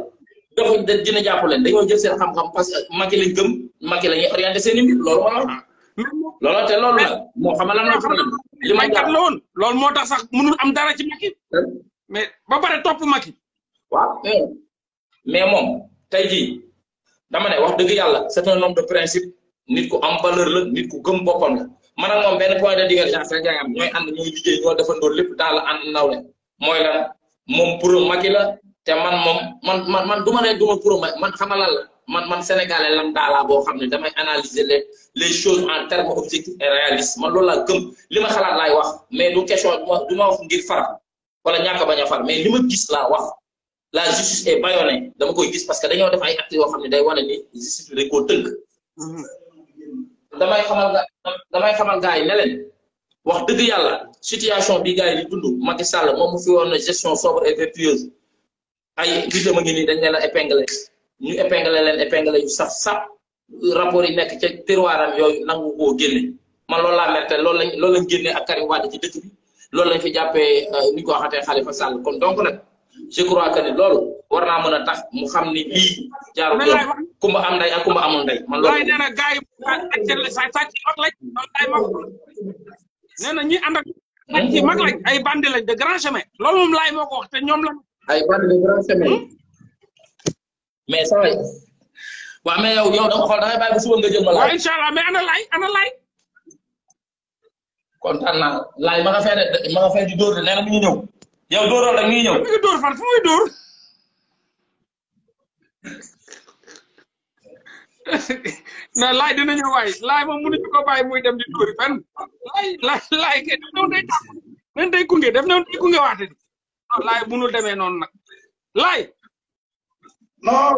doxul da dina jàpp leen dañoo jël seen xam-xam parce que Macky lañ gëm Macky la ñuy orienté seen i mbir loolu moo xam lan moo xam li ma jàpp loolu moo tax sax mënul am dara ci eh? mais ba pare topp Macky waaw eh. mais moom tey jii dama ne wax dëgg yàlla c'est un homme de principe nit ku am valeur la nit ku gëm boppam la man ak moom benn point de divergence rek yaa ñooy ànd ñooy liggéey ñoo defandoo lépp daal an ànd naw le mooy lan moom pour Macky te man moom man man man du ma ne ma pro man xamal la man man sénégalais lam daalaa boo xam ne damay analyser les les choses en termes objectifs et réalistes man loolu laa gëm li ma xalaat laay wax mais du question du ma wax ngir far wala ñàkk a bañ far mais li ma gis laa wax la justice est bâillonnée dama koy gis parce que dañoo def ay actes yoo xam ne day wane ni justice bi dañ koo tënk. damay xamal ga damay xamal gars yi ne wax dëgg yàlla situation bi gars yi di dund Macky Sall moom mu fi woon na gestion sobre et vertueuse. ay video ma ngi ni dañ leena a épinglé ñu épinglé leen épinglé yu saf saf rapport yi nek ci terroir am yoy nangu ko génne man loolu la merte loolu lañ loolu lañ génne ak Karim Wade ci dëkk bi loolu lañ fi jappé eh, ni ko xaté Khalifa Sall kon donc nak je crois que ni loolu war naa mën a tax mu xam ni lii jaar ko ku ma am nday ak ku ma amul nday man loolu gaay yu accel yi sa ci mag lañ ay day ma na ñi and ak ci mag lañ ay bandi lañ de grand chemin loolu moom laay moko wax te ñoom la ay ban de grand semaine mais saa waay waaw mais yow yow da nga xool da ngay bàyyi ba suba nga jël ma laay. mais ana laay de ma nga di dóor de nee na mi ñëw yow dóoroon rek mi ngi ñëw. dóor fan fu muy dóor. mais laay dina ñëw waay laay moom mënuñu ko bàyyi muy dem di dóori fenn laay laay laay def na woon day tàggu day gunge def na woon day gunge waate di. laay munul demee noonu nag laay. non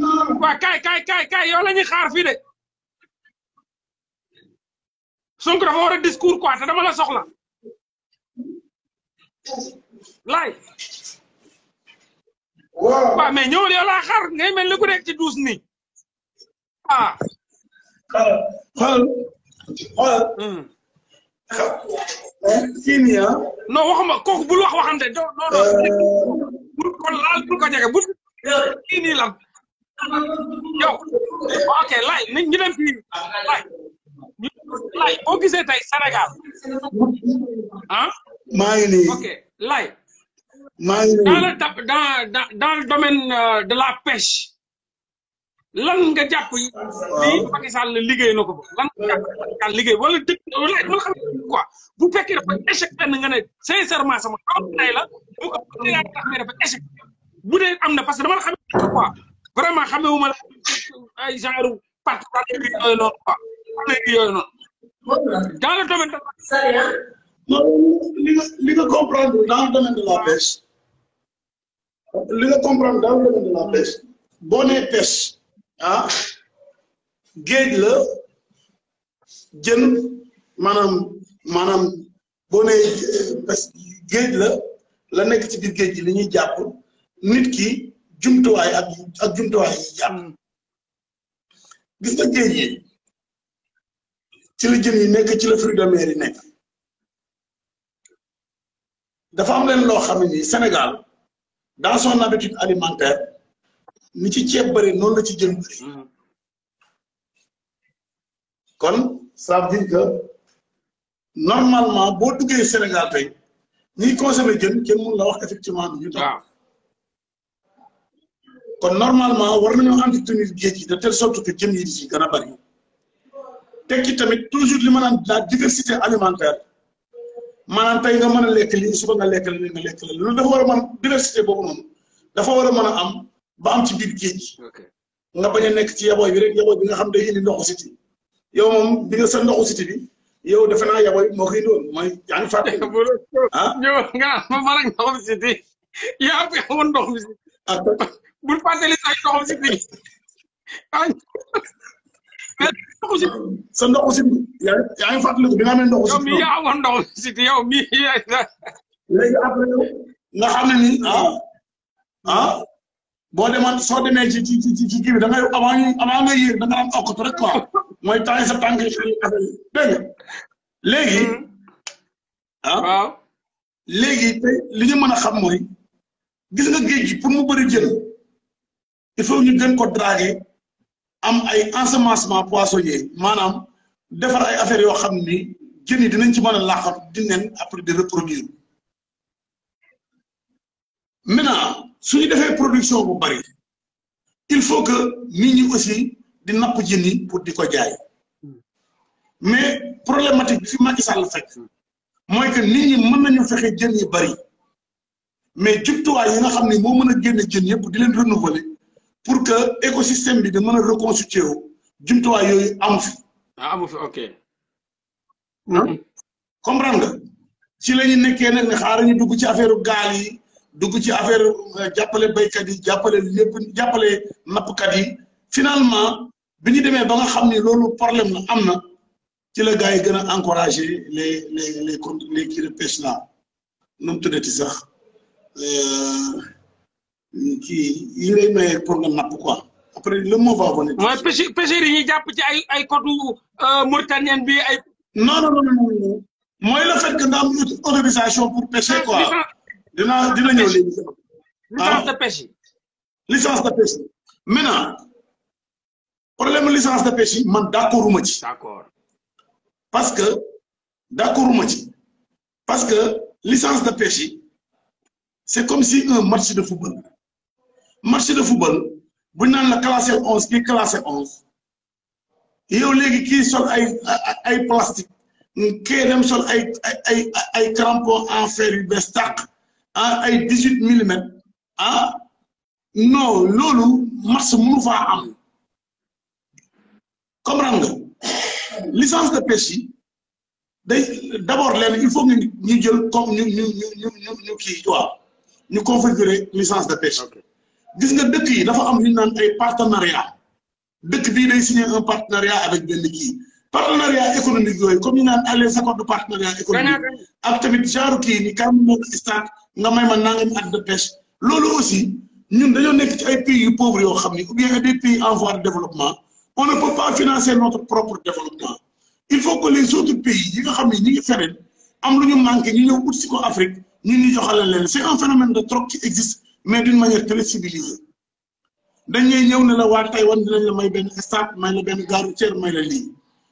non. waaw kay kay kay kay yow la xaar fii de. Sonko dafa war a discours quoi dama la soxla. laay. waaw waaw mais ñëwal xaar ngay mel ni ku nekk ci duus ni ah. xool xool. kii nii ah. non waxuma kooku bul wax waxante doo doo doo. bul ko kii nii lan. yow ok lay ñu dem fii lay lay boo gisee tey Sénégal ah. maa ngi nii ok lay. maa ngi dans le dans dans domaine euh, de la pêche. lan nga japp yi Macky Sall liggey nako ba lan nga jàpp Sall liggéey wala dëgg wala wala xam quoi bu fekkee dafa échec ben nga ne sincèrement sama xam tay la mu ko yaa tax dafa échec bu dee amna parce que dama xam quoi vraiment xamewuma la ay genre parti yooyu noonu quoi dans le domaine de la pêche li nga comprendre dans le domaine de la pêche li nga comprendre dans le domaine de la pêche bonne pêche ah géej la jën maanaam maanaam boo nee géej la la nekk ci biir géej gi li jàpp nit ki jumtuwaay ak ak jumtuwaay yi jàpp hmm. gis nga géej yi ci la jën yi nekk ci la fruits de mer nekk dafa am leen loo xam ne nii Sénégal dans son habitude alimentaire ni ci ceeb bëri noonu la ci jën bëri mm-hmm. kon ça veut que normalement boo duggee Sénégal tey ñiy consommer jën kenn mun la wax effectivement du ñu tax ah. kon normalement war nañoo entretenir géej gi de telle sorte que jën yi di si gën a bëri tekki tamit toujours li ma naan la diversité alimentaire maanaam tey nga man a lekk li suba nga lekk nga lekk lii loolu dafa war a mën boobu noonu dafa war a am ba am ci biir géej nga bañ a nekk ci yaboy bi rek yaboy bi nga xam day indi ndoxu siti yow moom bi nga sa ndoxu siti bi yow defe naa yaboy moo koy doon mooy yaa ngi fàtte ah nga ma faral ndoxu siti yaa ngi xamoon ndoxu siti say ndoxu sa ndoxu yaa yaa ngi bi nga amee ndoxu yow mi yaa amoon ndoxu siti yow mi léegi après nga xam ne ni ah ah boo demoon soo demee ci ci ci ci kii bi da ngay avant ñu avant nga yéeg da nga am okkatu rek quoi mooy taay sa tànk yi dégg nga léegi. ah hmm. waaw léegi tey li ñu mën a xam mooy gis nga géej gi pour mu bëri jën il faut ñu gën ko draguer am ay ensemencement poissonnier maanaam defar ay affaires yoo xam ni jën yi dinañ ci mën a laaxatu di leen après di reproduire maintenant. suñu defee production bu bari il faut que nit ñi aussi di napp jën pour di ko jaay mais problématique bi fi Macky Sall fekk mooy que nit ñi mën nañu fexe jën yi bari mais jubtuwaay yi nga xam ne moo mën a génne jën yëpp di leen renouveler pour que écosystème bi da mën a reconstitué wu jumtuwaay yooyu fi. ah amu fi ok. comprendre nga ci la ñu nekkee nag ne xaaral ñu dugg ci affaire gaal yi. dugg ci affaire euh, jàppale béykat yi jàppale lépp jàppale nappkat yi finalement bi ñu demee ba nga xam ni loolu problème am na ci la gars yi gën a encouragé les les les con les kii de pêche là nu sax euh, kii yi lay maye pour na napp quoi après le mot va venir. mooy pêche pêcheurs yi ñuy jàpp ci ay ay côte euh, Mauritanienne bi ay. non non non non mooy le fait que nga licence ah. de pêche licence de pêche Maintenant, maintenant problème licence de pêche je suis d'accord d'accord parce que d'accord parce que licence de pêche c'est comme si un match de football match de football bu naan la classé qui qui classé y a des qui sont ay ay plastique kii qui sol ay ay crampons en fer en bees ah ay dix huit ah non loolu mars mënu faa am comprendre nga licence de pêche yi day d' abord il faut ñu ñu jël comme ñu ñu ñu ñu ñu kii waaw ñu configurer licence de pêche gis nga dëkk yi dafa am lu ñu naan ay partenariat dëkk bi day signer un partenariat avec ben ki partenariat économique yooyu comme ñu naan les accords de partenariat économique ak tamit genre kii ni kam moom stade nga may ma nangam at de pêche loolu aussi ñun dañoo nekk ci ay pays yu pauvres yoo xam ni ou bien des pays en voie de développement on ne pas financer notre propre développement il faut que les autres pays yi nga xam ni ñu feneen am lu ñu manqué ñu ñëw ut si ko Afrique ñun ñu joxale leen c'est un phénomène de troc qui existe mais d'une manière très civilisée dañ ñëw ne la dinañ la may benn stade benn gare routière may la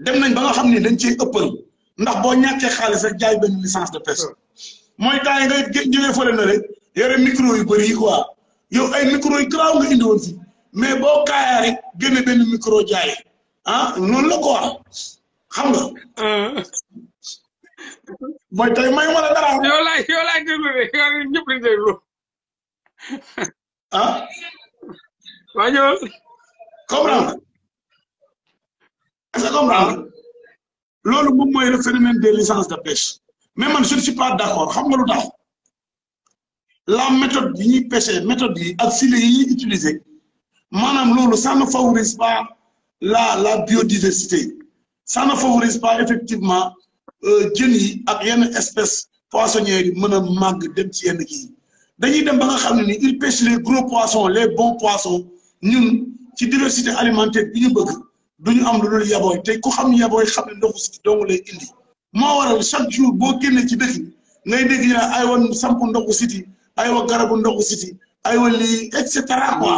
dem nañ ba nga xam ne dañ cee ëppal ndax boo ñàkkee xaalis rek jaay benn licence de presse mooy temps yi ngay jógee fële na rek yore micro bëri yi quoi ay micro yu nga indi woon mais boo kaayaa rek génne benn micro jaay ah noonu la quoi xam nga. Ah. mooy tey may ma la dara. yow laay yow laay déglu de yow ñëpp lañ déglu. ah. waa C'est comme ça. comprendre le phénomène des licences de pêche mais je ne suis pas d'accord la méthode de pêche, la méthode yi utilisée, ça ne favorise pas la biodiversité ça ne favorise pas effectivement la euh, yi ak espèce espèces a dem il pêche les gros poissons les bons poissons qui ci diversité alimentaire du ñu am lu dul yabooy te ku xam yabooy xam ne ndoxu si dong lay indi moo waral chaque jour boo génnee ci dëkk ngay dégg ñu naan aywa samp ndoxu siti aywa garabu ndoxu siti aywa lii et cetera quoi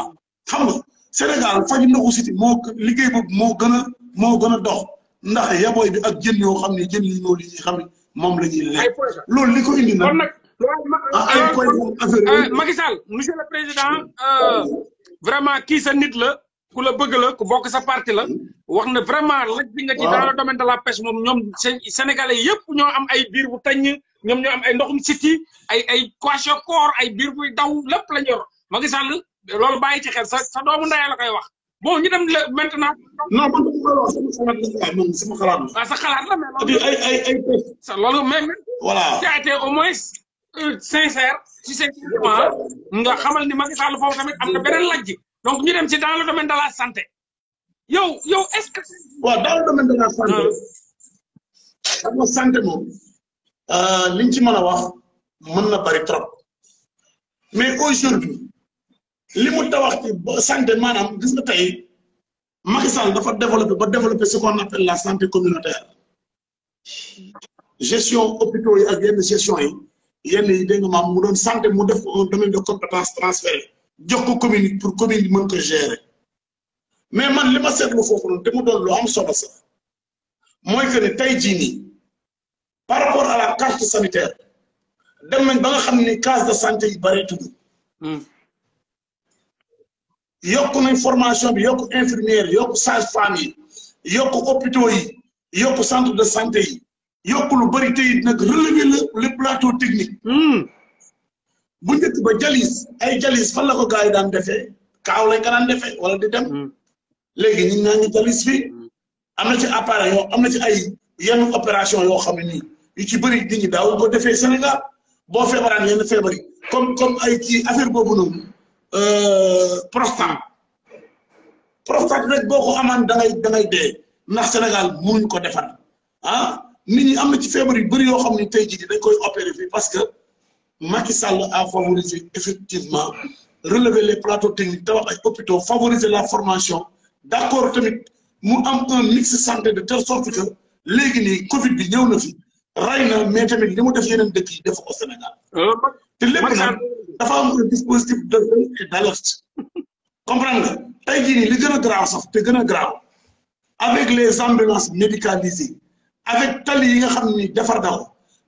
xam nga Sénégal faju ndoxu siti moo liggéey boobu moo gën a moo gën a dox ndax yabooy bi ak jën yoo xam ne jën yi ñoo li ñuy xam ne moom la ñuy lekk loolu li ko indi nag. Ah, ay euh, poy affaire euh, Macky Sall monsieur le président euh, vraiment kii sa nit la. ku la bëgg la ku bokk sa parti la wax na vraiment laj bi nga ci dans le domaine de la pêche moom ñoom sénégalais yëpp ñoo am ay biir bu taññ ñoom ñoo am ay ndoxum siti ay ay coiche corps ay biir buy daw lépp lañ yor Macky Sall loolu bàyyi ci xel sa sa doomu ndaya la koy wax boo ñu dem maintenant. non man man sama xalaat la. waaw sa xalaat la mais loolu. ay ay ay sa loolu même. voilà tu as été au moins euh, sincère. si c'est nga xamal ni Macky Sall foofu tamit am na beneen lajj. donc ñu dem ci dans la domaine de santé yow yow est-ce que. waaw dans le domaine de santé. Ah. santé moom euh, liñ ci mën a wax mën na bari trop mais aujourd'hui li mu tawax ci santé maanaam gis nga tey Macky Sall dafa développé ba développé ce qu'on appelle la santé communautaire gestion hôpitaux yi ak yenn gestion yi yenn yi dégg nga maam mu doon santé mu def un domaine de compétence transféré. jox ko commune pour commune mën ko gérer mais man li ma seetlu foofu noonu te mu doon lu am solo sax mooy que ne tey jii nii par rapport à la carte sanitaire dem nañ ba nga xam ni case de santé yi bareetuñu. Hmm. yokk nañ formation bi yokk infirmière yokk sage-femme yi yokk hôpitaux yi yokk centre de santé yi yokk lu bëri te it nag relever plateau technique. Hmm. bu njëkk ba jalis ay jalis fan la ko gars yi daan defee kaaw lañ ko daan defee wala di dem. Hmm. léegi ñu naa jalis fii. Hmm. am na ci appareil yoo am na ci ay yenn opération yoo xam ne nii yu ci bëri nit ñi daawul ko defee Sénégal boo feebaraan yenn feebar yi comme comme ay ci affaire boobu noonu euh, prostate prostate rek boo ko amaan da ngay da ngay dee ndax Sénégal mënuñ ko defar ah nit ñi am na ci feebar yu bëri yoo xam ne tey jii dañ koy opéré fii parce que. Macky Sall a favorisé effectivement relever les plateaux techniques tabax ay hôpitaux favoriser la formation D'accord, mais nous avons un mix santé de telle sorte que les Covid 19 ñëw Métamé, fi ray na mais tamit li Sénégal. Euh, mais le nag dafa un dispositif de comprendre les tey les li grave avec les ambulances médicalisées avec tali yi nga xam defar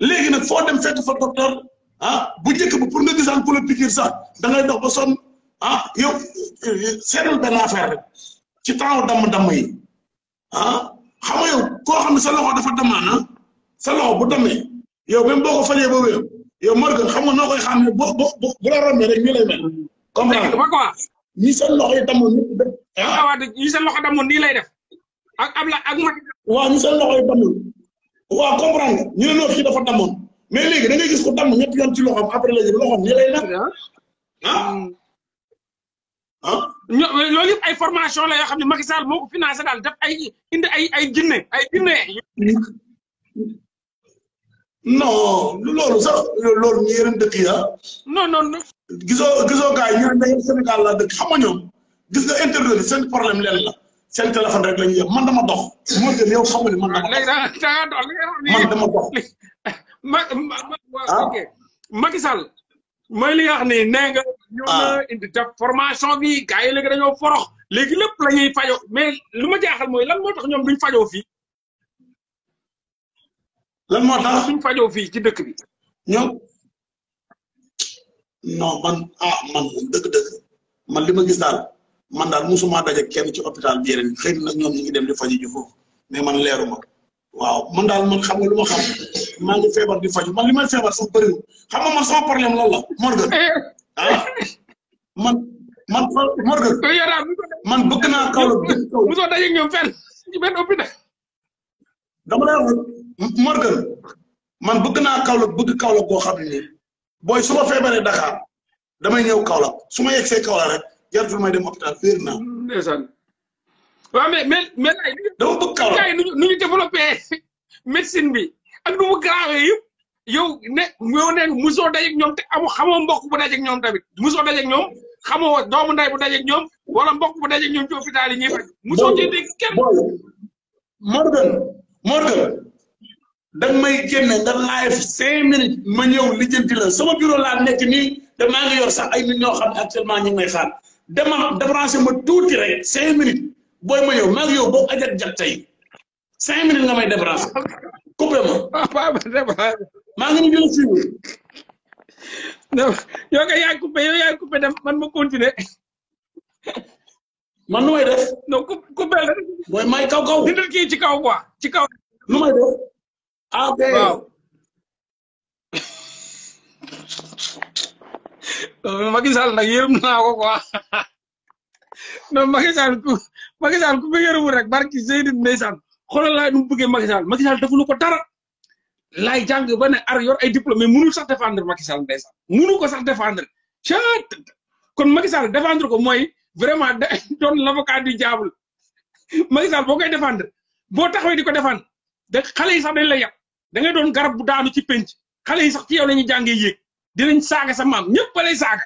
léegi nag foo dem fekk fa docteur ah bu njëkk ba pour nga gisaan ku la piqûre sax da dox ba sonn ah yow seetal benn affaire rek ci temps damm-damm yi ah xam nga yow koo xam ne sa loxo dafa damaan ah sa loxo bu dammee yow même boo ko fajee ba yow Morgan xam nga noo koy xam ne boo boo bu la rek ñu lay mel. comprendre nga ñi seen loxo yi damm ah. ñi seen nii lay def ak ab la ak. waaw ñi seen loxo yi damm. waaw comprendre nga ñu ne noo fii dafa damoon mais léegi da ngay gis ko damm ñett yoon ci loxoom après léegi loxoom nii lay nag ah, ah? ay formation la yoo xam ne Macky Sall moo ko financé daal def ay indi ay ay jinne ay jinne. non loolu sax loolu ñu yeneen dëkk yi ah. non non non. gisoo gisoo gars yi ñu ne Sénégal la dëkk xam nga ñoom gis nga internet seen problème leen la. seen téléphone rek la ñuy man dama dox. moo gën yow xam nga man dama dox man dama dox. ma ma ma ah. ok Macky Sall xam ne nee nga. ñoo na ah. indi def formation bi gars yi léegi dañoo forox. léegi lépp la ñuy fajoo mais lu ma jaaxal mooy lan moo tax ñoom duñ fajoo fii. lan moo tax duñ fajoo fii ci dëkk bi. ñoom non man ah man moom dëgg-dëgg man li ma gis daal. man daal musuma daje kenn ci hôpital bi yeneen xëy na ñoom ñu ngi dem di faju ji foofu mais man leeru ma waaw man daal man xam nga lu ma xam maa ngi feebar di faju man li may feebar sax bëriwul xam nga man soo problème loolu la Morgan ah man man Morgan man bëgg naa Kaolack bëgg Kaolack musoo daje ñoom fenn ci benn bëgg naa Kaolack bëgg Kaolack boo xam ne booy su feebaree Dakar damay ñëw kawla su ma yegsee Kaolack rek jaratul may dem hôpital féer naa. ndeysaan waaw mais ñu nu ñu développé bi ak nu mu grave yëpp yow ne yow ne musoo dajeeg ñoom te amu xamoo mbokk bu dajeeg ñoom tamit musoo dajeeg ñoom xamoo doomu nday bu dajeeg ñoom wala mbokk bu dajeeg ñoom ci daal yi ñuy faj. musoo cee dégg kenn. Morgan Morgan da may génne nga live cinq minutes ma ñëw la sama bureau laa nekk nii te maa ngi yor sax ay nit ñoo xam ne actuellement ñu ngi may xaar. dama débranché ma tuuti rek cinq minutes booy ma ñëw maa ngi yow a ajat jag tey cinq minutes nga may débranché coupé ma maa ngi ni jël suivre non yow kay yaa coupé yow yaa dem man ma continuer man nu may def non coupé la mooy may kaw kaw ci kaw quoi ci kaw nu may def ah waaw Macky na nag yërëm naa ko quoi non Macky Sall ku Macky Sall ku ma yërëmul rek barki Seydou ndeysaan xoolal laay nu mu bëggee Macky Sall Macky Sall ko dara laay jàng ba ne ar yor ay diplôme mais sax défendre Macky Sall ndeysaan mënu ko sax défendre chat kon Macky Sall défendre ko mooy vraiment da doon l'avocat du diable Macky Sall boo koy défendre boo taxawee di ko défendre da xale yi sax dañ la yàq da ngay doon garab bu daanu ci penc xale yi sax ci yow la ñuy jànge yéeg. lañ saga sa mam ñepp lay saga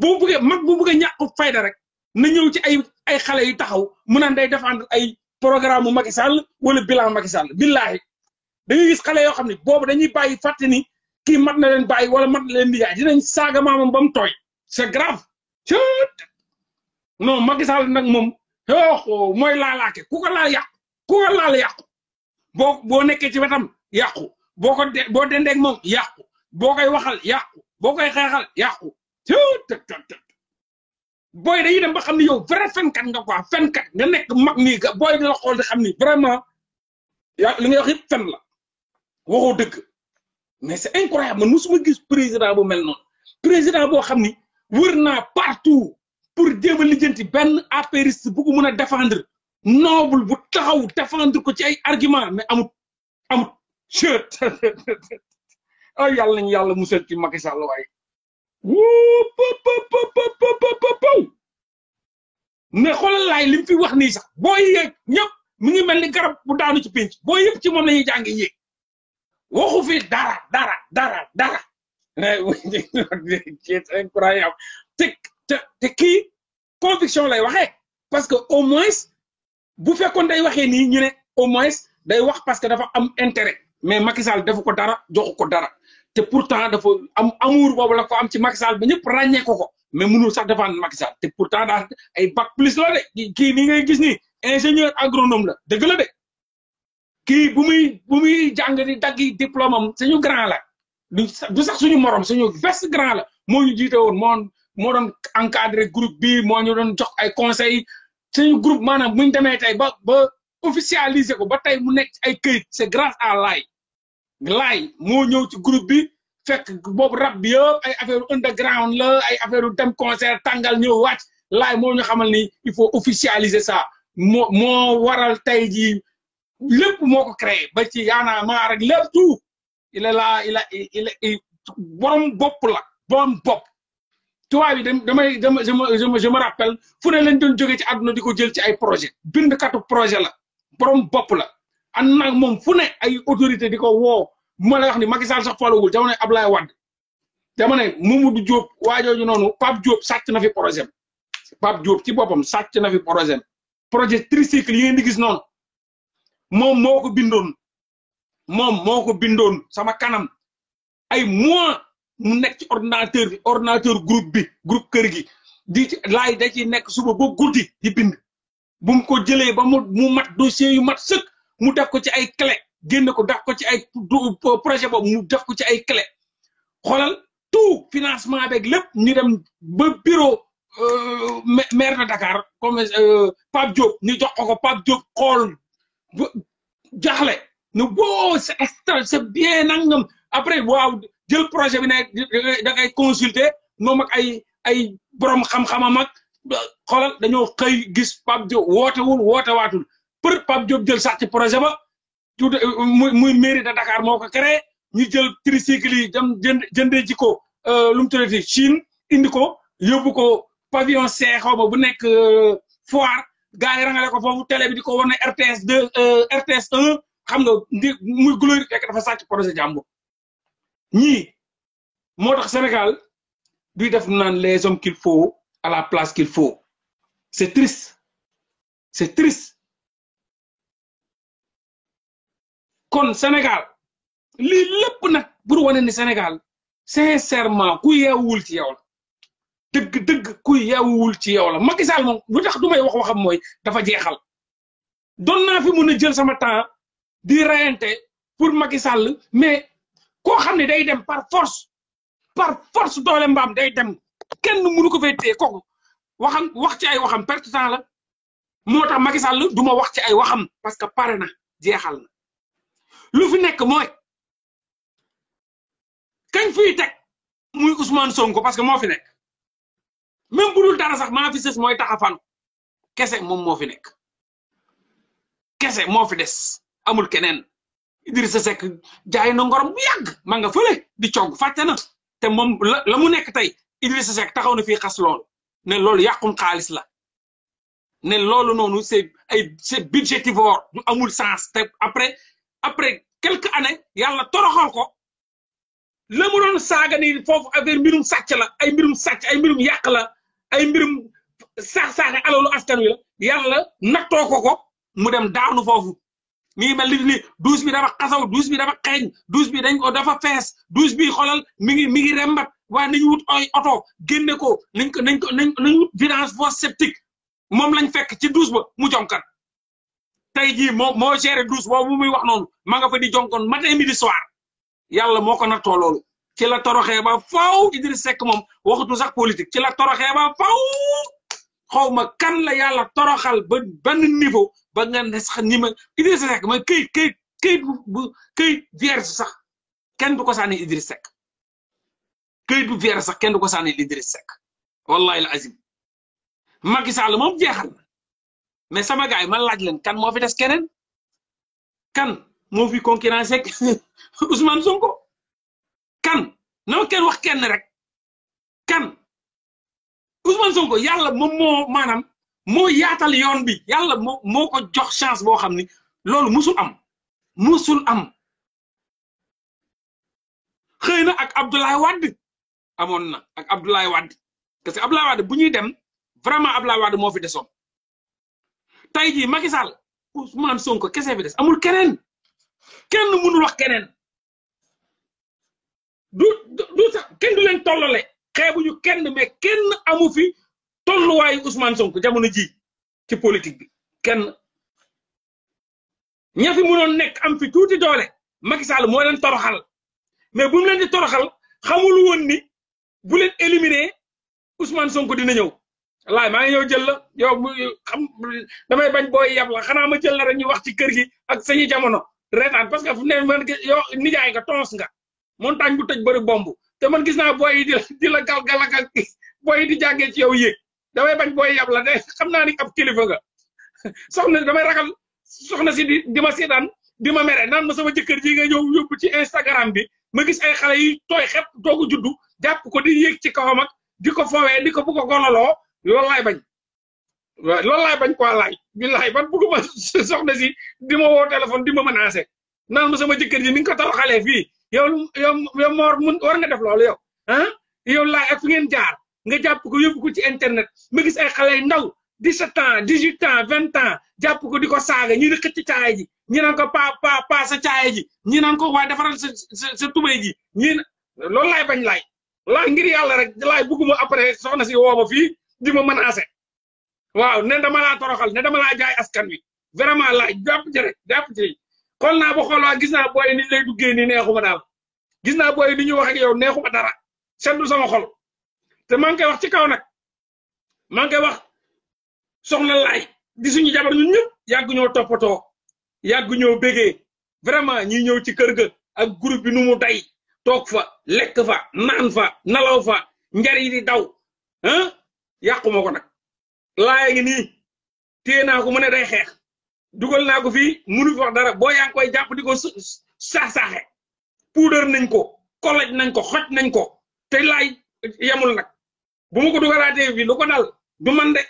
bu bëggee mag bu bëggee ñàkk fayda rek na ñew ci ay ay xalé yu taxaw mu naan day défendre ay programme Macky Sall wala bilan Macky Sall billahi da ngay gis xalé yo xamni bobu dañuy bayyi fàtte ni kii mat na leen bayyi wala mat na leen liggéey dinañ saaga maamam ba mu tooy c'est grave non Macky Sall nag moom yoo la laalaake ku ko la yaq ku ko la yaq bo bo nekk ci wetam yàqu boo ko dende ak mom yàqu boo koy waxal yàqu boo koy xeexal yàqu booy dañuy dem ba xam ne yow vrai fenkat nga quoi fenkat nga nekk mag nii nga booy di xool di xam ni vraiment yaa li nga wax fen la waxoo dëgg mais c'est incroyable man musuma gis président bu mel noonu président boo xam ni wër naa partout pour jéem a lijjanti benn apériste bu ko mën a défendre noble bu taxaw défendre ko ci ay argument mais amut amut ah yàlla nañu yàlla musal ci Macky Sall waaye wuu mais xoolal laay li mu fi wax nii sax booy yéeg ñëpp mu ngi mel ni garab bu daanu ci pénc booy yëpp ci moom la ñuy jàngi yéeg waxu fi dara dara dara dara eh, c'est incroyable te kii conviction lay waxe parce que au moins bu fekkoon day waxee nii ñu ne au moins day wax parce que dafa am intérêt mais Macky defu ko dara joxu ko dara te pourtant dafa am amour boobu la ko am ci Macky Sall ba ñëpp ràññee ko ko mais mënul sax défendre Macky Sall te pourtant daa ay bac plus la de kii ni ngay gis ni ingénieur agronome la dëgg la de kii bu muy bu muy jàng di daggi diplôme suñu grand la du sax suñu morom suñu veste grand la moo ñu jiite woon moo moo doon encadré groupe bi moo ñu doon jox ay conseil suñu groupe maanaam bu ñu demee tey ba ba officialiser ko ba tey mu nekk ay këyit c'est grâce à laay lay moo ñëw ci groupe bi fekk boobu rab bi ay affaire underground la ay affaire dem concert tàngal ñëw wàcc laay moo ñu xamal ni il faut officialiser sa mo moo waral tey jii lépp moo ko créé ba ci yaana maa rek lépp tout il est là il a il est borom bopp la borom bopp tubaab yi damay damay je me rappelle fu ne leen doon ci àdduna di ko jël ci ay projet bindkatu projet la borom bopp la anak mom fune fu ne ay autorité diko wo mo lay wax ni Macky Sall sax falowul jamono Ablaye Wade jamono Mamadou Diop ju noonu Pape Diop sàcc na fi projet Pape Diop ci bopam sàcc na fi projet projet tricycle yeen di gis non mom moko bindon mom moko bindon sama kanam ay mois mu nek ci ordinateur bi ordinateur groupe bi groupe keur gi di lay da ci nek suba bo goudi di bind bu mu ko jele ba mu mat dossier yu mat seuk mu def ko ci ay clé génn ko def ko ci ay projet boobu mu def ko ci ay clé xoolal tout financement beeg lépp ñu rem ba bureau euh, maire de Dakar comme euh, Pape Diop ñu jox ko ko Pape Diop xool jaaxle ne boo c'est bien nangam après waaw jël projet bi ne da ngay consulter moom ak ay ay borom xam-xamam ak xoolal dañoo xëy gis Pape Diop wootewul wootewaatul për Pape Diop jël sàcc projet ba muy muy mairie de Dakar moo ko créé ñu jël tricycle yi dem jënd jëndee ji ko euh, lu mu tuddati Chine indiko ko yóbbu ko pavillon C xaw ma bu nekk euh, foire gars yi rangale ko foofu télé bi di ko wane RTS 2 euh, RTS 1 xam nga ndi muy gloire rek dafa sàcc projet jàmbur ñii moo tax Sénégal duy def naan les hommes qu'il faut à la place qu'il faut c'est triste c'est triste kon Sénégal lii lépp nag bur wane ni Sénégal sincèrement ku yeewul ci yow la dëgg-dëgg ku yeewul ci yow la Macky Sall moom lu tax du may wax waxam mooy dafa jeexal doon naa fi mun a jël sama temps di reyante pour Macky Sall mais koo xam ne day dem par force par force doole mbaam day dem kenn mënu ko fay téye kooku waxam wax ci ay waxam perte temps la moo tax Macky Sall du ma wax ci ay waxam parce que pare na jeexal na. lu fi nekk mooy kañ fiy teg muy Ousmane Sonko parce que moo fi nekk même bu dara sax maa fi sës mooy taxafan kese moom moo fi nekk kese moo fi des amul keneen Idrissa Seck jaay na ngorom bu yàgg ma nga fële di cogg fàtte na te moom la la mu nekk tey Idrissa Seck taxaw na fi xas lool ne loolu yàqum xaalis la ne loolu noonu c'est ay c'est budgétivore du amul sance te après après quelque années yàlla toroxal ko la mu doon ni foofu affaire mbirum sàcc la ay mbirum sàcc ay mbirum yàq la ay mbirum saax saaxe alalu askan wi la yàlla nattoo ko ko mu dem daanu foofu mi ngi mel ni douche bi dafa xasaw douche bi dafa xeeñ douche bi dañ ko dafa fees douche bi xoolal mi ngi mi ngi rembat waaye nañu wut ay oto génne ko nañ ko nañ ko nañ nañ wut vidange fosse septique moom lañ fekk ci douche ba mu jonkat tey jii moo moo géré douze boobu muy wax noonu ma nga fa di jonkoon matin midi soir yàlla moo ko nattoo loolu ci la toroxee ba faw Idriss Seck moom waxatu sax politique ci la toroxee ba faw xaw ma kan la yàlla toroxal ba benn niveau ba nga ne sax nima ma Idriss Seck ma këyit këyit këyit bu sax kenn du ko sànni Idriss Seck këyit bu vierge sax kenn du ko sànni Idriss Seck wallahi la azim Macky Sall moom mais sama gars yi ma laaj leen kan moo fi des keneen kan moo fi concurrence ak Ousmane Sonko kan na kenn wax kenn rek kan Ousmane Sonko yàlla moom moo maanaam moo yaatal yoon bi yàlla moo moo ko jox chance boo xam ni loolu musul am musul am xëy na ak Abdoulaye Wade amoon na ak Abdoulaye Wade parce que Abdoulaye Wade bu ñuy dem vraiment Abdoulaye Wade moo fi desoon. tay ji Macky Sall Ousmane Sonko kessé fi des amul kenen, kenn mënu wax kenen du du sax kenn du leen tollale xeebuñu kenn mais kenn amu fi way Ousmane Sonko jamono ji ci politique bi kenn ña fi mënon nek am fi tuuti doolé Macky Sall mo len toroxal mais bu mu di toroxal xamul won ni bu len éliminer Ousmane Sonko dina ñëw wallaay ma ngi yow jël la yow xam damay bañ boy yab la xana ma jël la rek ñu wax ci kër gi ak sañu jamono retan parce que fu ne man yow nijaay nga tons nga montagne bu tej bari bombu te man gis na boy yi di la gal gal galakal boy yi di jàngee ci yow yek damay bañ boy yab la de xam na ni ab kilifa nga soxna damay ragal soxna si di ma sétan di ma méré nan ma sama jëkkeer ji nga ñëw yobbu ci Instagram bi ma gis ay xalé yi toy xep dogu juddu japp ko di yek ci kawam ak di ko diko ko bu ko gonalo loolu laay bañ waaw loolu laay bañ quoi laay billaay ban bëgguma soxna si di ma woo téléphone di ma menacé naan ma sama jëkkër ji ni nga ko tabaxalee fii yow yow yow moor mun war nga def loolu yow ah yow laay ak fu ngeen jaar nga jàpp ko yóbbu ko ci internet ma gis ay xale yu ndaw 17 ans 18 ans 20 ans jàpp ko di ko saaga ñi di xëcc caaya ji ñi naan ko pa pa pa sa caaya ji ñi naan ko waaye defaral sa sa sa tubéy ji ñi loolu laay bañ laay laay ngir yàlla rek laay bëgguma après soxna si woo ma fii di ma menacé waaw ne dama laa toroxal ne dama laa jaay askan wi vraiment laaj jàpp ci rek jàpp ci xool naa ba xool waa gis naa booy ni ñu lay duggee nii neexuma daal gis naa booy ni ñu wax ak yow neexuma dara seddu sama xol te maa ngi koy wax ci kaw nag maa ngi koy wax soxna laay di suñu jabar ñun ñëpp yàgg ñoo toppatoo yàgg ñoo bégee vraiment ñi ñëw ci kër ga ak groupe bi nu mu day toog fa lekk fa naan fa nalaw fa njar yi daw ah yàquma ko nag laaya ngi nii téye naa ko mu ne day xeex dugal naa ko fi munu fi wax dara boo yaa ngi koy jàpp di ko saax puudar nañ ko koloj nañ ko xoj nañ ko te laay yemul nag bu ma ko dugalaatee fii lu ko dal du man de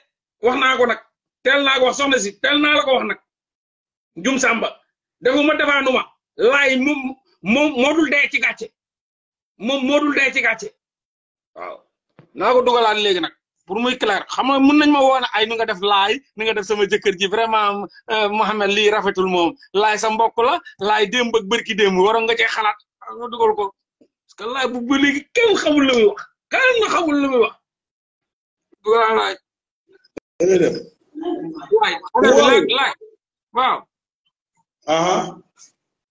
wax naa ko nag tel naa ko wax soxna si tel naa la ko wax nag jum sàmba defuma defaanuma laay moom moom moo dul dee ci gàcce moom moo dul dee ci gàcce waaw naa ko dugalaat léegi nag pour muy clair xam nga mën nañ ma woon ay nu nga def laay ni nga def sama jëkkër ji vraiment euh, Mohamed lii rafetul moom laay sa mbokk la laay démb ak bërki démb waroon nga ci xalaat ah, nga dugal ko parce que laay bu ba léegi kenn xamul la muy wax kenn xamul la muy wax laay laay waaw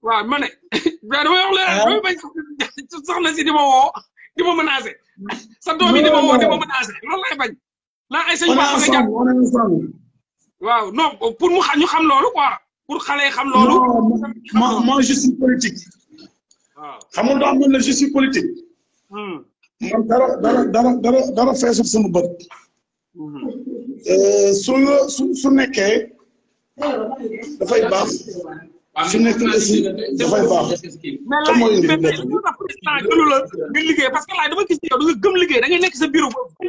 waaw ma ne di ma di ma menacé. sa doom yi di ma woo di ma menacé loolu lay bañ. naa ay sëñ Papa nga jàpp waaw non pour mu ñu xam loolu quoi pour xale xam loolu. non moi je politique. waaw xam nga doo xam ne je suis politique. Hmm. man dara dara dara dara dara feesul suñu bët. Hmm. Euh, su su su nekkee dafay baax. fi nekk aussi dafay baax. te mooy indi nekk bi mais la nga liggéey parce que laaj dama gis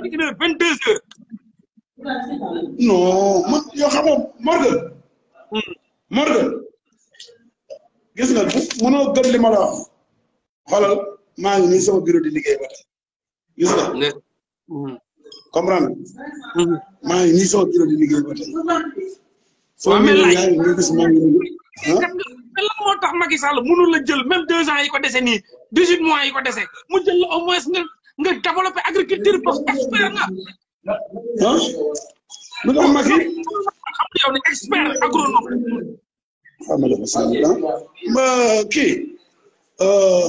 ne non man yoo xam nga Morgan. Hmm. Morgan. gis nga bu mënoo ma la wax. xoolal maa ngi nii sama di liggéey ba tey. gis nga. Hmm. comprendre hmm. maa ngi nii di liggéey ba tey. soo mel ni yaa ngi xam nga lan Macky Sall mënul la jël même deux ans yi ko dese nii dix mois yi ko dese mu jël la au moins nga nga agriculture parce que expert nga. ah lu Macky. xam nga yow expert agronome. Ah, ma ah. euh,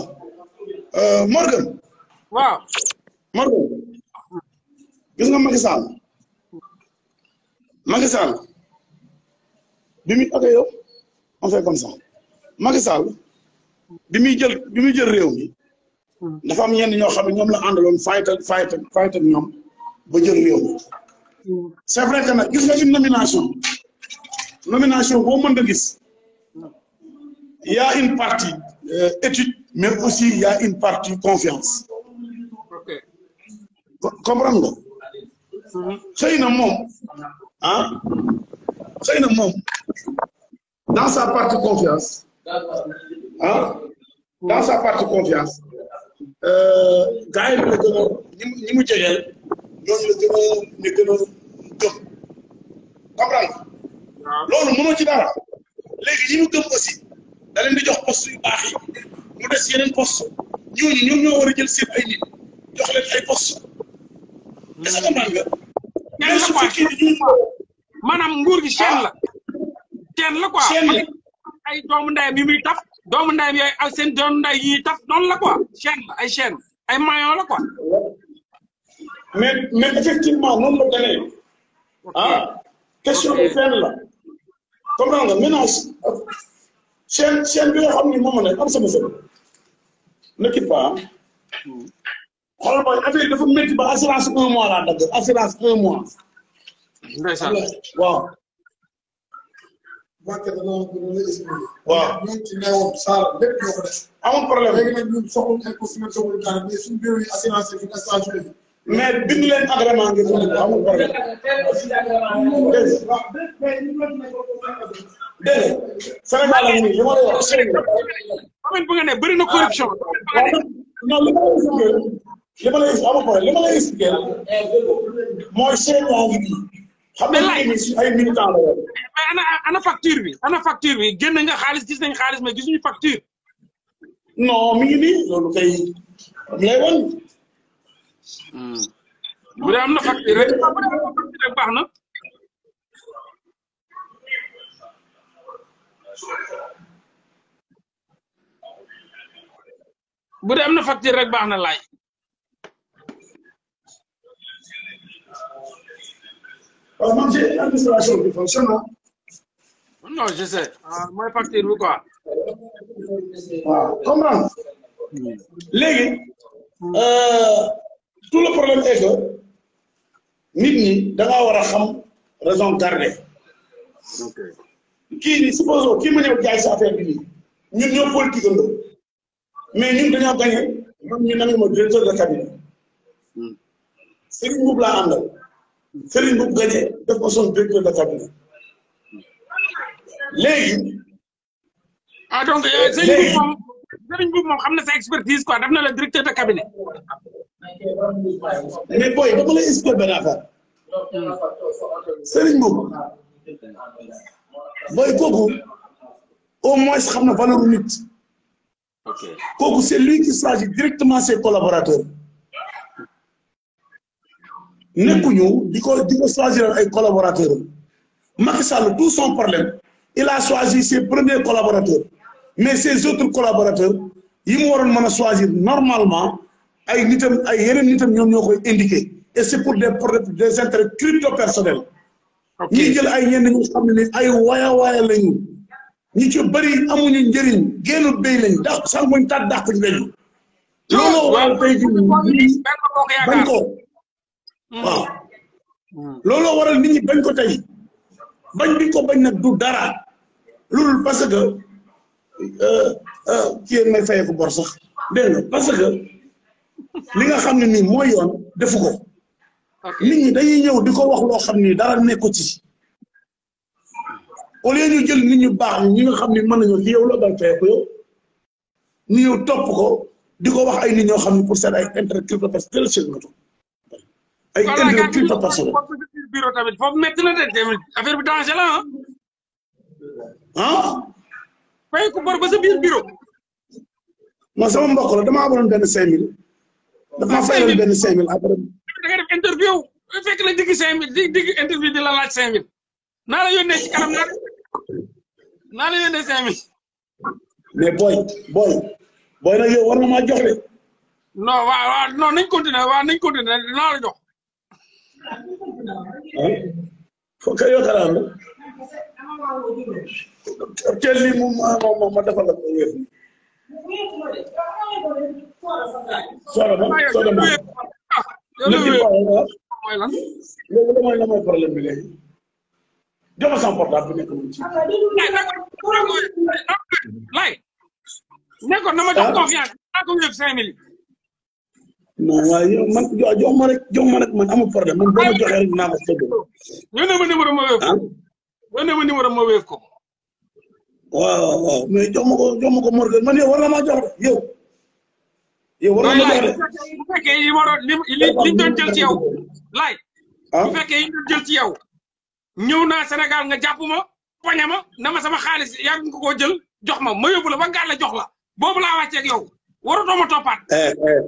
euh, Morgan. waaw. Morgan. gis nga Macky Sall. Macky Sall. bi yow. on fait comme ça Macky Sall bi muy jël bi muy jël réew mi dafa am ñen ñoo xam ñom la andalon fight fight fight ba jël réew mi c'est vrai que nag gis nga une nomination nomination bo mënda gis. Il y a une partie euh, étude mais aussi il y a une partie confiance comprends nga C'est un mot, Hein mom. dans sa confiance ah dans sa confiance euh, gars yi la gën a ñi mu jegeel ñooñu la gën a ñu gën a gëm comprendre ah. loolu mënoo dara léegi ñi mu gëm aussi di jox poste yu baax mu des yeneen poste ñooñu ñoom ñoo war jël seen ay nit jox leen ay poste est-ce que mën nga gi chaîne la chaîne la quoi. chaîne ay doomu ndeyam yi muy taf. doomu ndeyam yooyu yi taf noonu la quoi chaîne ay chaîne ay maillon la quoi. mais mais effectivement noonu la demee ah question bi fenn la. comprends nga maintenant chaîne chaîne bi nga xam ni moom la am sama sëb. ne quitte pas hmm. xoolal mooy affaire dafa métti ba assurance un mois laa dagg assurance un mois. ndeysaan Mbacké da noonu la expliqué. waaw ñun ci neewoon Saara lépp ñoo ko des. amul problème la nag ñun soxla ay consommé soxla dara mais suñu bureau yi assurance yi fi mais bind leen agrément ngeen mën a amul problème. li ma lay wax. na corruption. non li ma lay expliqué li ma lay amul li ma lay expliqué mooy chef yaa ngi nii. xam nga mais ana facture bi ana facture bi génn nga xaalis gis nañ xaalis mais gisuñu facture. non mi ngi nii lay hmm. wan. bu dee am na facture rek baax na. bu dee am na facture rek baax na laay. waaw man administration qui fonctionne non je sais ah, mooy facture bi quoi. waaw ah, comprendre léegi. Euh, tout le problème est nit ñi da ngaa war a xam raison garder. ok kii nii supposons ma ñëw jaay sa bi nii ñun ñoo politique andoo mais ñun dañoo gagné man ñu nangu ma directeur de cabinet. Hmm. Serigne Mboup laa àndal. Serigne bu gagné def ko son directeur de cabinet légui ah donc euh, Serigne bu moom Serigne bu moom sa expertise quoi def na la directeur de cabinet. mais boy dama lay expliquer benn affaire. Serigne boobu Boy, kooku au moins xamna valeur nit. ok kooku c'est lui qui choisit directement ses collaborateurs. Hmm. nekkuñu di ko di ko choisir ay collaborateurs am Macky Sall tout son problème il a choisi ses premiers collaborateurs mais ses autres collaborateurs yi mu waroon mën a choisir normalement ay nitam ay yeneen nitam ñoom ñoo koy indiqué et c'est pour des des intérêts crypto personnels. ok ñi jël ay ñenn ñu xam ne ay waya waya lañu ñi ci bëri amuñu njëriñ génnu béy lañ dàq sanguñ taat dàquñ lañu. looloo waral tey jii bañ ko. Mm. waaw mm. looloo waral nit ñi bañ ko tey bañ bi ko bañ nag du dara loolu parce que euh, euh, kii yéen may fayee ko bor sax de nga parce que li nga xam ne nii mooy yoon defu ko nit ñi dañuy ñëw di ko wax loo xam ni dara nekko ci au lieu ñu jël nit ñu baax ñi nga xam ne mën nañoo ci yow ni bañ fayee ko yow ñu ñëw topp ko di ko wax ay nit ñoo xam ne pour seen ay intérêt culturel parce que tel ay individu personnel bureau tamit foofu métti na de affaire bi danger la ah. ah. fay ko bor ba bureau. ma sama mbokk la damaa amoon benn cinq dafa ma ah, fayoon benn cinq mille après. da nga interview fekk la digg cinq mille digg interview di la laaj cinq naa la yónnee ci kanam naa naa la yónnee cinq mille. mais booy booy war na maa jox de. non waaw waaw non nañ continuer waaw nañ continuer naa la jox. foo kay yoo xalaat la teel lii moom ma ma ma defal la ko wér soxna ma soxna ma léegi damay damay problème bi léegi jox ma sama portable bi nekk moom ci lay ne ko na ma jox confiance naa ko wéb cinq mille non waaye yow ma rek jox ma rek man amul problème man boo ma joxee rek naa ko séddoo. yónnee ma ma wéef ko. ma numéro ma wéef ah? ko. waaw waaw mais ma ko jox ma ko Morgan man yow war na maa jox yow. yow war na ma jox de. bu fekkee li ma doon li li doon jël ci yow. laay. Ah? bu fekkee yi doon jël ci yow. ñëw naa Sénégal nga jàpp ma poñe ma na ma sama xaalis yàgg nga koo jël jox ma ma yóbbu la ba gàll jox la boobu laa wàcceeg yow warutoo ma toppaat. Eh, eh.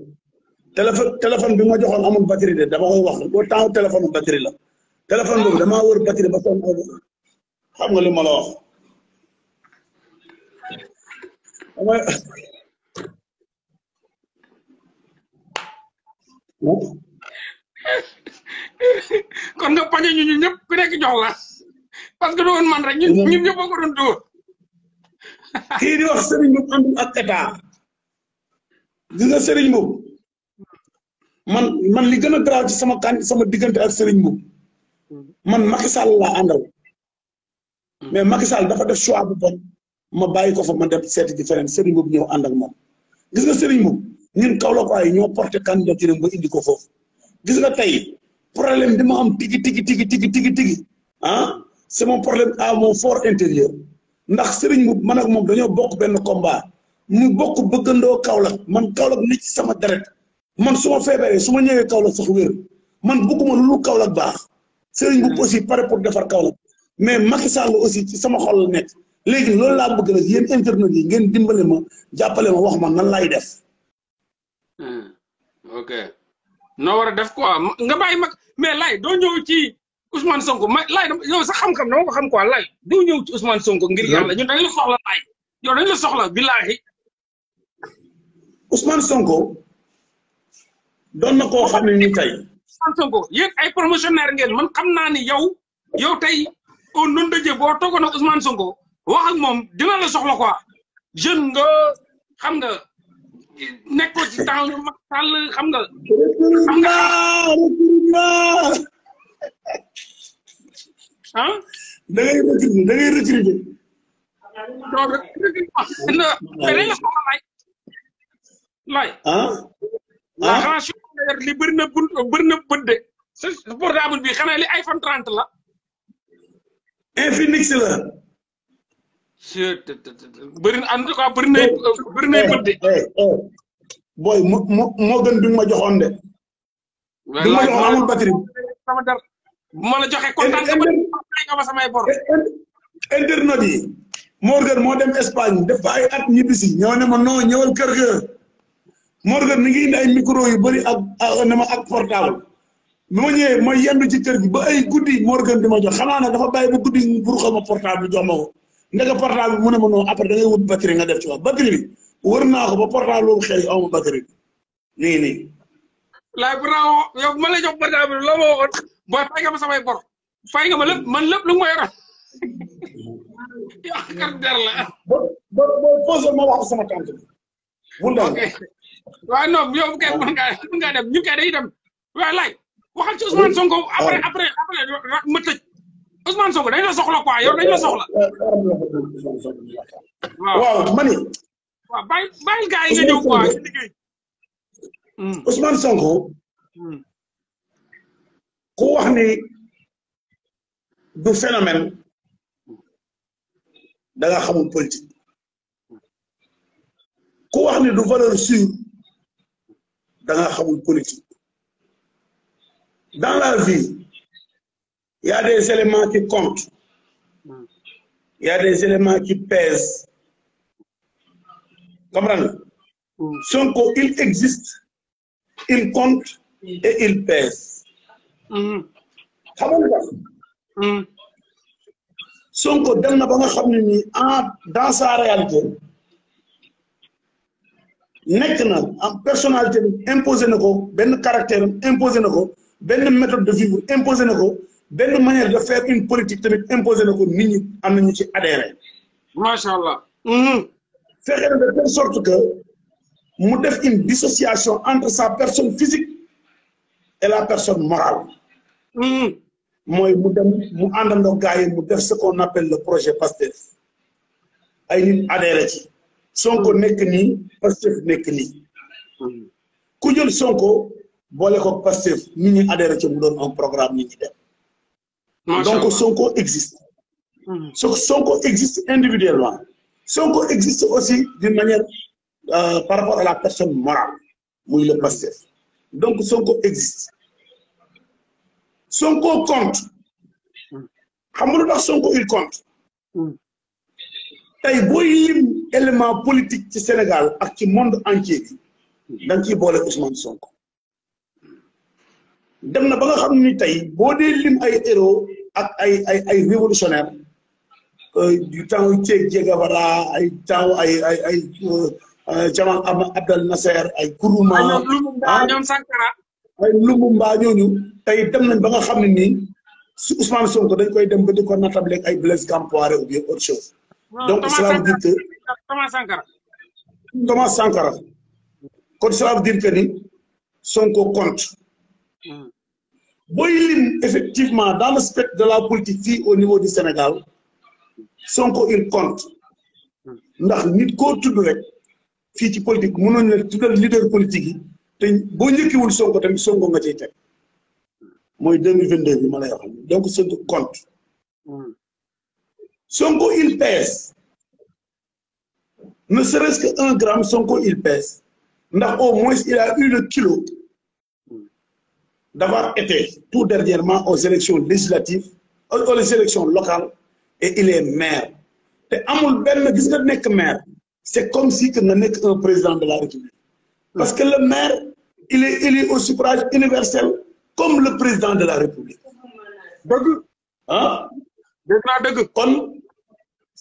téléphone téléphone bi ma joxoon amul batterie de dama koy wax bo taw téléphone batterie la téléphone boobu dama wër batterie ba son xam nga li la wax kon nga pañe ñu ñu ñep ku nekk jox la parce que doon man rek ñu ñu ñep ko doon do ki di wax serigne moom àndul ak état dina serigne sëriñ man man li gëna graw ci sama kan sama digënté ak sëriñ bu man Macky Sall la andal mais Macky Sall dafa def choix bu bon ma bayiko fa ma def sét différent sëriñ bu Mboup ñëw ànd ak mom gis nga sëriñ bu ñun ko ay ñoo porter candidature bu indi ko fofu gis nga tay problème dima am tigi tigi tigi tigi tigi tigi ah c'est mon problème à mon fort intérieur ndax sëriñ bu man ak mom dañoo bokk benn combat ñu bokk kaw la man la ni ci sama dérèt man su feebaree su ma ñëwee Kaolack sax wér man bëgguma lu kaw Kaolack baax Serigne Mboup aussi pare pour defar Kaolack mais Macky Sall aussi ci sama xol la léegi loolu laa bëgg nag yéen internet yi ngeen dimbale ma jàppale ma wax man nan laay def. Hmm, ok noo war a def quoi nga bàyyi mag mais lay doo ñëw ci Ousmane Sonko ma lay yow sax xam-xam dama ko xam quoi lay doo ñëw ci Ousmane Sonko ngir yàlla ñun dañ la soxla lay yow dañ la soxla billaahi Ousmane Sonko. doon na ko xam ne ni tey. ay promotionnaire ngeen man xam naa ni yow yow tey au nom de Dieu boo toogoon Sonko wax ak moom dina la soxla quoi jeune nga xam nga nekkoo ci temps yu xam nga. ah. da ngay recruter da ngay recruter. non recruter non. mais li bëri na bunt bëri na bët de sa portable bi xanaa li iPhone 30 la. Infinix la. bëri na en tout cas bëri na bët de. booy mu mu moo gën bi ma de. bi ma joxoon amul batterie. sama dara bu ma la joxee bor. internautes yi. Morgan moo dem Espagne def ay at ñibbisi ñoo ne ma ñëwal kër ga. Morgan mi ngi indi ay yu bëri ak ne ma ak portable bi ma ñëwee ma yendu ci kër ba ay guddi Morgan di ma jox xanaa ne dafa bàyyi ba guddi pour ma portable bi jox ma ko ndeke portable bi mu ne ma non après da ngay wut batterie nga def ci wax batterie bi ko ba portable boobu xëy aw ma batterie bi nii nii. laay la portable bi loo ma waxoon booy fay nga ma samay bor fay nga ma lépp man lépp lu ma yoroon yow ak der la. ba ba ba posé ma wax sama tante bi waaw non yow bu kay mën dem ñu dem waaye laaj waxal ci Ousmane Sonko après après après ma Sonko dañ la soxla quoi yow dañ la soxla. waaw mani. waaw bàyyi bàyyi gars yi nga hmm. Sonko. Hmm. ku wax du phénomène da nga xamul ku wax du valeur sûre. dans la vie il y a des éléments qui comptent il y a des éléments qui pèsent comprendre hmm. Son il existe il compte et il pèse hmm. xam nga hmm. Sonko dem ba nga dans sa réalité Maintenant, na en personnalité imposé na ben caractère imposé na ben méthode de vie, imposé na ben manière de faire une politique tamit imposé na nit ñi am nañ ñu ci mhm. de telle sorte que mu def une dissociation entre sa personne physique et la personne morale. moy mhm. mu dem mu àndandoo gaay mu def ce qu'on appelle le projet Pasteur. ay nit adhéré ci. Sonko hmm. nek ni Pastef nek ni hmm. ku jël Sonko bolé ko Pastef nit ñi adhéré ci mu doon un programme nit ñi dem donc Sonko existe hmm. Sonko existe individuellement Sonko existe aussi d'une manière euh, par rapport à la personne morale muy le Pastef donc Sonko existe Sonko compte xam nga lu tax Sonko il compte tey booy lim élément politique ci Sénégal ak ci monde entier bi da ciy boole Ousmane Sonko dem na ba nga xam ni tey boo dee lim ay héros ak ay ay ay révolutionnaire euh, du temps yu Che Guevara ay temps ay ay ay euh, Jamal Abdel Nasser ay Nkrumah ah, ay Lumumba ñoom Sankara ay Lumumba ñooñu tey dem nañ ba nga xam ne nii su Ousmane Sonko dañ koy dem ba di ko natable ay Blaise Compaoré ou bien autre chose donc cela veut dire que Thomas Sankara Thomas Sankara kon cela veut ni Sonko compte hmm. booy lim dans le de la politique fii au niveau du Sénégal Sonko il compte hmm. ndax nit koo tudd rek fii ci politique mënoon na tuddal leader politique yi te boo njëkkiwul Sonko tamit Sonko nga ciy teg hmm. mooy deux mala vingt deux donc Sonko compte Sonko, il pèse. Ne serait-ce qu'un gramme, Sonko, il pèse. au moins, il a eu le kilo d'avoir été tout dernièrement aux élections législatives, aux, élections locales, et il est maire. Et que maire. Ben C'est comme si tu n'était qu'un président de la République. Parce que le maire, il est élu au suffrage universel comme le président de la République. Hein?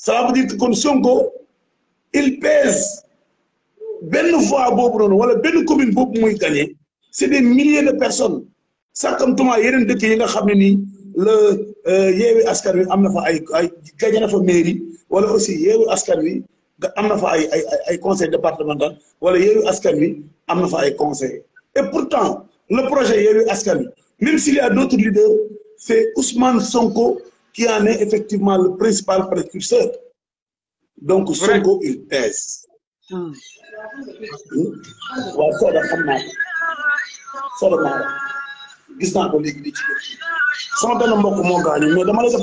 cela veut dire que Sonko il pèse benn voix boobu noonu wala Ben commune boobu muy gagner, c'est des milliers de personnes sàkkamtuma yeneen dëkk yi nga xam le nii la euh, yeewi askan wi am fa ay ay gagné na fa mairie wala aussi yeewi askan wi nga am fa ay ay ay conseil départemental wala yeewi askan wi am fa ay et pourtant le projet yeewi askan même s'il y a d'autres leaders c'est Ousmane Sonko qui en est effectivement le principal précurseur. Donc, Sonko, il pèse. Ah. Hmm. waaw C'est mais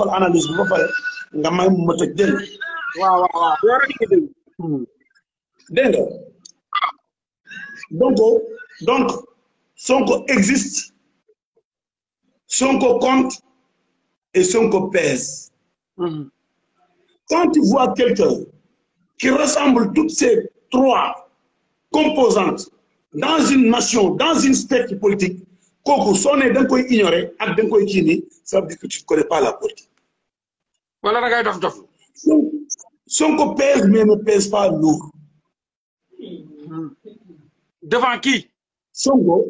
analyse donc donc Sonko existe Sonko compte et son pèse. Mm-hmm. Quand tu vois quelqu'un qui ressemble toutes ces trois composantes dans une nation, dans une spectre politique, qu'on est d'un d'un ignoré koy ignorer ak da ça veut dire que tu ne connais pas la politique. Voilà da dof dof. Sonko pèse mais ne pèse pas lourd. Mm-hmm. devant qui. son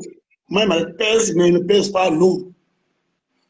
may pèse mais ne pèse pas lourd.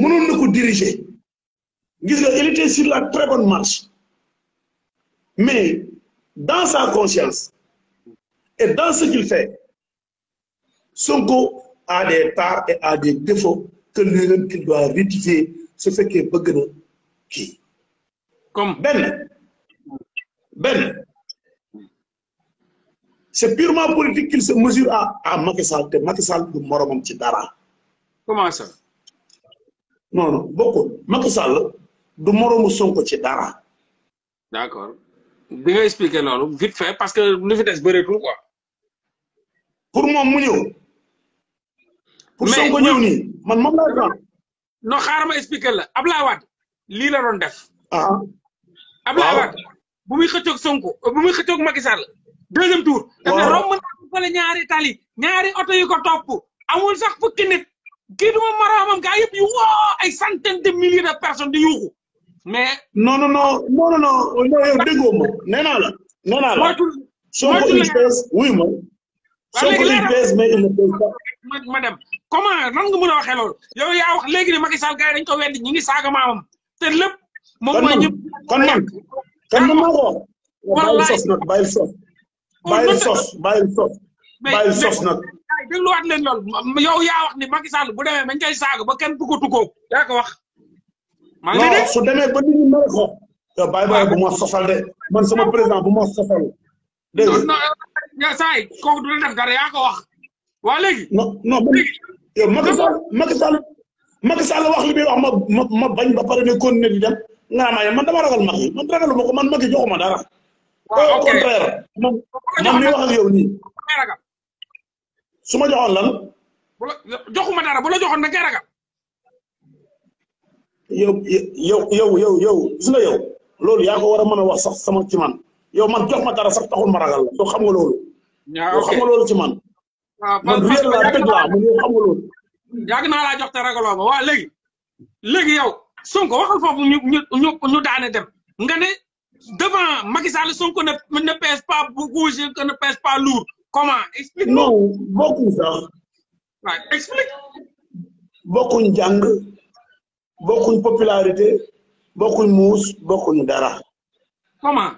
mënoon nous ko diriger il était sur la très bonne marche mais dans sa conscience et dans ce qu'il fait Sonko a des parts et a des défauts que lui-même qu'il doit rectifier Ce fait que na qui? comme Ben, Ben. c'est purement politique qu'il se mesure à à Macky Sall Macky Sall du comment ça. non bokkul Macky Sall du moromu Sonko ci dara. d'accord accord di nga expliquer lolu vite fait parce que lu fi des bëreetul quoi. pour mom mu ñew pour Sonko ñew ni man mom la doon. non xaaral expliquer la abla Wade li la doon def. ah abla Wade bu muy xëccok Sonko bu muy xëccok Macky Sall deuxième tour. da daf rom romb ko fële ñaari tali ñaari auto yu ko top amul sax fukki nit. génnuma maraamam gaa yëpp yu woo ay centaine de de personnes di yuuxu mais. non non non non non non yow déggoo la. nee naa la moytu moytu la wuy ma. waaw léegi leeral ma dem comment nan nga a waxee loolu yow yaa wax léegi ne Macky Sall gars yi dañu ko weddi ñi ngi saaga maamam te lépp. moom mooy ñëpp kon ko wax. bàyyil sos nag sos. bàyyil sos bàyyil sos bàyyil sos nag. yi dégluwaat leen loolu yow yaa wax ni Macky Sall bu demee bañ ba kenn bëggatu ko yaa ko wax. maa ba nit ñi mel ko. yow bàyyi bàyyi bu ma sosal de man sama président bu ma sosal. dégg nga non saa yi kooku du la def dara yaa ko wax. waa léegi. non non yow Macky Sall Macky Sall Macky Sall wax li muy wax ma ma ma bañ ba pare ne continuer di dem nga ma man dama ragal ma man ragaluma ko man Macky joxuma dara. waaw au contraire man man mi wax ak yow nii. su ma joxoon lan. bu la joxuma dara bu la joxoon da ngay yow yow yow yow yow gis yow loolu yaa ko war a mën a wax sax sama ci man yow man jox ma dara sax taxul ma ragal la yow xam nga loolu. yow xam nga loolu ci man. waaw ah, man réer laa dëgg laa man yow xam nga loolu. yàgg naa laa jox te ragaloo ma waaw léegi léegi yow Sonko waxal foofu ñu ñu ñu daane dem nga ne devant Macky Sall Sonko ne ne pèse pas bouge que ne pèse pas lourd comment explique. non bokkuñ sax. jàng bokkuñ popularité bokkuñ muus bokkuñ dara. comment.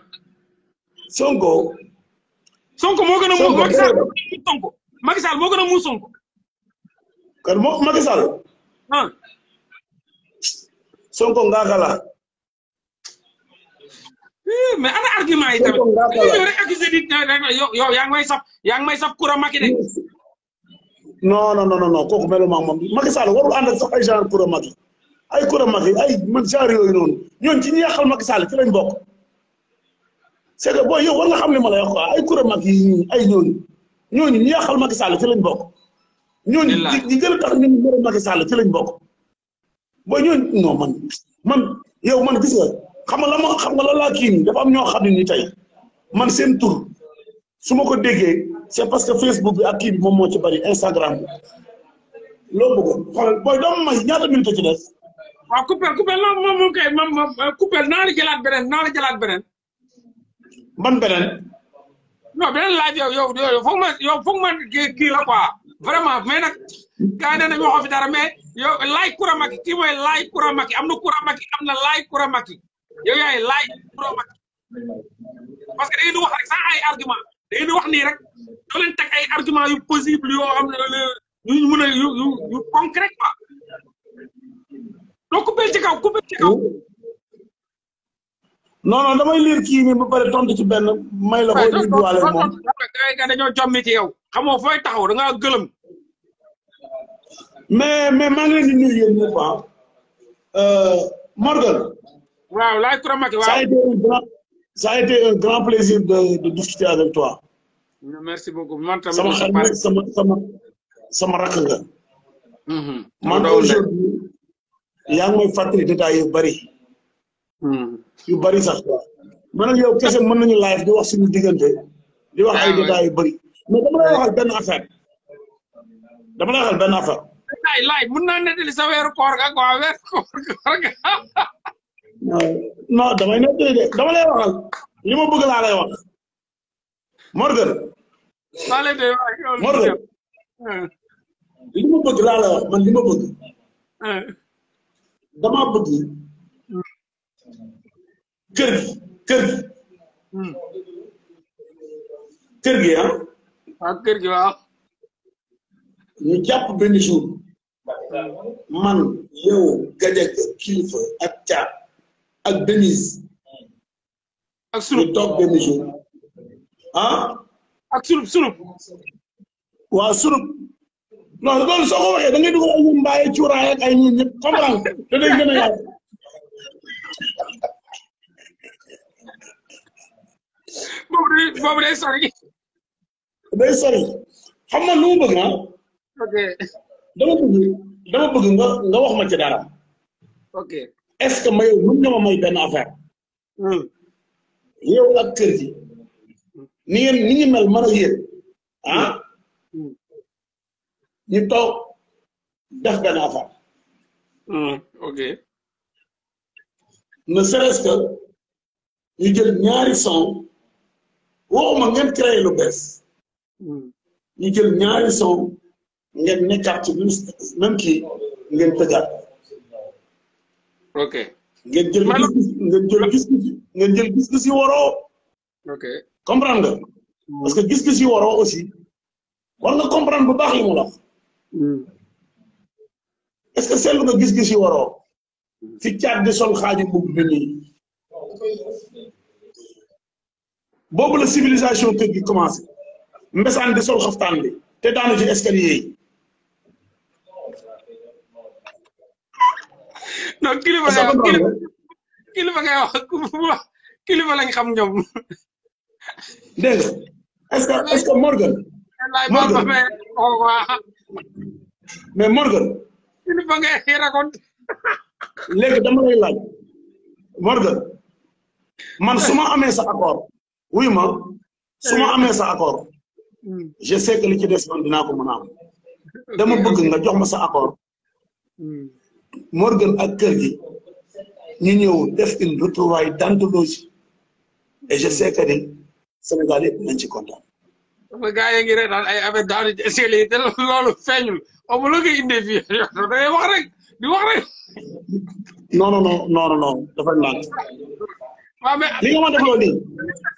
Sonko. Sonko moo gën a muus Macky Sall Sonko Macky Sonko. kan ah. kala. Eh, mais ana argument yi tamit eh, yow may saf yaa ngi may saf Coura Macky de. non non non non kooku melu ma moom Macky Sall warul ànd ak sax ay genre Coura Macky ay Coura Macky ay man genre yooyu noonu ñooñu ci ñi yàqal Macky Sall ci lañ bokk. c'est que booy yow war nga xam li ma lay wax quoi ay Coura Macky yi ay ñooñu ñooñu ñi yàqal Macky Sall ci lañ bokk. ñooñu ñi a tax ñun Macky Sall man man yow man gis xam nga la moo xam la laa kii nii am ñoo xam ne ni tey man seen tur su ma ko déggee c'est parce que Facebook bi ak kii moom moo ci bari Instagram bi loo bëggoon xoolal booy doomu may ñaata minute ci des. waaw coupé coupé moom moom kay moom moom coupé naa la jëlaat beneen naa la jëlaat beneen. ban beneen. non beneen laaj yow yow yow foog ma yow foog ma kii kii la quoi vraiment mais nag gars yi nee nañu waxoo fi dara mais yow laay kuramaki kii mooy laay kuramaki am na kuramaki am na laay kuramaki. yow yaay laaj parce que da ngeen wax rek sans ay argument da ngeen wax nii rek doo leen ay argument yu possible yoo xam ne yu mën yu yu yu concret quoi donc coupé ci kaw coupé ci kaw. non non damay ci benn may la ko indi duwaale ci yow xamoo fooy taxaw da ngaa gëlëm mais mais ah. euh, Morgan waaw laaj Kouramaki waaw. ça a été un grand plaisir de de discuter merci beaucoup man tamit sama xarit sama sama sama rakk nga. Mm-hmm. man aujourd'hui yaa ngi may fàttali détails yu bari. Mm-hmm. yu bari sax quoi. man ak yow kese mën nañu live di wax suñu diggante. di wax ay ah, détails yu bari. mais dama lay waxal benn dama lay waxal benn non damay nekk de dama lay waxal li bëgg laa lay wax Morgan. maa leen di wax bëgg laa wax man li ma bëgg. Eh. dama bëgg. Hmm. kër gi kër gi. Hmm. kër gi ah. waaw man yow Gadiaga kilifa ak Thiat. ak Denise. ak surub toog benn jour ah. ak surub surub. waaw surub. non loolu soo ko waxee da ngay dugal ay mbaay cuuraay ak ay ñun a yaatu. boobu day boobu day sori. day sori xam nga lu mu ah. dama bëgg dama bëgg nga nga wax ma ci est-ce que ma yow mën may benn affaire. Hmm. yow ak kër gi ni ngeen ni ngi mel mën a yéen ah hmm. ñu toog def benn affaire. Hmm, ok. ne que ñu jël ñaari son waxuma ngeen créé lu bees. ñu jël ñaari son ngeen nekkaat ci même kii ngeen tëggaat. ok ngeen jël gis ngeen jël gis ngeen jël gis-gis yi waroo. ok comprendre nga. Hmm. parce que gis-gis yi woro aussi war nga comprendre bu baax li mu la wax. Hmm. est-ce que seetlu nga gis-gis yi woro hmm. fi caat di sol xaaju boobu bi nii. boobu la civilisation kër gi commencé. mbesaan di sol xaftaan bi te daanu ci escalier non kilifa nga kilifa ngay wax kilifa lañ xam ñoom. dégg nga est-ce que est-ce oh, mais Morgan. kilifa ngay raconte. léegi dama lay laaj. Morgan man suma amee sa accord. wuy ma su amee sa accord. Hmm. je sais que li ci des man dinaa ko mën a am. dama bëgg nga jox ma sa accord. Hmm. Morgan ak kër gi ñu ñëw def une retrouvaille d'anthologie et je sais que ni ci kontaan. dafa gaa yi ngi reetaan ay affaire daanu ci escalier yi te loolu feeñul amul la nga indee fii da ngay dafa naan. waaw mais li nga nii.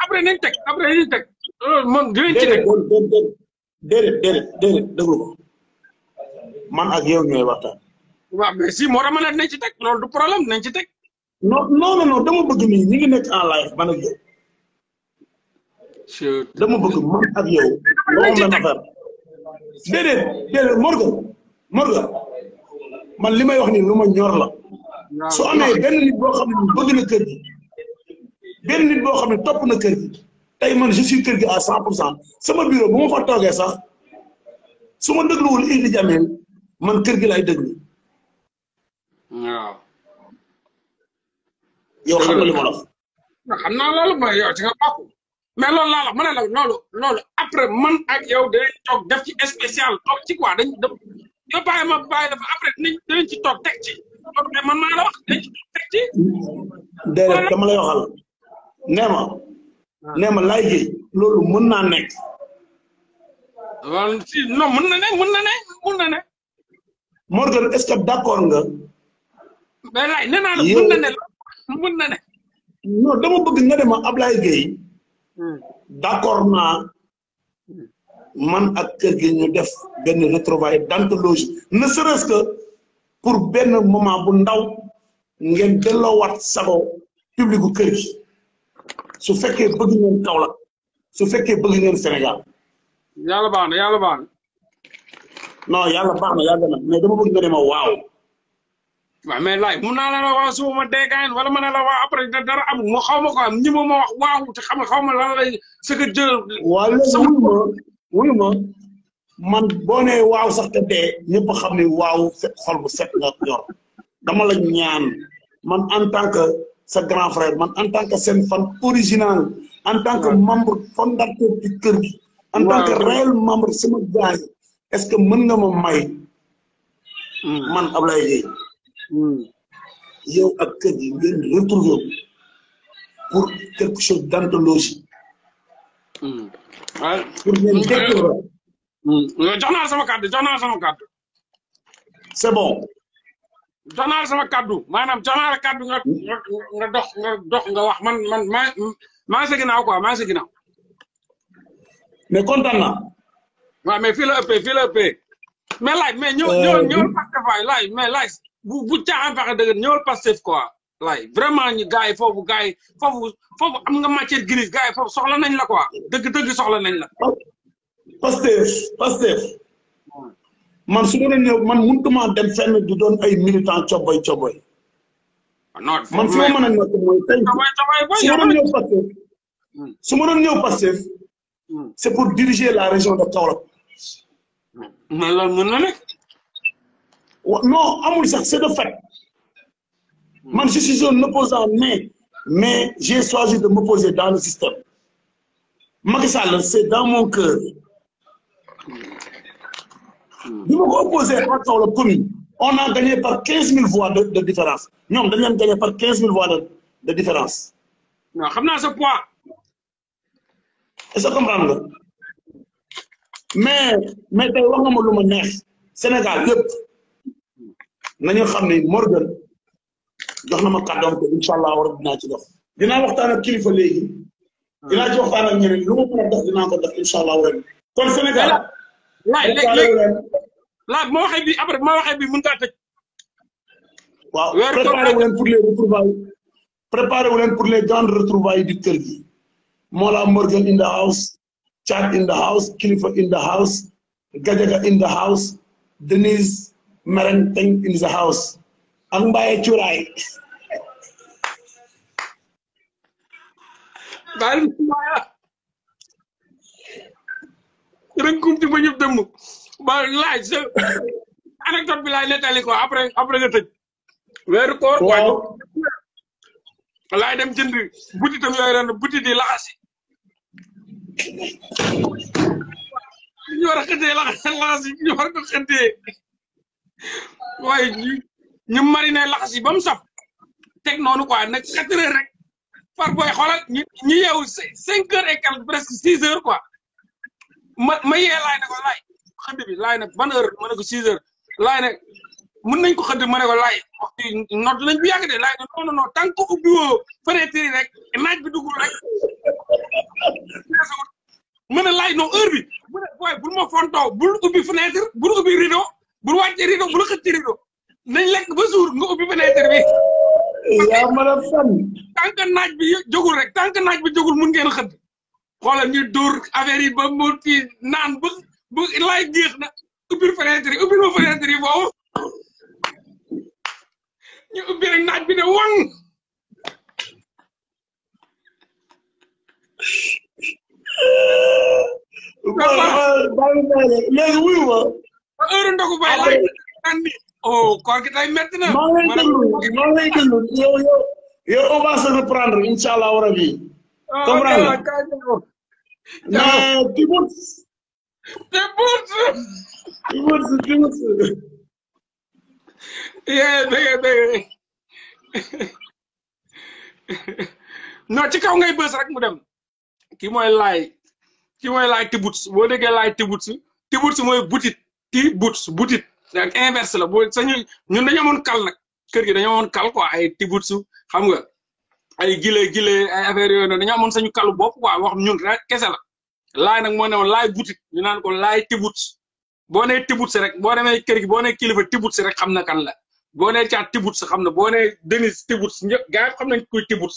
après nañ teg après man ak yow ñooy waxtaan. waaw mais si moo tax ma ne nañ ci teg loolu du problème nañ ci teg. non non dama bëgg nii ñi ngi nekk en live man ak yow. dama bëgg man ak yow. nañ ci man li may wax nii lu ma ñor la. su amee benn nit boo xam ne bëgg na kër gi. benn nit boo xam ne topp na kër gi. tey man je kër gi à cent pour cent sama bureau bu ma fa toogee sax su ma dégluwul Idi Jamil man kër gi lay déglu. waaw. yow xam nga li ma la wax. xam après man ak yow dinañ toog def ci spécial toog ci quoi dañ dem ma bàyyi dafa après dinañ toog teg ci loolu mais man maa la wax ci toog teg ci. déedéet dama lay waxal ah. loolu mën naa nekk. waaw si na ne mën na ne mën na ne. Morgan est-ce que d'accord nga. mais nee naa la mun na ne la mun na ne. dama bëgg nga dem Ablaye Gueye. Hmm. d'accord naa man ak kër gi ñu def benn retrouvaille d'anthologie ne serait que pour benn moment bu ndaw ngeen delloowaat sago publicu kër gi su fekkee bëgg ngeen Kaolack su fekkee bëgg ngeen Sénégal. yàlla baax na yàlla baax na. non yàlla baax na yàlla na mais dama bëgg nga dem waaw. waaw mais laay mun naa la la waa suba ma déggaayoon ma ne la waa après dara amul ma xaw ma ko am ñi ma wax waaw te xam xaw ma lan lay sëg a jël. waaw loolu wuyu ma man boo nee waaw sax te dee ñëpp xam ne waaw xol bu set nga yor dama la ñaan man en tant que sa grand frère man en tant que seen fan original en tant que membre fondateur du kër gi. en tant que réel membre sama gars est-ce que mën na ma may. Hmm. man Ablaye Gueye. Hmm. yow ak kër gi ngeen retrouver pour quelque chose d'anthologie waaw hmm. ah. pour ngeen hmm. sama kàddu jox naa sama kàddu c'est bon jox sama kàddu maanaam jox naa kàddu nga nga dox nga dox nga wax man man ma maa ngi sa ginnaaw quoi maa ngi sa ginnaaw mais kontaan naa waaw mais fii la ëppee fii la ñëw ñëw ñëw parce que laaj mais laaj bu bu caaxaan paxe dëgg ñëwal Pastef quoi lay vraiment ñi gars yi foofu gars yi foofu foofu am nga matière grise gars yi foofu soxla nañ la quoi dëgg dëgg soxla nañ la. Pastef Pastef man su ma nee man mënutuma dem fenn di doon ay militant coboy coboy. Ah, non man fi ma mën a nekk mooy tey su ma ñëw Pastef hmm. su ma doon ñëw Pastef hmm. c'est pour diriger la région de Kaolack. Hmm. mais mën na nekk. non c'est de fait je suis un opposant mais mais j'ai choisi de m'opposer dans le système c'est dans mon cœur me on a gagné par 15 000 voix de différence On on gagné par 15 000 voix de différence. non je est-ce mais mais mais, Sénégal nañu xam ne Morgan jox na ma kàddoom ko incha allah war dinaa ci dox kilifa léegi. dinaa ci waxtaan lu ma mën a dox dinaa ko dox incha allah war Sénégal. ma waxee bi après ma waxee bi mën ngaa tëj. waaw préparé wu leen pour les retrouvailles préparé wu leen pour les grandes retrouvailles gi Mollah Morgun in the house Chad in the house Kilifeu in the house Gajaga in the house Denise. Maran thing in the house. Ang baya curai. Bayan kumaya. Rengkum ti banyak demu. Ba laaj sa anecdote bi laaj tali ko après après nga tej. Wéru ko, ko. Laay dem jënd buti tam yoy ren buti di laasi. ñu war a xëddee la laasi ñu war ko xëddee. waaye ñu ñu mariné laxas yi ba mu teg noonu quoi nag quatre heures rek far booy xoolal ñu ñu yeewu cinq heures et quelques presque six heures quoi ma ma yee laay ne ko laay xëdd bi laay ne ban heure ma ne ko six heures laay ne mën nañ ko xëdd ma ne ko laay waxtu nodd nañ bu yàgg de laay ne non non non tant que ubbi woo naaj bi duggul rek mën a laay non heure bi mu ne booy bul ma fontoo bul ubbi fenêtre bul ubbi rideau bul wàcce rido bul xëcc rido nañ lekk ba suur nga ubbi fenêtre bi. yaa mën a fan. tant que naaj bi jógul rek tant naaj bi jógul mun ngeen xëdd. xoolal ñuy dóor affaire yi ba mu kii naan ba ba laay géex na ubbi fenêtre ubbi ma fenêtre yi ñu ubbi rek naaj bi ne heure ndogu ba oh koor gi tay metti na ma lay yo yo, yo, Yo, yow yow yow on va se reprendre inshallah rabbi comprendre tibuts. Tibours Tibours Tibours yeah dégg dégg non ci ngay bës rek mu dem ki mooy laay ki tibuts laay butit ti boots butit ak inverse la boo sañu ñun dañoo amoon kal nag kër gi dañoo amoon kal quoi ay ti boots xam nga ay gile gile ay affaire yooyu noonu dañoo amoon sañu kalu bopp quoi wax ñun rek kese la laay nag moo ne woon laay butit ñu naan ko laay ti boots boo nee ti boots rek boo demee kër gi boo nee kilifa ti boots rek xam na kan la boo nee caat ti boots xam na boo nee Denis ti boots ñëpp gaa yi xam na kuy ti boots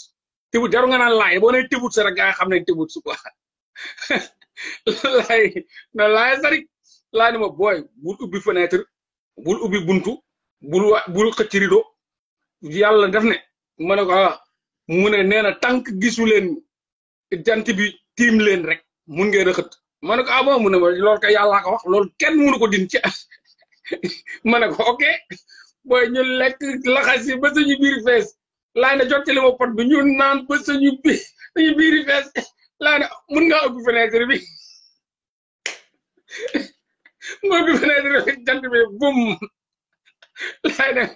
ti boots jaru nga naan laay boo nee ti boots rek gaa yi xam nañ ti boots quoi laay na laay sarik laa ni boy bul ubi fenêtre bul ubi buntu bul bul xëc rido yalla def ne ma ne ko ah mu ne neena tank gisulen jant bi tim len rek mu ngeen xëc xëtt ne ko abo ah bon mu ne ma lool ka yalla ko wax lool kenn mënu ko din ci ma ne ko oké boy ñu lekk laxasi ba suñu biir fess ne pot bi ñu naan ba suñu biir fess ne fenêtre bi mooy bi fenêtre yi jant bi bum laay def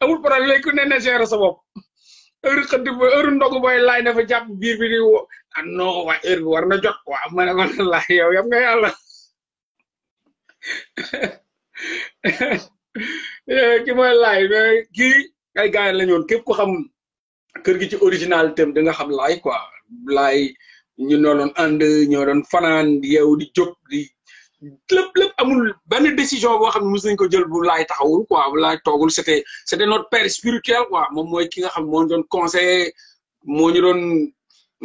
amul problème léegi ku ne na gérer sa bopp heure ở ba heure ndogu booy laay na fa jàpp biir bi di woo ah non waaye heure bi war na jot waaw ma ne ma ne laay yow yam nga yàlla ki mooy cái cái kii ay gars la ñu woon képp ku xam kër gi ci originalité am da nga xam laay quoi laay ñu noo doon ànd ñoo doon đi yow đi. lépp lépp amul benn décision boo xam ne mos nañ ko jël bu laay taxawul quoi bu laay toogul c' était c' était notre père spirituel quoi moom mooy ki nga xam moo ñu doon conseillé moo ñu doon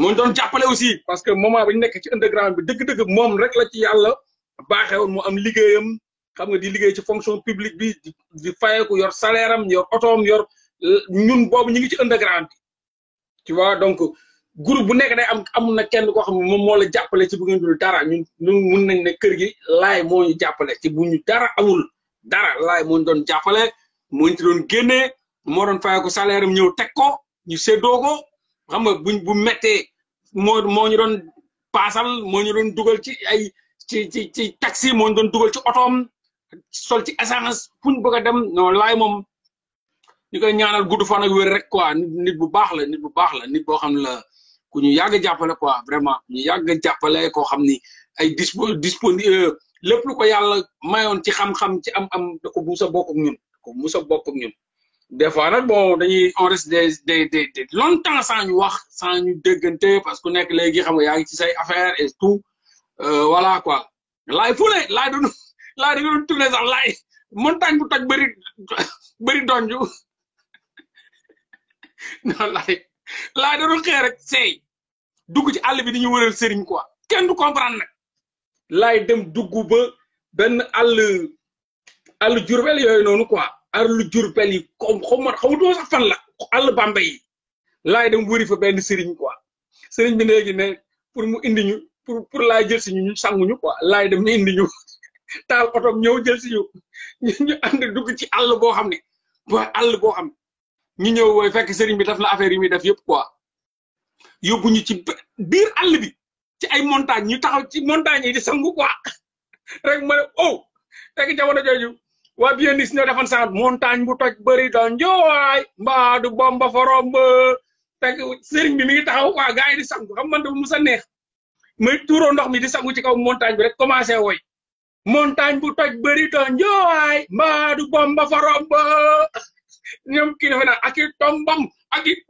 moo doon jàppale aussi parce que moment bi ñu nekk ci underground bi dëgg-dëgg moom rek la ci yàlla baaxee mu am liggéeyam xam nga di liggéey ci fonction publique bi di fayeeku yor salaire am yor otoom yor euh, ñun boobu ñu ngi ci underground bi tu donc. groupe bu nekk day am amul na kenn koo xam ne moom moo la jàppale ci bu ngeen dul dara ñun ñun mun nañ ne kër gi laay moo ñu jàppale ci bu ñu dara amul dara laay moo ñu doon jàppale moo ñu doon génnee moo doon fay ko salaire am ñëw teg ko ñu séddoo ko xam nga buñ bu méttee moo moo ñu doon paasal moo ñu doon dugal ci ay ci ci ci taxi moo doon dugal ci otoom sol ci essence fu ñu bëgg a dem non laay moom ñu koy ñaanal gudd fan ak wér rek quoi nit bu baax la nit bu baax la nit boo xam ne la. ku ñu yàgg jàppale quoi vraiment ñu yàgg jàppale koo xam ni ay dispo disponi euh, lépp lu ko yàlla mayoon ci xam-xam ci am-am da ko musa bokk ak ñun da musa bokk ak ñun des fois nag bon dañuy on reste des des des longtemps sans ñu wax sans ñu parce que nekk léegi xam nga yaa ngi ci say affaire et tout euh, voilà quoi laay fu ne laay doon laay daga doon tourné sax laay bu toj bëri bëri dugg ci àll bi dañuy wëral sëriñ quoi kenn du comprendre nag laay dem dugg ba benn àll àll jurbel yooyu noonu quoi àll jurbel yi xaw ma xawutuma sax fan la àll Bambey yi laay dem wëri fa benn sëriñ quoi sëriñ bi léegi ne pour mu indi ñu pour pour laay jël si ñu ñu sanguñu quoi laay dem ñu indi ñu taal otoom ñëw jël si ñu ñu ànd dugg ci àll boo xam ne bo àll boo xam ne ñu ñëw wooy fekk sëriñ bi daf la affaire yi muy def yëpp quoi yóbbu ñu ci biir àll bi ci ay montagne ñu taxaw ci montagne yi di sangu quoi rek ma ne oh rek jamono jooju waa Bionis ñoo defoon sax montagne bu toj bëri doon joowaay mbaa du bomba forom ba fekk sëriñ bi mi ngi taxaw quoi gars yi di sangu xam man dafa mus a neex may tuuroo ndox mi di sangu ci kaw montagne bi rek commencé woy montagne bu toj bëri doon joowaay mbaa du bomba forom ba ñoom kii dafa naan ak i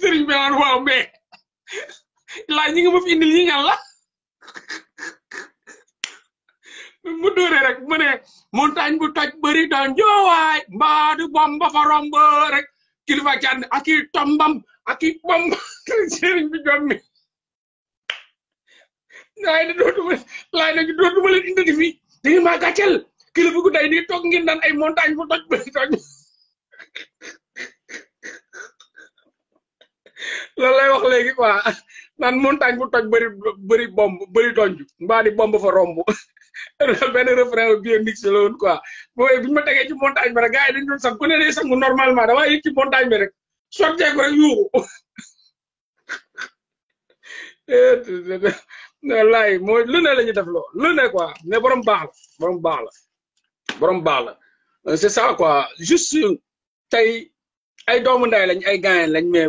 sëriñ bi naan waaw mais laaj ñi nga ma fi indil yi nga la mu dóore ya, rek mu ne ya? montagne bu toj bëri doon joowaay mbaa du bom ba fa romb rek kilifa jànd ak i tombam ak i bom sëriñ bi jommi laay na dootuma laay na dootuma leen indil fii da ngeen maa gàcceel kilifa gu day nii toog ngeen naan ay eh, montagne bu toj bëri toj la lay wax léegi quoi nan montagne bu tok bari bari bomb bari donj mbaa di bomb fa romb ben refrain bien mix la woon quoi boy buñ ma tege ci montagne bi rek gars yi doon sax ku ne day sax normalement da waaye ci montagne bi rek sotteeku rek na lay eh, mooy lu ne lañu def lo lu ne quoi ne borom baax borom baax la borom baax la euh, c'est ça quoi juste tay ay doomu nday lañ ay gaay lañ mais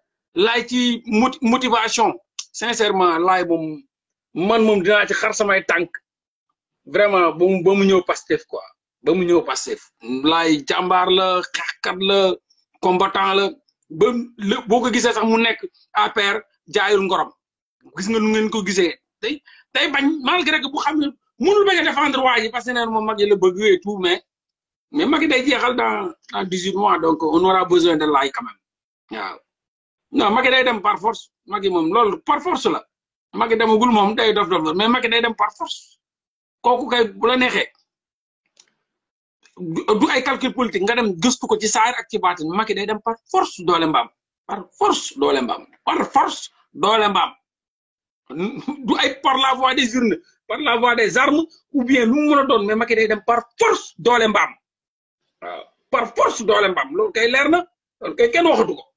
laay ci motivation sincèrement laay moom man moom dinaa ci xar samay tànk vraiment ba mu ba mu ñëw Pastef quoi ba mu ñëw Pastef laay jàmbaar la xeexkat la combattant la ba boo ko gisee sax mu nekk APR jaayul ngorom gis nga nu ngeen ko gisee tey tey bañ malgré que bu xam ne mënul bañ a défendre waa ji parce que nee na moom Macky la bëgg et tout mais mais Macky day jeexal dans dans dix huit mois donc on aura besoin de laay quand même non Macky day dem par force Macky moom loolu par force la Macky demagul moom day dof dof mais Macky day dem par force kooku kay bu la neexee du ay calcul politique nga dem gëstu ko ci saar ak ci baatin Macky day dem par force doole mbaam par force doole mbaam par force doole mbaam du ay par la voie des urnes par la voie des armes ou bien lu mu a doon mais Macky day dem par force doole mbaam waaw par force doole mbaam loolu kay leer na loolu kay kenn waxatu ko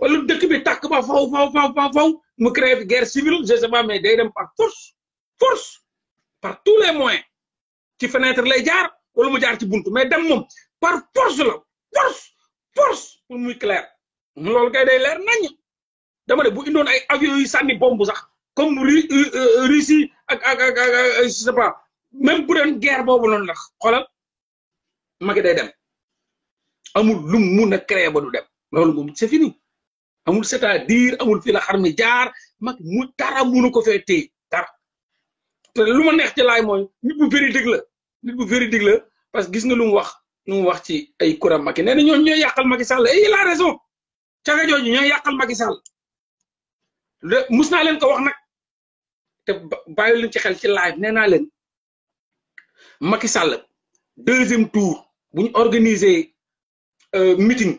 wala dëkk bi tàkk ba faw faw faw faw faw mu créé guerre civile je sais pas mais day dem par force force par tous les moyens ci fenêtre lay jaar wala mu jaar ci buntu mais dem moom par force la force force pour muy clair mu loolu kay day leer nañ dama ne bu indoon ay avion yu sànni bombe sax comme Russie ak ak ak ak je sais pas même bu doon guerre boobu noonu la xoolal magi day dem amul lum mun a créé ba du dem loolu moom c'est fini amul c'est-à-dire amul fi la xar mi jaar mag mu dara munu ko fee téye te lu ma neex ci laay mooy nit bu véridique la ni bu véridique la parce que gis nga lu mu wax lu wax ci ay kuram Macky nee na ñoom ñooy yàqal Macky Sall et eh, il a raison caga jooju ñooy yàqal Macky Sall de mus naa leen ko wax nag te bàyyi ci xel ci live nee naa leen Macky Sall deuxième tour bu ñu organiser euh, meeting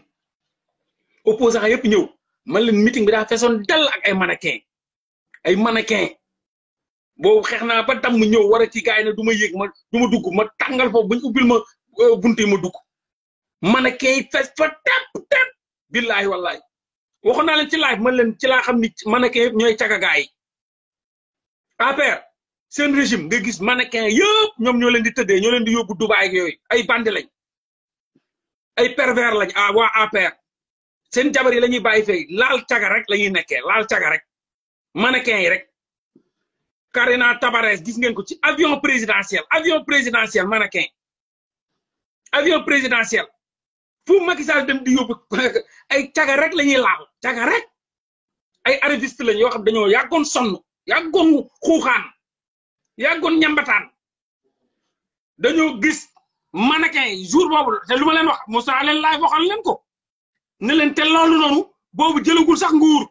opposant yëpp ñëw. man leen meeting bi daa feesoon dell ak ay mannequin ay mannequin bo xeex naa ba damm ñëw wara a ci gaay na du ma yéeg ma du ma dugg ma tàngal foofu bañ ubbil ma euh, bunte ma dugg mannequin yi fees fa tepp tepp billaahi wallaahi waxoon naa leen ci live man leen ci laa xam ni mannequin ñooy caga yi APR seen régime nga gis mannequin yëpp ñoom ñoo leen di tëddee ñoo leen di yóbbu Dubaay ak yooyu ay bandi lañ ay pervers lañ ah waa APR seen jabar yi la ñuy bàyyi fee laal caga rek la nekkee laal caga rek mannequin yi rek Karina Tabarès gis ngeen ko ci avion présidentiel avion présidentiel mannequin avion présidentiel fu Macky dem di yóbbu ay caga rek la ñuy laal caga rek ay arriviste lañu yoo xam dañoo yàggoon sonn yàggoon xuuxaan yàggoon ñambataan dañoo gis mannequin yi jour boobu te lu ma leen wax mosaa leen laay waxal leen ko ne len te lolou noonu bobu jëlagul sax nguur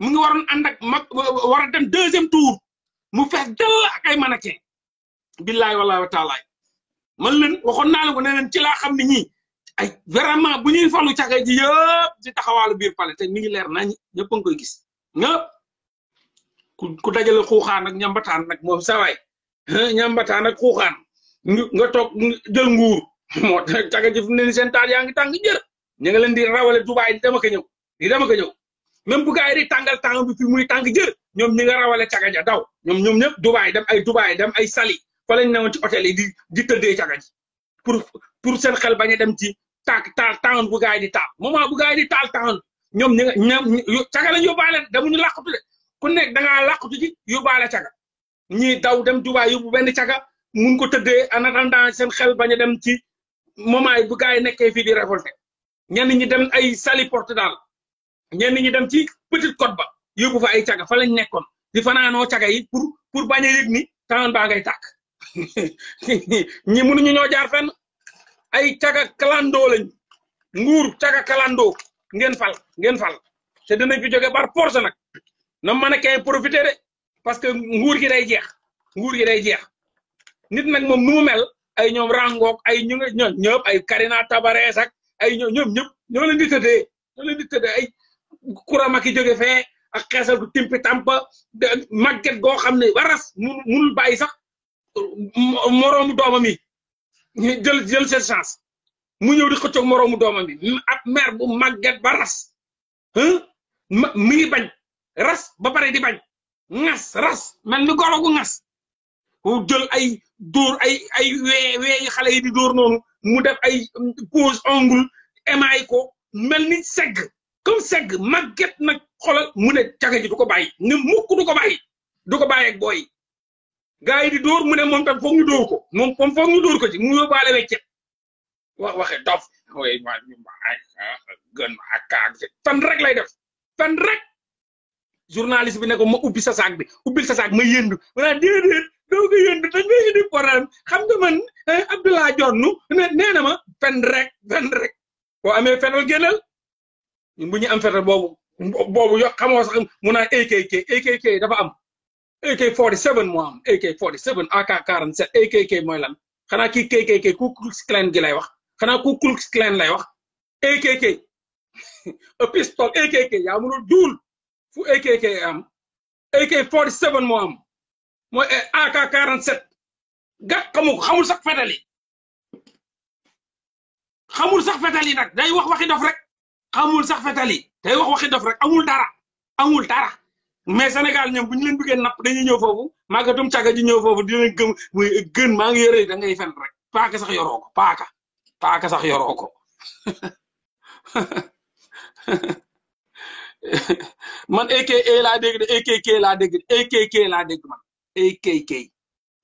mu ngi waroon ànd ak mag war dem deuxième tour mu fess del ak ay manaké billahi wallahi wa ta'ala man len waxon na la ko ne ci la xam ni ñi ay vraiment bu ñuy falu cagay ji yëpp ci taxawalu bir palais té mi ngi leer nañ ñepp a ngi koy gis ñëpp ku dajale xuuxaan ak ñambataan mo sa way ñambataan ak xuuxaan nga tok jël nguur mo taal yaangi tang ñu ngi leen di rawale Dubaay di dem ak ñëw di dem ak a ñëw même bu gaay di tàngal tàng bi fii muy tàng jër ñu ñi nga rawale caga ja daw ñoom ñoom ñëpp Dubaay dem ay Dubaay dem ay Saly fa lañ newoon ci hôtel yi di di tëddee caga pour pour seen xel bañ dem ci tànk taal tàng bu gaay di taal moment bu gaay di taal tàng ñoom ñi nga ñoom caga lañ yóbbaale demuñu làqatu de ku nekk dangaa làqatu ji baale caga ñii daw dem Dubaay yóbbu benn caga mun ko tëddee en attendant seen xel bañ a dem ci moment yi bu nekkee fii di révolté ñenn ñi dem ay Saly Portudal ñenn ñi dem ci Petite Côte ba yóbbu fa ay caga fa lañ nekkoon di fanaanoo caga yi pour pour bañ a yëg ni taan baa ngay tàkk ñi mënuñu ñoo jaar fenn ay caga kalandoo lañ nguur caga kalandoo ngeen fal ngeen fal te dinañ fi jóge par force nag na mën a kay profité de parce que nguur gi day jeex nguur gi day jeex nit nag moom nu mel ay ñoom rangook ay ñu nga ñëpp ay Karina Tabarès ak ay ñoom ñëpp ñoo leen di tëddee ñoo leen di tëddee ay kura maki jóge fee ak xeesal gu timpi tampa màgget goo xam ne waras munul bàyyi sax moroomu doomam yi jël jël seen chance mu ñëw di xëccoog moroomu doomam yi ab mer bu màgget ba ras mi ngi bañ ras ba pare di bañ ngas ras man ni goro gu ngas jël ay dóor ay ay wee wee xale yi di dóor noonu mu def ay um, pose ongle émaillé ko mel ni segg comme segg màgget nag xoolal mu ne caga ji du ko bàyyi ne mukk du ko bàyyi du ko bàyyeeg booy gars yi di door mu ne moom tam foog ñu dóor ko moom moom foog ñu dóor ko ci mu yóbbaale weccet wax waxe dof way ma ah, gën rek lay def fan rek journaliste bi ne ko ma ubbi sa saag bi ubbil sa saag ma yëndu ma naan donc yéen dañ may indi xam nga man Abdoulaye Jonn jot na ma fen rek fen rek boo amee fenal génnal bu ñu am fetal boobu boobu yo xam sax mu naan AKK dafa am AK 47 moo am AK 47 AK 47 AKK mooy lan xanaa ki KKK ku Klux Klan gi lay wax xanaa ku Klux Klan lay wax AKK a pistol AKK yaa mënul duul fu AKK am AK 47 moo am mooy AK 47 gàtt xamu xamul sax fetal yi xamul sax fetal yi nag day wax waxi dof rek xamul sax fetal yi day wax waxi dof rek amul dara amul dara mais Sénégal ñoom bu ñu leen bëggee napp dañuy ñëw foofu màggatum càgga ji ñëw foofu di leen gëm muy gën maa ngi yore da ngay fen rek paaka sax yoroo ko paaka paaka sax yoroo ko man EKE laa dégg de EKE laa dégg de EKE laa dégg man. AKK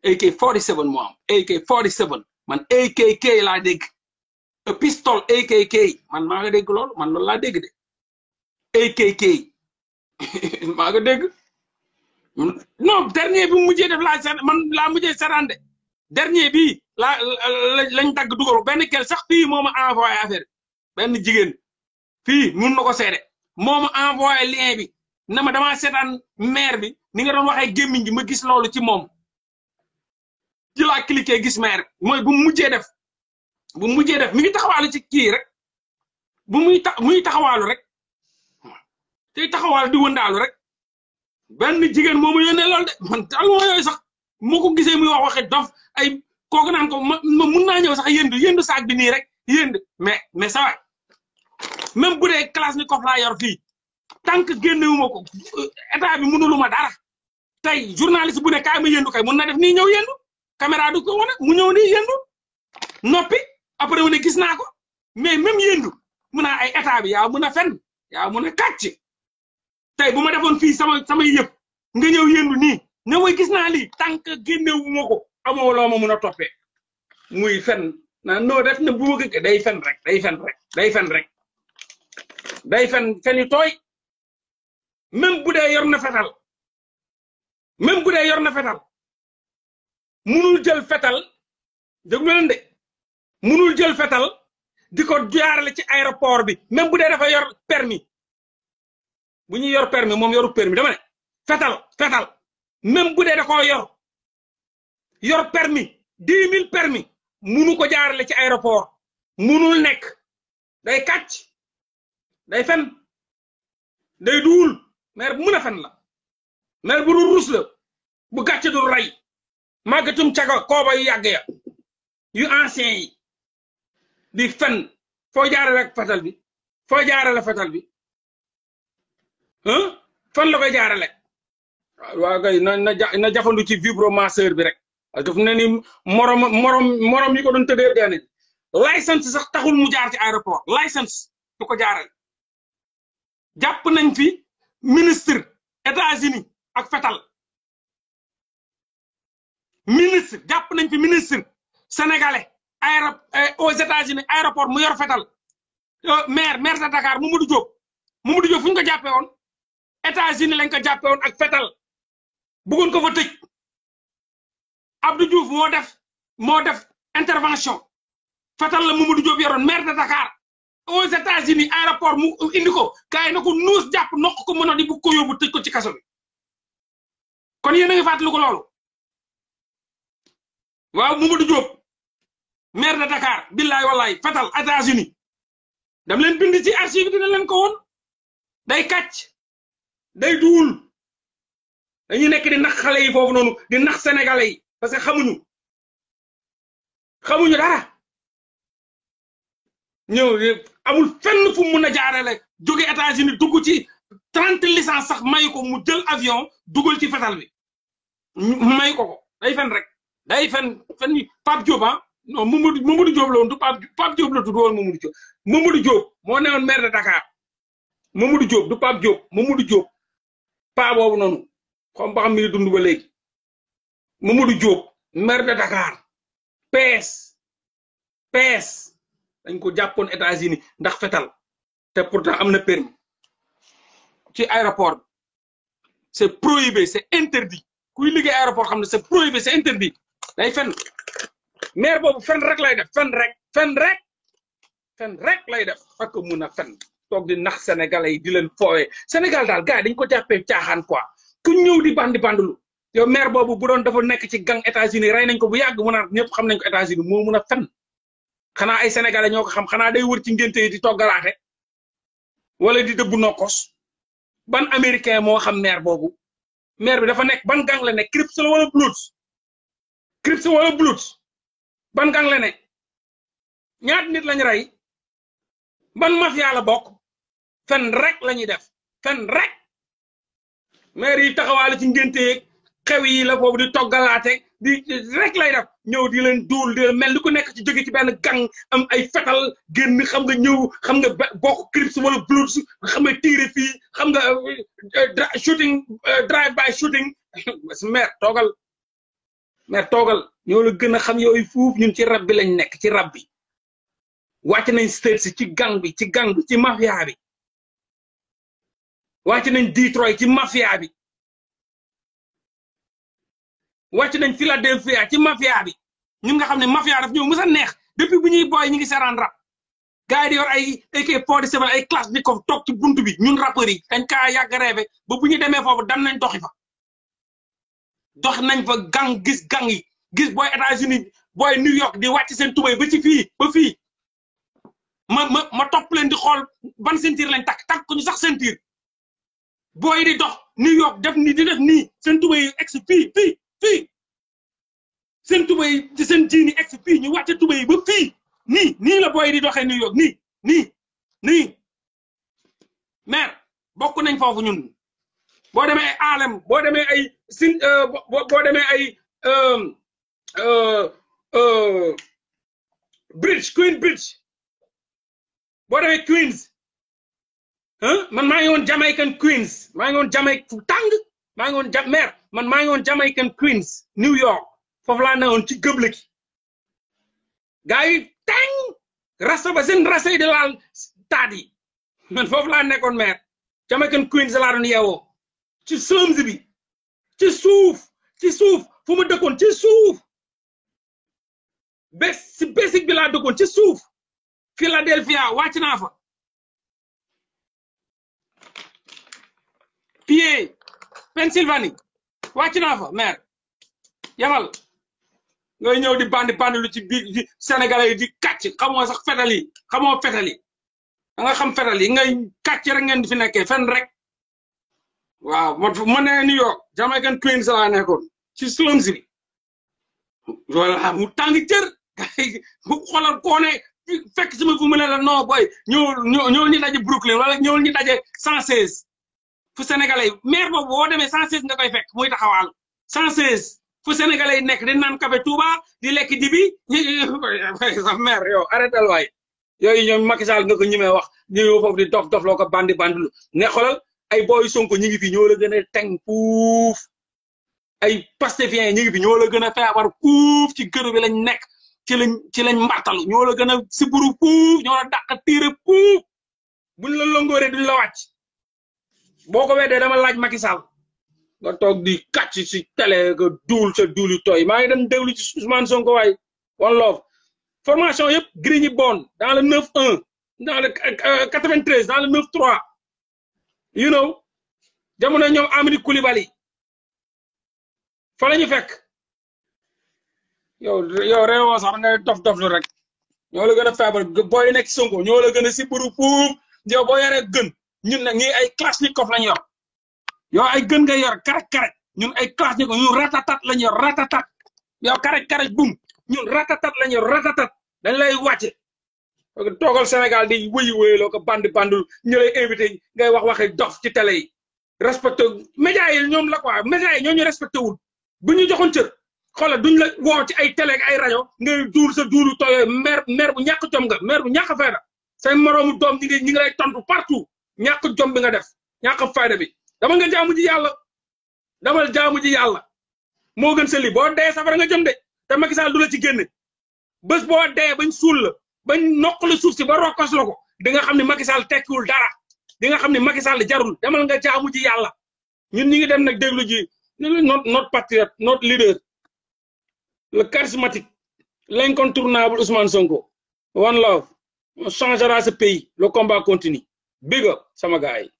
AK 47 moo am AK 47 man AKK laa dégg a pistol AKK man maa nga dégg loolu man loolu laa dégg de AKK maa nga dégg non dernier bi mujjee def laa man la mujjee sarande dernier bi laa lañ dagg dugal benn kel sax fii moo ma envoyé affaire benn jigéen fii mun na ko seede moo lien bi na ma damaa seetaan bi ni nga doon waxee gémmiñ gi ma gis lolu ci mom ci la cliqué gis meer moy bu mujjé def bu mujjé def mi ngi taxawaalu ci ki rek bu muy tax muy taxawaalu rek tey taxawal di wëndaalu rek ben jigen momu yónnee lol de man mo yoy sax moko gisee muy wax waxe dof ay koku nan ko ma mën na ñew sax yënd yënd saag bi ni rek yënd mais mais ça même bu classe ni ko fla yor fi tank que ko état bi mënuluma dara tey journaliste bu ne kaay ma yëndu kay mun na def nii ñëw yëndu caméra du ko wane mu ñëw nii yëndu noppi après mu ne gis naa ko mais même yëndu mun naa ay état bi mun a fen yaa mun a kàcc tey bu ma defoon fi sama samay yëpp nga ñëw yëndu nii ñëw mooy gis naa lii tant que génnewu ma ko amoo loo ma mun a toppee muy fen na noo def na bu ma gëgg day fen rek day fen rek day fen rek day fen yu tooy bu dee yor na fetal même bu dee yor na fetal munul jël fetal dégg nga leen munul jël fetal di ko jaarale ci aéroport bi même bu dee dafa yor permi bu ñuy yor permis moom yoru permis dama ne fetal fetal même bu dee da koo yor yor permis dix mille permis munu ko jaarale ci aéroport munul nekk day kàcc day fen day duul mais mun a fen la mer bu dul rus la bu gàcce dul rey màggatum caga yu yàgg ya yu ancien yi di fen foo jaarale ak bi foo jaarale fetal bi fan la koy jaarale waaw na na jafandu ci vibromasseur bi rek parce que fu ne morom morom yi ko doon tëddee dee nañ licence sax taxul mu jaar ci aéroport licence du ko jaarale jàpp nañ fi ministre États-Unis ak fetal ministre jàpp nañ fi ministre sénégalais aéro eh, aux États-Unis aéroport mu yor fetal euh, maire maire de Dakar Mamadou Diop Mamadou Diop fu ñu ko jàppee woon États-Unis lañ ko jàppee woon ak fetal bëggoon ko fa tëj Abdou Diouf moo def moo def intervention fetal la Mamadou Diop yoroon maire de Dakar aux États-Unis aéroport mu indi ko kaay na ko nuus jàpp ko mën a di bu ko yóbbu tëj ko ci kaso bi kon yéen a ngi fàttaliku loolu waaw Mamadou Diop maire na Dakar billaay wallaay fatal États-Unis dam leen bind ci archive na leen ko woon day kàcc day duwul dañuy nekk di nax xale yi foofu noonu di nax sénégalais yi parce que xamuñu xamuñu dara ñëw amul fenn fu mu mun a jaarale jóge États-Unis dugg ci trente licence sax mayu ko mu jël avion dugal ci fetal bi may ko ko day fen rek day fen fen Pape Diop ah non Mamadou Mamadou Diop la woon du Pape Pape Diop la tudd woon Mamadou Diop Mamadou Diop moo newoon maire de Dakar Mamadou Diop du Pape Diop Mamadou Diop paa boobu noonu xam ba xam mi ngi dund ba léegi Mamadou Diop maire de Dakar PS PS dañ ko jàppoon États-Unis ndax fetal te pourtant am na permis ci aéroport c'est prohibé c'est interdit kuy liggéey aéroport xam ne c'est prohibé c'est interdit day fen mair boobu fen rek lay def fen rek fen rek fen rek lay def fakk mun a fen toog di nax sénégalais yi di leen foowee sénégal daal gars yi dañ ko jàppee caaxaan quoi ku ñëw di bandi bandulu yow maire boobu bu doon dafa nekk ci gang états-unis rek nañ ko bu yàgg mu naan ñëpp xam nañ ko états-unis moo mun a fen xanaa ay sénégalais ñoo ko xam xanaa day wër ci ngénte yi di toggalaate wala di dëbbu nokkos ban américain moo xam maire boobu maire bi dafa nekk ban gang la ne Crips la wala Bloods ban gang la ne ñaata nit lañ ray ban mafia la bokk fen rek la ñuy def fen rek maire yi taxawaale ci ngénte yeeg xew yi la foofu di toggalaate di rek lay def ñëw di leen dóor di leen mel ni ku nekk ci jóge ci benn gang am ay fetal génn xam nga ñëw xam nga bokk crips wala bloods xam nga tiire fii xam nga euh, shooting euh, drive by shooting maire toogal maire toogal ñoo la gën a xam yooyu fuuf ñun ci rab bi lañ nekk ci rab bi wàcc nañ state si ci gang bi ci gang bi ci mafia bi wàcc nañ Detroit ci mafia bi wàcc nañ Philadelphia ci mafia bi ñun nga xam ne mafia daf ñëw mës a neex depuis bu ñuy booy ñu ngi seeraan rap gars yi di yor ay AK forty seven ay classe ni ko toog ci buntu bi ñun rappeurs yi dañ kaa yàgg reebe ba bu ñu demee foofu dam nañ doxi fa dox nañ fa gang gis gang yi gis booy États-Unis booy New York di wàcc seen tubay ba ci fii ba fi ma ma ma topp leen di xool ban ceinture lañ takk takk ko sax ceinture booy di dox New York def nii di def nii seen tubay yi ex fii fii fii seen tubay ci seen jiini ex fii ñu wàcce tubay ba fii ni nii la booy di doxee New York nii nii nii maire bokk nañ foofu ñun boo demee Harlem boo demee ay sin euh, boo demee ay euh, euh, bridge Queen bridge boo demee Queens man maa ngi woon Jamaican Queens maa ngi woon Jamaïque fu tàng maa ngi woon ja man maa ngi woon Jamaican Queens New York foofu laa newoon ci gëble gi gars yi ba seen rasta yi laal taat yi man foofu laa nekkoon maire Jamaican Queens laa doon yeewoo ci sëms ci suuf ci suuf fu ma dëkkoon ci suuf bés si basic bi laa ci suuf Philadelphia wàcc naa fa wàcc naa fa maire yamal ngay ñëw di bandi bandi lu ci biir di sénégalais yi di kàcc xamoo sax fetal yi xamoo fetal yi nga xam fetal yi ngay kàcc rek ngeen di fi nekkee fen rek waaw man ma nee New York Jamaican Queens laa nekkoon ci slums bi voilà mu tàng jër mu xoolal koo ne fekk sama fu mu ne la non booy ñëw ñëw ñi daje Brooklyn wala ñëw ñi daje 116 fu sénégalais yi maire boobu boo demee 116 nga koy fekk muy taxawaal 116 fu sénégalais yi nekk di naan kafe Touba di lekk dibi sax maire yow arrêté waay yooyu ñoom Macky Sall nga ko ñemee wax ñu foofu di dof dof loo ko bandi bandi lu ne xoolal ay booy Sonko ñi ngi fi ñoo la gën a teng puuf ay pastefiens ñi ngi fi ñoo la gën a feebar puuf ci gëru bi lañ nekk ci lañ ci lañ mbartalu ñoo la gën a siburu puuf ñoo la dàq tiire puuf buñ la longooree duñ la wàcc boo ko weddee dama laaj Macky Sall nga toog di kàcc si télé nga duul sa duul yu tooy maa ngi dem déglu ci Ousmane Sonko waay one love formation yëpp Grigny Bonne dans le 9-1 dans le 93 euh, euh, dans a 9-3 you know jamono ñoom Amady Koulibaly fa la ñu fekk yow yow réewoo sax nga dof dof rek ñoo la gën a feebar booy nekk Sonko ñoo la gën a si buru fuuf yow boo yaree gën ñun na ñii ay Kalachnikov lañ yor yo ay gën nga yor karaj karaj ñun ay Kalachnikov ñun ratatat lañ yor ratatat yow karaj karaj bum ñun ratatat lañ yor ratatat dañ lay wàcce toogal Sénégal di wëyi wëyaloo ko band bandul ñu lay invité ngay wax waxi dof ci télé yi respecté média yi ñoom la wa média yi ñoo ñu respecté wul bu ñu joxoon cër xoolal duñ la woo ci ay télé ay rajo ngay duur sa duuru tooyoo mer mer bu ñàkk jom nga mer bu ñàkk fayda say moroomu doom ñi ngi ñi ngi lay ñak jom bi nga def ñak fayda bi dama nga jaamu ji yalla damal jaamu ji yalla mo gën sa li bo dé safara nga jëm dé té Macky Sall dula ci génné bés bo dé bañ sul bañ noq suuf ci ba rokkos lako di nga xamni Macky Sall dara di nga xamni Macky Sall jarul demal nga jaamu ji yalla ñun ñi ngi dem nak déglu ji not not patriote not leader le charismatique l'incontournable Ousmane Sonko one love on changera ce pays le combat continue big up sama guy.